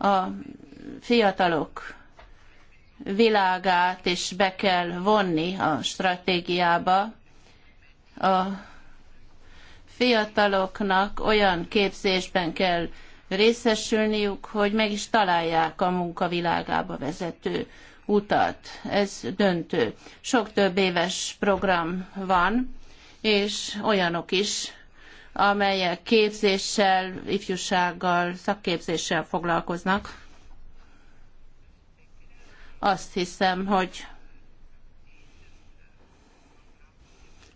a fiatalok világát is be kell vonni a stratégiába. A fiataloknak olyan képzésben kell részesülniük, hogy meg is találják a munkavilágába vezető utat. Ez döntő. Sok több éves program van, és olyanok is, amelyek képzéssel, ifjúsággal, szakképzéssel foglalkoznak. Azt hiszem, hogy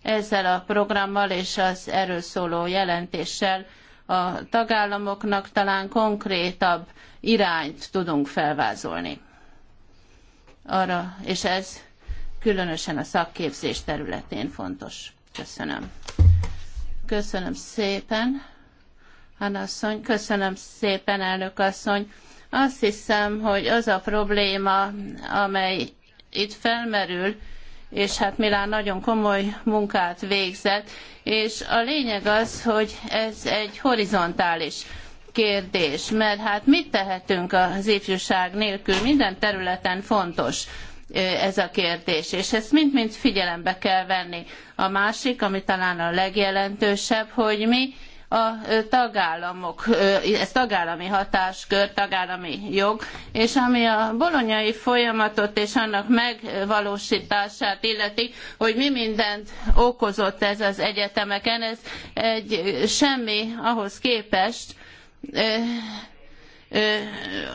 ezzel a programmal és az erről szóló jelentéssel a tagállamoknak talán konkrétabb irányt tudunk felvázolni. Arra, és ez különösen a szakképzés területén fontos. Köszönöm. Köszönöm szépen, Hanasszony. Köszönöm szépen, elnök asszony. Azt hiszem, hogy az a probléma, amely itt felmerül, és hát Milán nagyon komoly munkát végzett, és a lényeg az, hogy ez egy horizontális kérdés, mert hát mit tehetünk az ifjúság nélkül? Minden területen fontos ez a kérdés, és ezt mind-mind figyelembe kell venni. A másik, ami talán a legjelentősebb, hogy mi a tagállamok, ez tagállami hatáskör, tagállami jog, és ami a bolonyai folyamatot és annak megvalósítását illeti, hogy mi mindent okozott ez az egyetemeken, ez egy semmi ahhoz képest,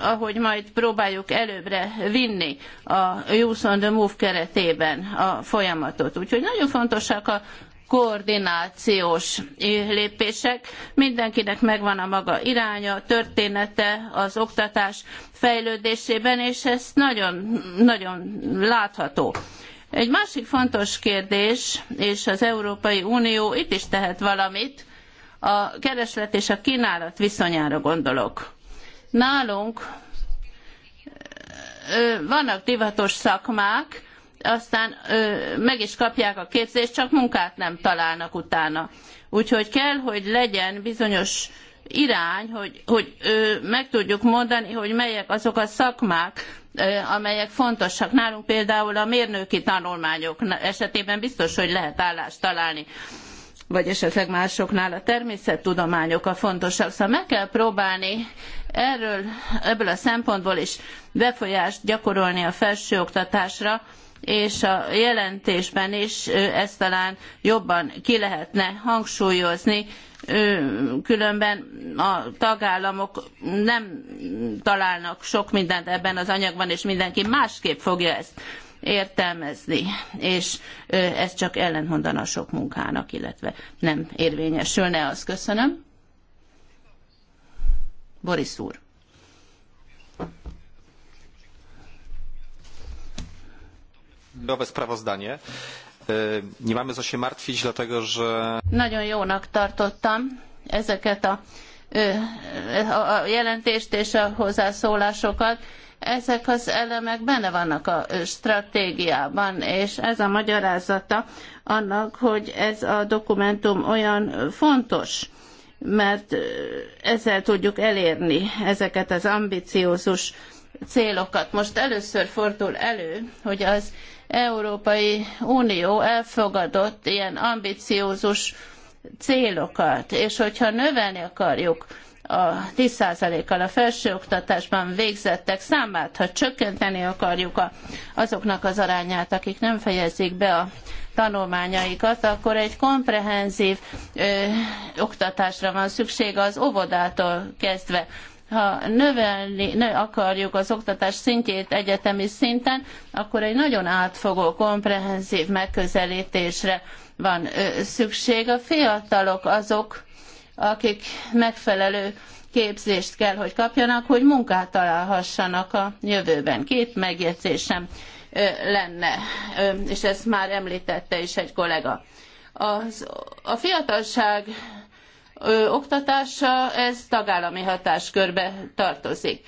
ahogy majd próbáljuk előbbre vinni a Youth on the Move keretében a folyamatot. Úgyhogy nagyon fontosak a koordinációs lépések. Mindenkinek megvan a maga iránya, története az oktatás fejlődésében, és ez nagyon, nagyon látható. Egy másik fontos kérdés, és az Európai Unió itt is tehet valamit, a kereslet és a kínálat viszonyára gondolok Nálunk vannak divatos szakmák, aztán meg is kapják a képzést, csak munkát nem találnak utána. Úgyhogy kell, hogy legyen bizonyos irány, hogy, hogy meg tudjuk mondani, hogy melyek azok a szakmák, amelyek fontosak. Nálunk például a mérnöki tanulmányok esetében biztos, hogy lehet állást találni vagy esetleg másoknál a természettudományok a fontosabb. Szóval meg kell próbálni erről, ebből a szempontból is befolyást gyakorolni a felsőoktatásra, és a jelentésben is ezt talán jobban ki lehetne hangsúlyozni, különben a tagállamok nem találnak sok mindent ebben az anyagban, és mindenki másképp fogja ezt értelmezni, és ez csak ellentmondana a sok munkának, illetve nem érvényesülne, azt köszönöm. Boris úr. dobre sprawozdanie. E, nie mamy co się martwić, dlatego że... Nagyon jónak tartottam ezeket a, a jelentést és a hozzászólásokat ezek az elemek benne vannak a stratégiában, és ez a magyarázata annak, hogy ez a dokumentum olyan fontos mert ezzel tudjuk elérni ezeket az ambiciózus célokat. Most először fordul elő, hogy az Európai Unió elfogadott ilyen ambiciózus célokat, és hogyha növelni akarjuk a 10%-kal a felsőoktatásban végzettek számát, ha csökkenteni akarjuk a, azoknak az arányát, akik nem fejezik be a tanulmányaikat, akkor egy komprehenzív ö, oktatásra van szükség az óvodától kezdve ha növelni nö, akarjuk az oktatás szintjét egyetemi szinten, akkor egy nagyon átfogó, komprehenzív megközelítésre van ö, szükség. A fiatalok azok, akik megfelelő képzést kell, hogy kapjanak, hogy munkát találhassanak a jövőben. Két megjegyzésem lenne, és ezt már említette is egy kollega. Az, a fiatalság oktatása, ez tagállami hatáskörbe tartozik.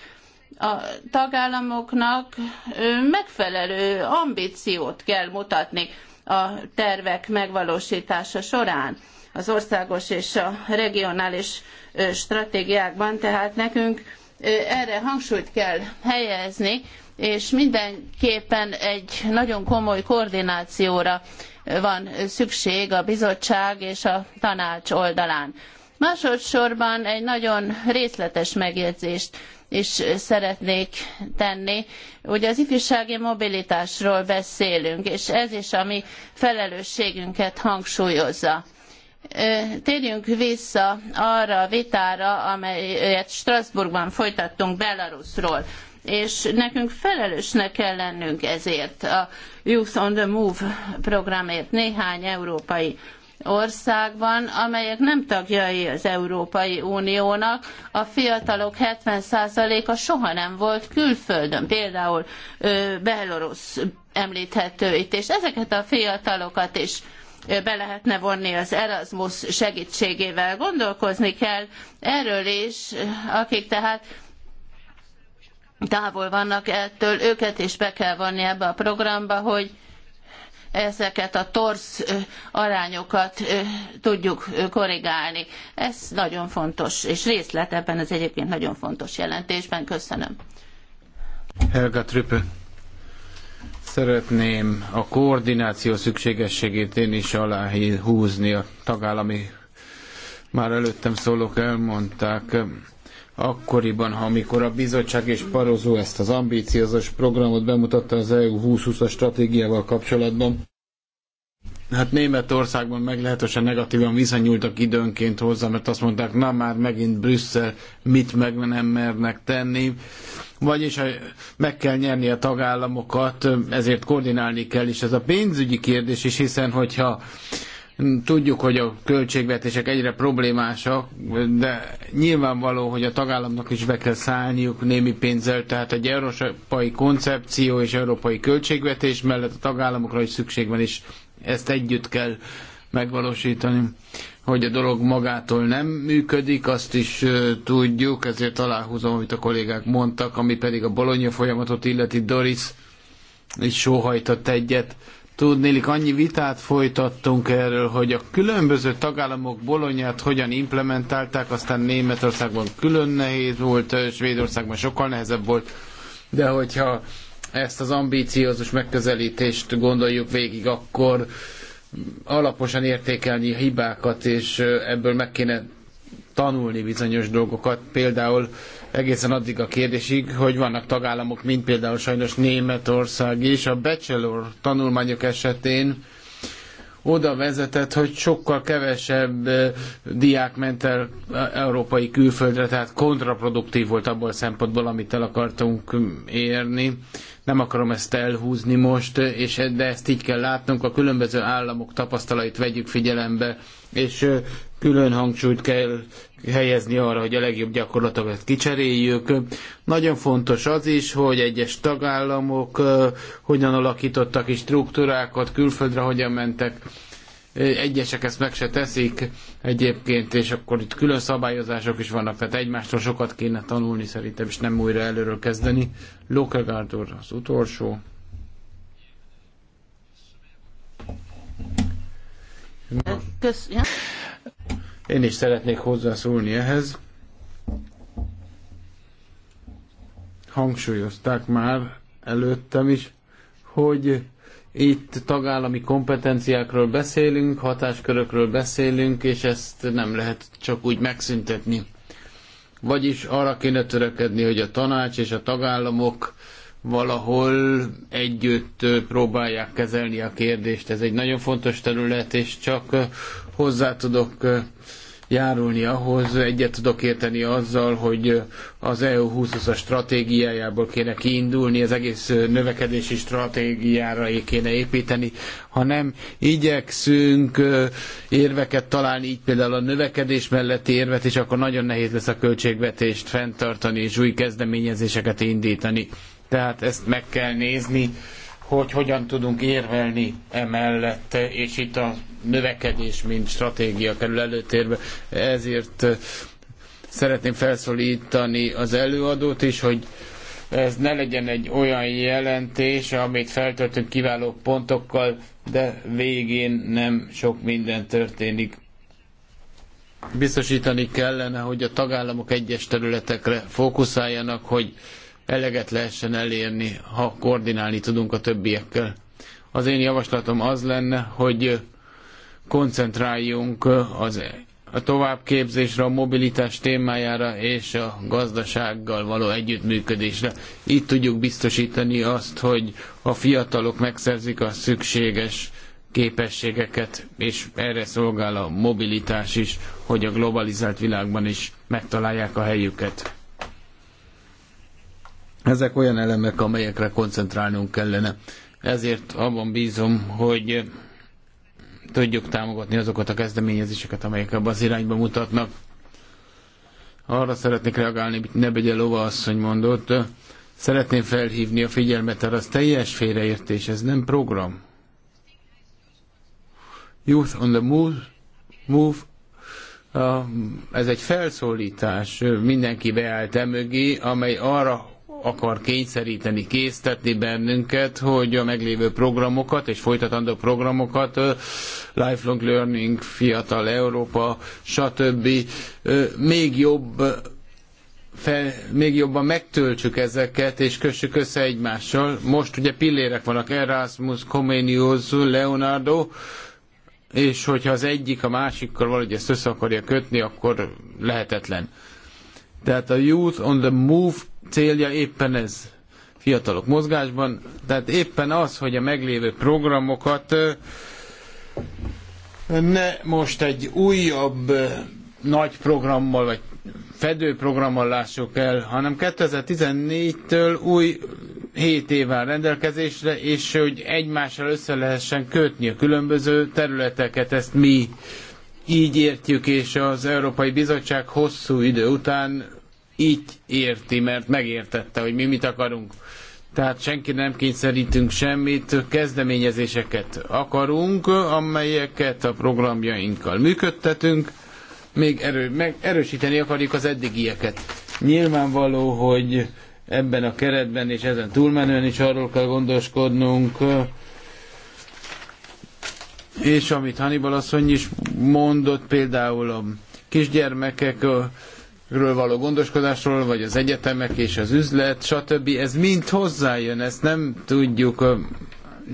A tagállamoknak megfelelő ambíciót kell mutatni a tervek megvalósítása során az országos és a regionális stratégiákban, tehát nekünk erre hangsúlyt kell helyezni, és mindenképpen egy nagyon komoly koordinációra van szükség a bizottság és a tanács oldalán. Másodszorban egy nagyon részletes megjegyzést is szeretnék tenni. Ugye az ifjúsági mobilitásról beszélünk, és ez is a mi felelősségünket hangsúlyozza Térjünk vissza arra a vitára, amelyet Strasbourgban folytattunk Belarusról és nekünk felelősnek kell lennünk ezért a Youth on the Move programért néhány európai országban, amelyek nem tagjai az Európai Uniónak, a fiatalok 70%-a soha nem volt külföldön, például Belarus említhető itt, és ezeket a fiatalokat is be lehetne vonni az Erasmus segítségével. Gondolkozni kell erről is, akik tehát távol vannak ettől, őket is be kell vonni ebbe a programba, hogy ezeket a torz arányokat tudjuk korrigálni. Ez nagyon fontos, és részlet ebben az egyébként nagyon fontos jelentésben. Köszönöm. Helga Trüppel. Szeretném a koordináció szükségességét én is aláhúzni a tagállami, már előttem szólók elmondták, akkoriban, amikor a bizottság és Parozó ezt az ambíciózus programot bemutatta az EU 2020-as stratégiával kapcsolatban, Hát Németországban meglehetősen negatívan viszonyultak időnként hozzá, mert azt mondták, na már megint Brüsszel mit meg nem mernek tenni. Vagyis meg kell nyerni a tagállamokat, ezért koordinálni kell, és ez a pénzügyi kérdés is, hiszen hogyha Tudjuk, hogy a költségvetések egyre problémásak, de nyilvánvaló, hogy a tagállamnak is be kell szállniuk némi pénzzel, tehát egy európai koncepció és európai költségvetés mellett a tagállamokra is szükség van, és ezt együtt kell megvalósítani. Hogy a dolog magától nem működik, azt is tudjuk, ezért aláhúzom, amit a kollégák mondtak, ami pedig a Bologna folyamatot illeti Doris, és sóhajtott egyet. Tudnélik, annyi vitát folytattunk erről, hogy a különböző tagállamok bolonyát hogyan implementálták, aztán Németországban külön nehéz volt, Svédországban sokkal nehezebb volt, de hogyha ezt az ambíciózus megközelítést gondoljuk végig, akkor alaposan értékelni hibákat, és ebből meg kéne tanulni bizonyos dolgokat. Például egészen addig a kérdésig, hogy vannak tagállamok, mint például sajnos Németország is, a bachelor tanulmányok esetén oda vezetett, hogy sokkal kevesebb diák ment el európai külföldre, tehát kontraproduktív volt abból a szempontból, amit el akartunk mm, érni. Nem akarom ezt elhúzni most, és, e- de ezt így kell látnunk, a különböző államok tapasztalait vegyük figyelembe, és külön hangsúlyt kell helyezni arra, hogy a legjobb gyakorlatokat kicseréljük. Nagyon fontos az is, hogy egyes tagállamok hogyan alakítottak is struktúrákat, külföldre hogyan mentek Egyesek ezt meg se teszik egyébként, és akkor itt külön szabályozások is vannak, tehát egymástól sokat kéne tanulni szerintem, és nem újra előről kezdeni. Lokegaard úr az utolsó. Én is szeretnék hozzászólni ehhez. Hangsúlyozták már előttem is, hogy itt tagállami kompetenciákról beszélünk, hatáskörökről beszélünk, és ezt nem lehet csak úgy megszüntetni. Vagyis arra kéne törekedni, hogy a tanács és a tagállamok valahol együtt próbálják kezelni a kérdést. Ez egy nagyon fontos terület, és csak hozzá tudok járulni ahhoz, egyet tudok érteni azzal, hogy az EU 20 as stratégiájából kéne kiindulni, az egész növekedési stratégiára kéne építeni, hanem igyekszünk érveket találni, így például a növekedés melletti érvet, és akkor nagyon nehéz lesz a költségvetést fenntartani és új kezdeményezéseket indítani. Tehát ezt meg kell nézni hogy hogyan tudunk érvelni emellett, és itt a növekedés, mint stratégia kerül előtérbe. Ezért eh, szeretném felszólítani az előadót is, hogy ez ne legyen egy olyan jelentés, amit feltöltünk kiváló pontokkal, de végén nem sok minden történik. Biztosítani kellene, hogy a tagállamok egyes területekre fókuszáljanak, hogy eleget lehessen elérni, ha koordinálni tudunk a többiekkel. Az én javaslatom az lenne, hogy koncentráljunk az a továbbképzésre, a mobilitás témájára és a gazdasággal való együttműködésre. Itt tudjuk biztosítani azt, hogy a fiatalok megszerzik a szükséges képességeket, és erre szolgál a mobilitás is, hogy a globalizált világban is megtalálják a helyüket. Ezek olyan elemek, amelyekre koncentrálnunk kellene. Ezért abban bízom, hogy tudjuk támogatni azokat a kezdeményezéseket, amelyek ebben az irányba mutatnak. Arra szeretnék reagálni, amit Nebegyelova asszony mondott. Szeretném felhívni a figyelmet arra, az teljes félreértés, ez nem program. Youth on the Move, move ez egy felszólítás, mindenki beállt emögé, amely arra akar kényszeríteni, késztetni bennünket, hogy a meglévő programokat és folytatandó programokat, lifelong learning, fiatal Európa, stb. még jobb fel, még jobban megtöltsük ezeket, és kössük össze egymással. Most ugye pillérek vannak, Erasmus, Comenius, Leonardo, és hogyha az egyik a másikkal valahogy ezt össze akarja kötni, akkor lehetetlen. Tehát a Youth on the Move célja éppen ez. Fiatalok mozgásban, tehát éppen az, hogy a meglévő programokat ne most egy újabb nagy programmal vagy fedő programmal lássuk el, hanem 2014-től új 7 évvel rendelkezésre, és hogy egymással össze lehessen kötni a különböző területeket, ezt mi így értjük, és az Európai Bizottság hosszú idő után így érti, mert megértette, hogy mi mit akarunk. Tehát senki nem kényszerítünk semmit, kezdeményezéseket akarunk, amelyeket a programjainkkal működtetünk, még erő, meg erősíteni akarjuk az eddigieket. Nyilvánvaló, hogy ebben a keretben és ezen túlmenően is arról kell gondoskodnunk, és amit Hannibal asszony is mondott, például a kisgyermekek ről való gondoskodásról, vagy az egyetemek és az üzlet, stb. Ez mind hozzájön, ezt nem tudjuk a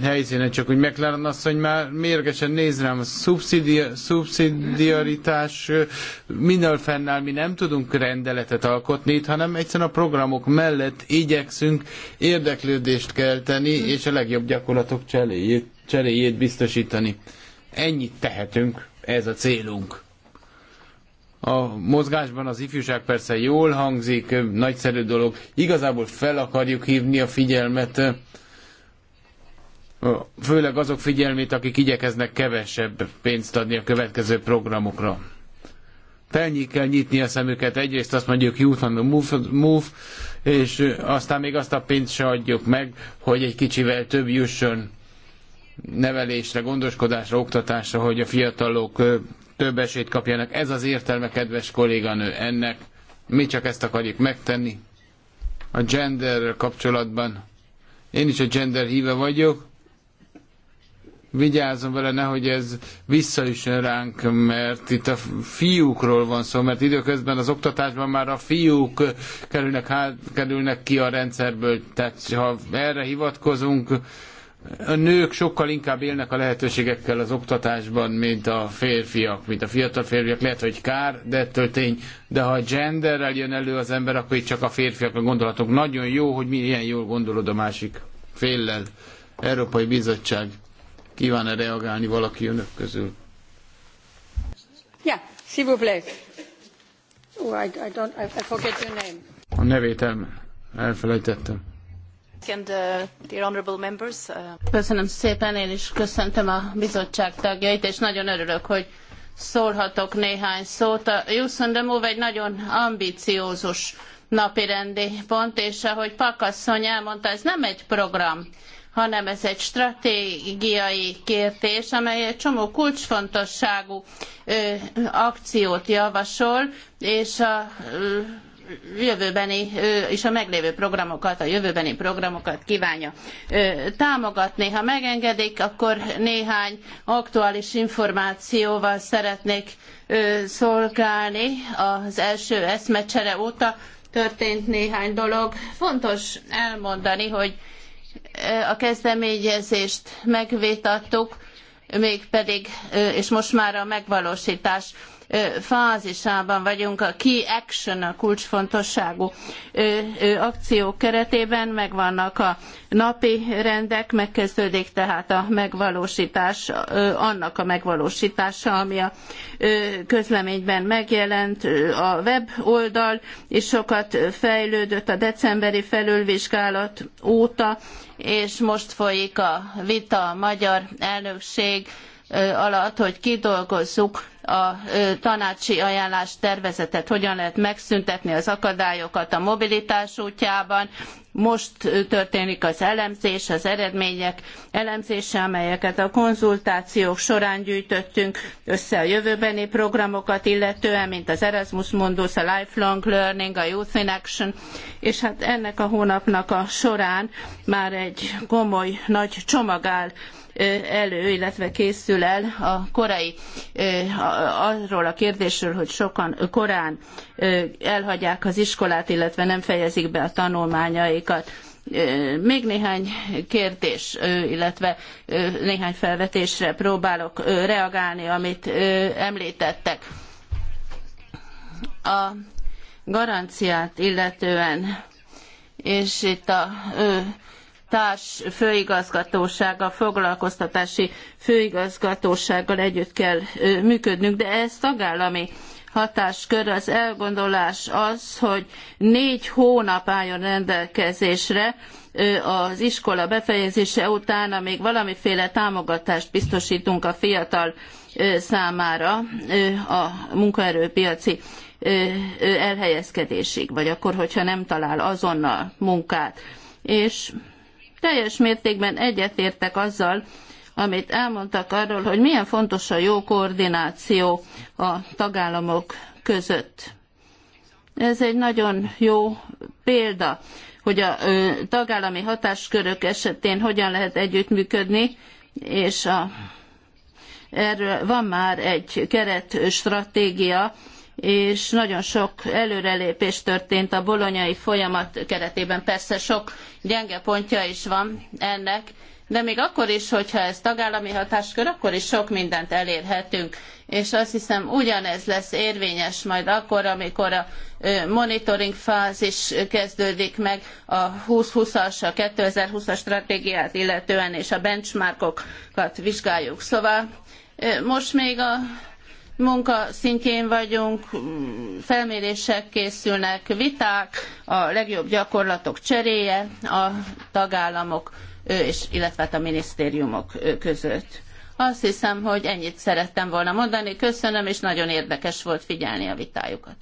helyszínen, csak úgy McLaren asszony már mérgesen néz rám, a szubszidia, szubszidiaritás minden fennáll, mi nem tudunk rendeletet alkotni itt, hanem egyszerűen a programok mellett igyekszünk érdeklődést kelteni, és a legjobb gyakorlatok cseréjét, cseréjét biztosítani. Ennyit tehetünk, ez a célunk. A mozgásban az ifjúság persze jól hangzik, nagyszerű dolog. Igazából fel akarjuk hívni a figyelmet, főleg azok figyelmét, akik igyekeznek kevesebb pénzt adni a következő programokra. Felnyi kell nyitni a szemüket, egyrészt azt mondjuk youth on the move, move, és aztán még azt a pénzt se adjuk meg, hogy egy kicsivel több jusson nevelésre, gondoskodásra, oktatásra, hogy a fiatalok több esélyt kapjanak. Ez az értelme, kedves kolléganő, ennek. Mi csak ezt akarjuk megtenni. A genderrel kapcsolatban. Én is a gender híve vagyok. Vigyázzon vele, nehogy ez visszaüssön ránk, mert itt a fiúkról van szó, mert időközben az oktatásban már a fiúk kerülnek, hát, kerülnek ki a rendszerből. Tehát ha erre hivatkozunk, a nők sokkal inkább élnek a lehetőségekkel az oktatásban, mint a férfiak, mint a fiatal férfiak. Lehet, hogy kár, de ettől tény. De ha a genderrel jön elő az ember, akkor itt csak a férfiakra gondolatok. Nagyon jó, hogy milyen jól gondolod a másik féllel. Európai Bizottság kíván-e reagálni valaki önök közül? Ja, s'il vous plaît. Oh, I, I don't, I, I forget your name. A nevét el, elfelejtettem. Uh, uh, Köszönöm szépen, én is köszöntöm a bizottság tagjait, és nagyon örülök, hogy szólhatok néhány szót. A Youth on the Move egy nagyon ambiciózus napirendi pont, és ahogy Pakasszony elmondta, ez nem egy program, hanem ez egy stratégiai kérdés, amely egy csomó kulcsfontosságú ö, akciót javasol, és a ö, jövőbeni és a meglévő programokat, a jövőbeni programokat kívánja támogatni. Ha megengedik, akkor néhány aktuális információval szeretnék szolgálni az első eszmecsere óta történt néhány dolog. Fontos elmondani, hogy a kezdeményezést megvétattuk, mégpedig, és most már a megvalósítás fázisában vagyunk. A key action, a kulcsfontosságú akciók keretében megvannak a napi rendek, megkezdődik tehát a megvalósítás, annak a megvalósítása, ami a közleményben megjelent, a weboldal is sokat fejlődött a decemberi felülvizsgálat óta, és most folyik a vita a magyar elnökség alatt, hogy kidolgozzuk a tanácsi ajánlás tervezetet, hogyan lehet megszüntetni az akadályokat a mobilitás útjában. Most történik az elemzés, az eredmények elemzése, amelyeket a konzultációk során gyűjtöttünk össze a jövőbeni programokat illetően, mint az Erasmus Mundus, a Lifelong Learning, a Youth in Action, és hát ennek a hónapnak a során már egy komoly nagy csomag áll elő, illetve készül el a korai arról a kérdésről, hogy sokan korán elhagyják az iskolát, illetve nem fejezik be a tanulmányaikat. Még néhány kérdés, illetve néhány felvetésre próbálok reagálni, amit említettek. A garanciát illetően, és itt a társ főigazgatósággal, foglalkoztatási főigazgatósággal együtt kell működnünk, de ez tagállami hatáskör, az elgondolás az, hogy négy hónap álljon rendelkezésre az iskola befejezése után, amíg valamiféle támogatást biztosítunk a fiatal számára a munkaerőpiaci elhelyezkedésig, vagy akkor, hogyha nem talál azonnal munkát. És teljes mértékben egyetértek azzal, amit elmondtak arról, hogy milyen fontos a jó koordináció a tagállamok között. Ez egy nagyon jó példa, hogy a tagállami hatáskörök esetén hogyan lehet együttműködni, és a, erről van már egy keretstratégia, és nagyon sok előrelépés történt a bolonyai folyamat keretében. Persze sok gyenge pontja is van ennek, de még akkor is, hogyha ez tagállami hatáskör, akkor is sok mindent elérhetünk. És azt hiszem, ugyanez lesz érvényes majd akkor, amikor a monitoring fázis kezdődik meg a 2020-as, a 2020-as stratégiát illetően, és a benchmarkokat vizsgáljuk. Szóval most még a munka szintjén vagyunk, felmérések készülnek, viták, a legjobb gyakorlatok cseréje a tagállamok és illetve hát a minisztériumok között. Azt hiszem, hogy ennyit szerettem volna mondani. Köszönöm, és nagyon érdekes volt figyelni a vitájukat.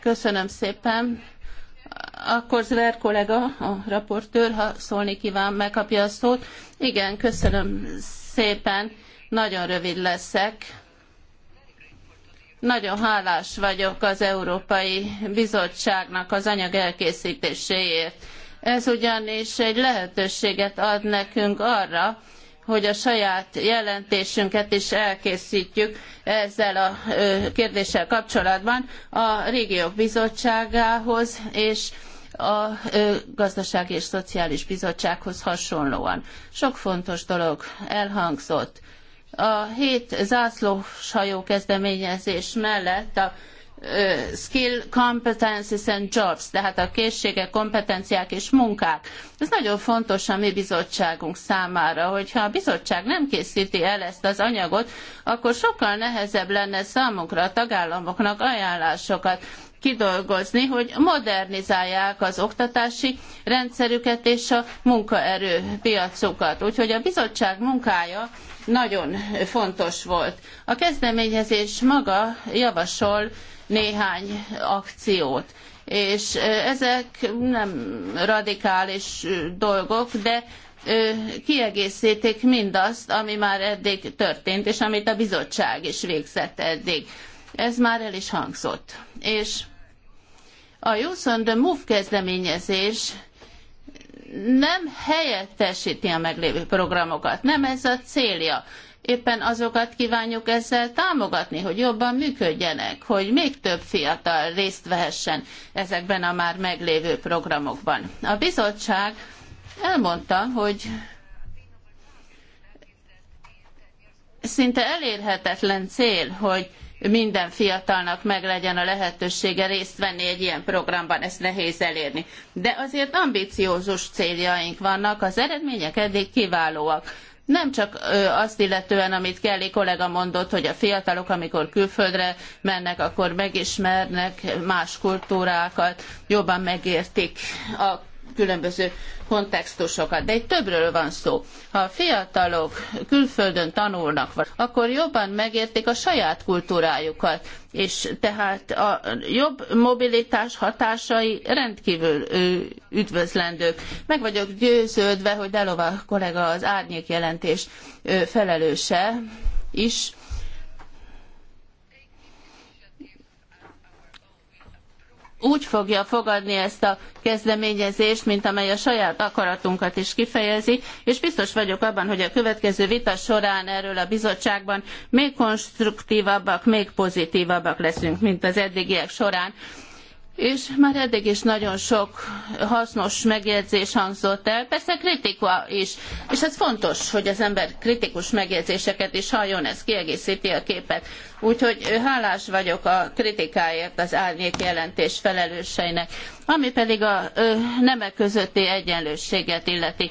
Köszönöm szépen. Akkor Zver kollega, a raportőr, ha szólni kíván, megkapja a szót. Igen, köszönöm szépen. Nagyon rövid leszek. Nagyon hálás vagyok az Európai Bizottságnak az anyag elkészítéséért. Ez ugyanis egy lehetőséget ad nekünk arra, hogy a saját jelentésünket is elkészítjük ezzel a kérdéssel kapcsolatban a Régiók Bizottságához és a Gazdasági és Szociális Bizottsághoz hasonlóan. Sok fontos dolog elhangzott a hét zászlóshajó kezdeményezés mellett a skill, competencies and jobs, tehát a készségek, kompetenciák és munkák. Ez nagyon fontos a mi bizottságunk számára, hogyha a bizottság nem készíti el ezt az anyagot, akkor sokkal nehezebb lenne számunkra a tagállamoknak ajánlásokat kidolgozni, hogy modernizálják az oktatási rendszerüket és a munkaerőpiacukat. Úgyhogy a bizottság munkája nagyon fontos volt. A kezdeményezés maga javasol néhány akciót és ezek nem radikális dolgok, de kiegészítik mindazt, ami már eddig történt, és amit a bizottság is végzett eddig. Ez már el is hangzott. És a Youth on the Move kezdeményezés nem helyettesíti a meglévő programokat, nem ez a célja. Éppen azokat kívánjuk ezzel támogatni, hogy jobban működjenek, hogy még több fiatal részt vehessen ezekben a már meglévő programokban. A bizottság elmondta, hogy szinte elérhetetlen cél, hogy minden fiatalnak meglegyen a lehetősége részt venni egy ilyen programban, ezt nehéz elérni. De azért ambiciózus céljaink vannak, az eredmények eddig kiválóak. Nem csak azt illetően, amit Kelly kollega mondott, hogy a fiatalok, amikor külföldre mennek, akkor megismernek más kultúrákat, jobban megértik a különböző kontextusokat. De egy többről van szó. Ha a fiatalok külföldön tanulnak, akkor jobban megértik a saját kultúrájukat, és tehát a jobb mobilitás hatásai rendkívül üdvözlendők. Meg vagyok győződve, hogy Delova kollega az árnyék jelentés felelőse is úgy fogja fogadni ezt a kezdeményezést, mint amely a saját akaratunkat is kifejezi, és biztos vagyok abban, hogy a következő vita során erről a bizottságban még konstruktívabbak, még pozitívabbak leszünk, mint az eddigiek során. És már eddig is nagyon sok hasznos megjegyzés hangzott el, persze kritika is, és ez fontos, hogy az ember kritikus megjegyzéseket is halljon, ez kiegészíti a képet. Úgyhogy hálás vagyok a kritikáért az árnyék jelentés felelőseinek. Ami pedig a ö, nemek közötti egyenlőséget illeti.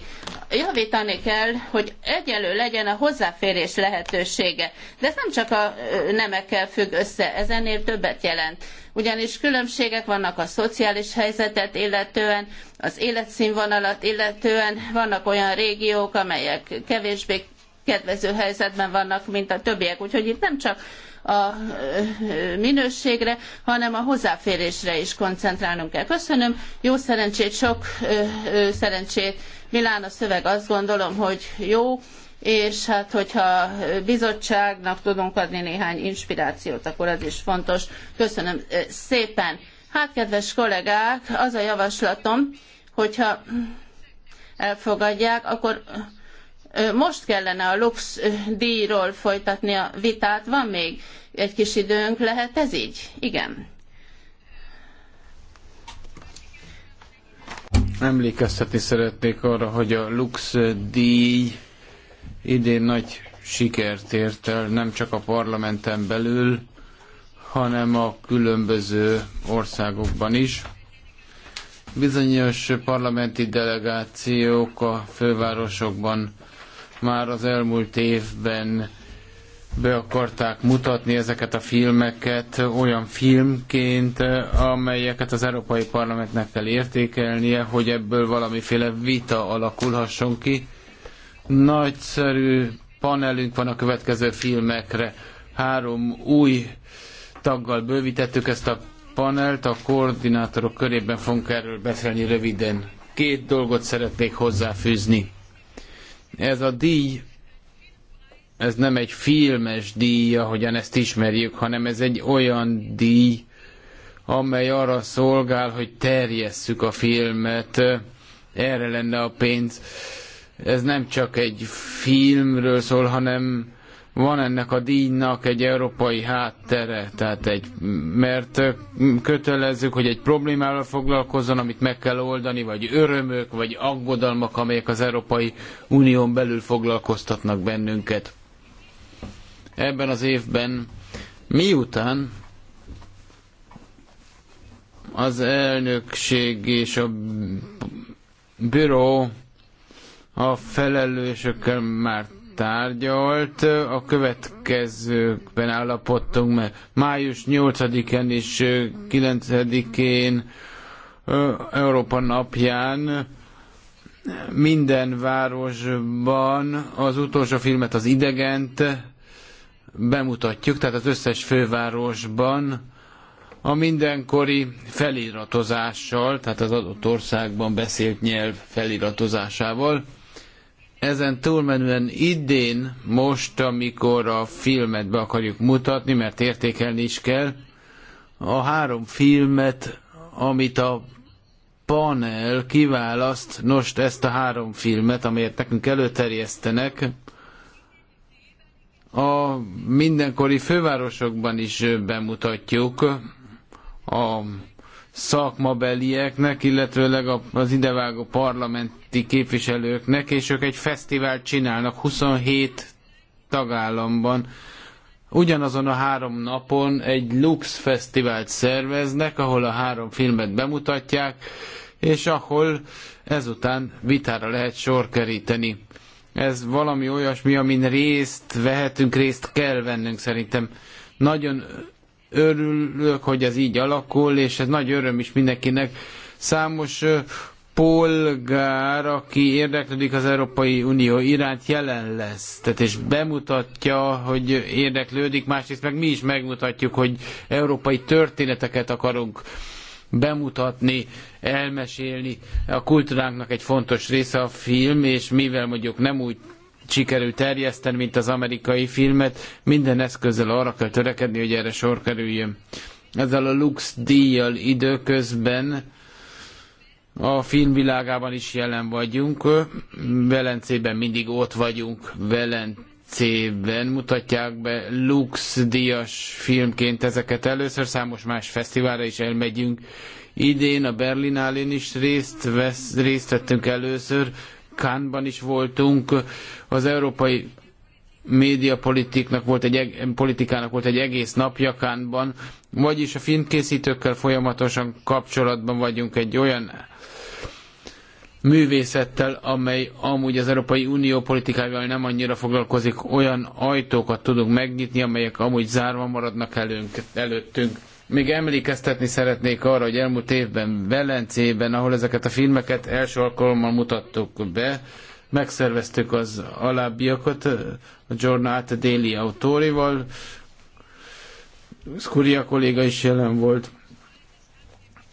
Javítani kell, hogy egyenlő legyen a hozzáférés lehetősége. De ez nem csak a ö, nemekkel függ össze, ez ennél többet jelent. Ugyanis különbségek vannak a szociális helyzetet illetően, az életszínvonalat illetően, vannak olyan régiók, amelyek kevésbé kedvező helyzetben vannak, mint a többiek. Úgyhogy itt nem csak a minőségre, hanem a hozzáférésre is koncentrálnunk kell. Köszönöm, jó szerencsét, sok szerencsét. Milán a szöveg azt gondolom, hogy jó, és hát hogyha bizottságnak tudunk adni néhány inspirációt, akkor az is fontos. Köszönöm szépen. Hát, kedves kollégák, az a javaslatom, hogyha elfogadják, akkor most kellene a Lux díjról folytatni a vitát, van még egy kis időnk, lehet ez így? Igen. Emlékeztetni szeretnék arra, hogy a Lux díj idén nagy sikert ért el, nem csak a parlamenten belül, hanem a különböző országokban is. Bizonyos parlamenti delegációk a fővárosokban már az elmúlt évben be akarták mutatni ezeket a filmeket olyan filmként, amelyeket az Európai Parlamentnek kell értékelnie, hogy ebből valamiféle vita alakulhasson ki. Nagyszerű panelünk van a következő filmekre. Három új taggal bővítettük ezt a panelt, a koordinátorok körében fogunk erről beszélni röviden. Két dolgot szeretnék hozzáfűzni ez a díj, ez nem egy filmes díj, ahogyan ezt ismerjük, hanem ez egy olyan díj, amely arra szolgál, hogy terjesszük a filmet. Erre lenne a pénz. Ez nem csak egy filmről szól, hanem van ennek a díjnak egy európai háttere, tehát egy, mert kötelezzük, hogy egy problémával foglalkozzon, amit meg kell oldani, vagy örömök, vagy aggodalmak, amelyek az Európai Unión belül foglalkoztatnak bennünket. Ebben az évben miután az elnökség és a büró a felelősökkel már tárgyalt. A következőkben állapodtunk meg. Május 8-án és 9-én Európa napján minden városban az utolsó filmet, az idegent bemutatjuk, tehát az összes fővárosban a mindenkori feliratozással, tehát az adott országban beszélt nyelv feliratozásával ezen túlmenően idén, most, amikor a filmet be akarjuk mutatni, mert értékelni is kell, a három filmet, amit a panel kiválaszt, most ezt a három filmet, amelyet nekünk előterjesztenek, a mindenkori fővárosokban is bemutatjuk a szakmabelieknek, illetőleg az idevágó parlamenti képviselőknek, és ők egy fesztivált csinálnak 27 tagállamban. Ugyanazon a három napon egy Lux fesztivált szerveznek, ahol a három filmet bemutatják, és ahol ezután vitára lehet sor keríteni. Ez valami olyasmi, amin részt vehetünk, részt kell vennünk szerintem. Nagyon örülök, hogy ez így alakul, és ez nagy öröm is mindenkinek. Számos polgár, aki érdeklődik az Európai Unió iránt, jelen lesz. Tehát és bemutatja, hogy érdeklődik, másrészt meg mi is megmutatjuk, hogy európai történeteket akarunk bemutatni, elmesélni. A kultúránknak egy fontos része a film, és mivel mondjuk nem úgy sikerül terjeszteni, mint az amerikai filmet. Minden eszközzel arra kell törekedni, hogy erre sor kerüljön. Ezzel a Lux díjjal időközben a filmvilágában is jelen vagyunk. Velencében mindig ott vagyunk. Velencében mutatják be Lux díjas filmként ezeket először. Számos más fesztiválra is elmegyünk. Idén a Berlinálén is részt, vesz, részt vettünk először Kánban is voltunk, az európai médiapolitiknak volt egy, politikának volt egy egész napja Kánban, vagyis a filmkészítőkkel folyamatosan kapcsolatban vagyunk egy olyan művészettel, amely amúgy az Európai Unió politikájával nem annyira foglalkozik, olyan ajtókat tudunk megnyitni, amelyek amúgy zárva maradnak előnk, előttünk. Még emlékeztetni szeretnék arra, hogy elmúlt évben Velencében, ahol ezeket a filmeket első alkalommal mutattuk be, megszerveztük az alábbiakat a Giornata Déli autórival, Skuria kolléga is jelen volt.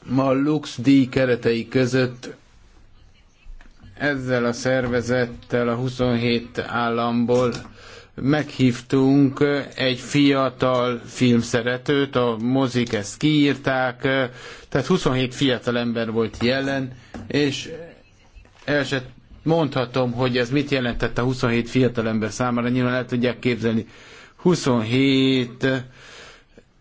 Ma a Lux díj keretei között ezzel a szervezettel a 27 államból meghívtunk egy fiatal filmszeretőt, a mozik ezt kiírták, tehát 27 fiatal ember volt jelen, és el se mondhatom, hogy ez mit jelentett a 27 fiatal ember számára, nyilván el tudják képzelni. 27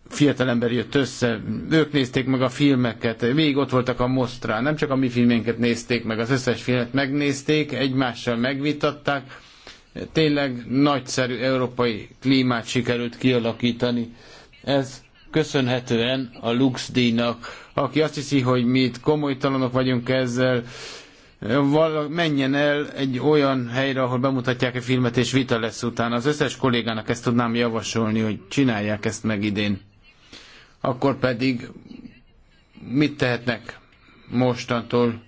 fiatal ember jött össze, ők nézték meg a filmeket, végig ott voltak a mosztrán, nem csak a mi filmünket nézték meg, az összes filmet megnézték, egymással megvitatták, Tényleg nagyszerű európai klímát sikerült kialakítani. Ez köszönhetően a Lux díjnak. Aki azt hiszi, hogy mi itt komolytalanok vagyunk ezzel, menjen el egy olyan helyre, ahol bemutatják a filmet, és vita lesz utána. Az összes kollégának ezt tudnám javasolni, hogy csinálják ezt meg idén. Akkor pedig mit tehetnek mostantól?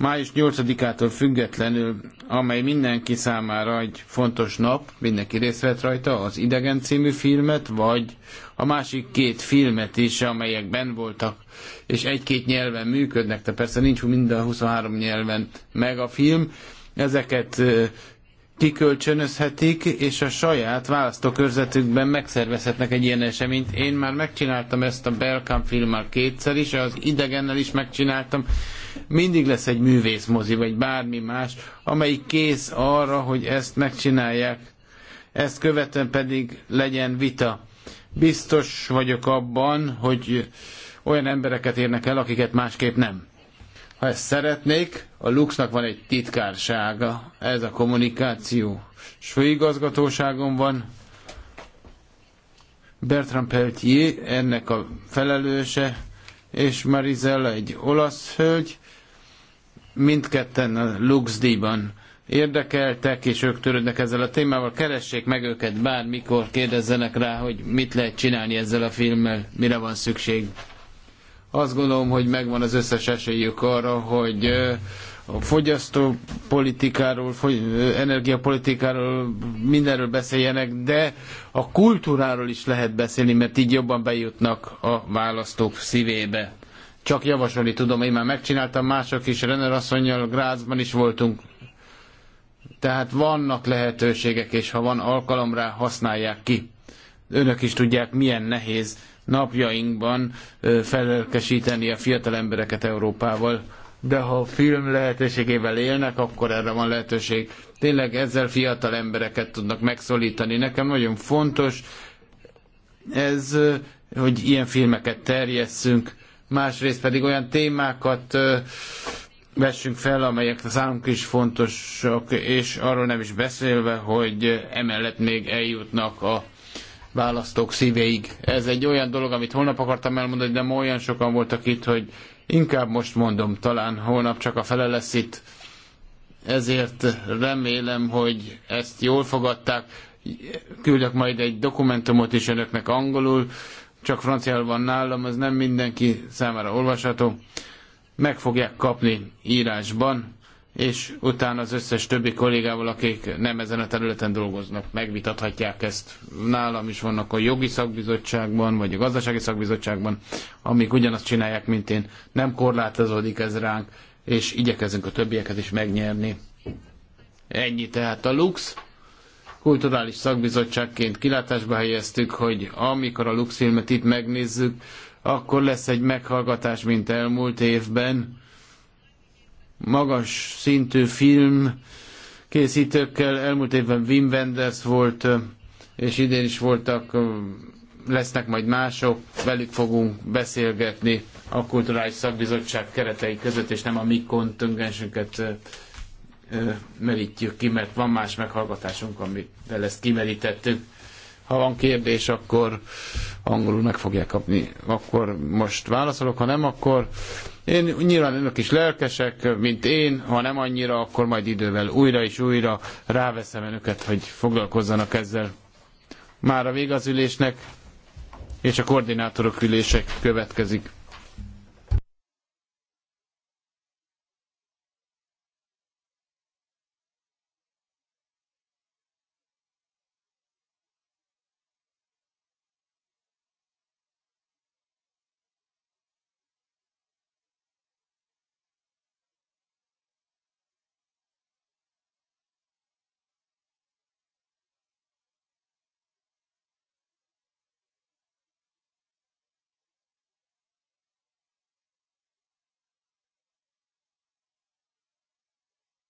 május 8-ától függetlenül, amely mindenki számára egy fontos nap, mindenki részt vett rajta, az Idegen című filmet, vagy a másik két filmet is, amelyek benn voltak, és egy-két nyelven működnek, de persze nincs mind a 23 nyelven meg a film, ezeket kikölcsönözhetik, és a saját választókörzetükben megszervezhetnek egy ilyen eseményt. Én már megcsináltam ezt a Belkan filmmel kétszer is, az idegennel is megcsináltam. Mindig lesz egy művészmozi, vagy bármi más, amelyik kész arra, hogy ezt megcsinálják. Ezt követően pedig legyen vita. Biztos vagyok abban, hogy olyan embereket érnek el, akiket másképp nem. Ha ezt szeretnék, a Luxnak van egy titkársága, ez a kommunikáció. Főigazgatóságon van Bertrand Peltier, ennek a felelőse, és Marizella egy olasz hölgy, mindketten a Lux díjban érdekeltek, és ők törődnek ezzel a témával. Keressék meg őket bármikor, kérdezzenek rá, hogy mit lehet csinálni ezzel a filmmel, mire van szükség. Azt gondolom, hogy megvan az összes esélyük arra, hogy a fogyasztópolitikáról, fogy, energiapolitikáról, mindenről beszéljenek, de a kultúráról is lehet beszélni, mert így jobban bejutnak a választók szívébe. Csak javasolni tudom, én már megcsináltam mások is, Renner asszonynal Grázban is voltunk. Tehát vannak lehetőségek, és ha van alkalom rá, használják ki. Önök is tudják, milyen nehéz napjainkban felelkesíteni a fiatal embereket Európával de ha a film lehetőségével élnek, akkor erre van lehetőség. Tényleg ezzel fiatal embereket tudnak megszólítani. Nekem nagyon fontos ez, hogy ilyen filmeket terjesszünk, másrészt pedig olyan témákat vessünk fel, amelyek számunk is fontosak, és arról nem is beszélve, hogy emellett még eljutnak a választók szívéig. Ez egy olyan dolog, amit holnap akartam elmondani, de ma olyan sokan voltak itt, hogy Inkább most mondom, talán holnap csak a fele lesz itt. Ezért remélem, hogy ezt jól fogadták. Küldök majd egy dokumentumot is önöknek angolul, csak franciául van nálam, az nem mindenki számára olvasható. Meg fogják kapni írásban és utána az összes többi kollégával, akik nem ezen a területen dolgoznak, megvitathatják ezt. Nálam is vannak a jogi szakbizottságban, vagy a gazdasági szakbizottságban, amik ugyanazt csinálják, mint én. Nem korlátozódik ez ránk, és igyekezünk a többieket is megnyerni. Ennyi tehát a Lux. Kulturális szakbizottságként kilátásba helyeztük, hogy amikor a Lux filmet itt megnézzük, akkor lesz egy meghallgatás, mint elmúlt évben, magas szintű film készítőkkel. Elmúlt évben Wim Wenders volt, és idén is voltak, lesznek majd mások, velük fogunk beszélgetni a Kulturális Szakbizottság keretei között, és nem a mi kontingensünket merítjük ki, mert van más meghallgatásunk, amivel ezt kimerítettük. Ha van kérdés, akkor angolul meg fogják kapni. Akkor most válaszolok, ha nem, akkor én nyilván önök is lelkesek, mint én, ha nem annyira, akkor majd idővel újra és újra ráveszem önöket, hogy foglalkozzanak ezzel. Már a végazülésnek és a koordinátorok ülések következik.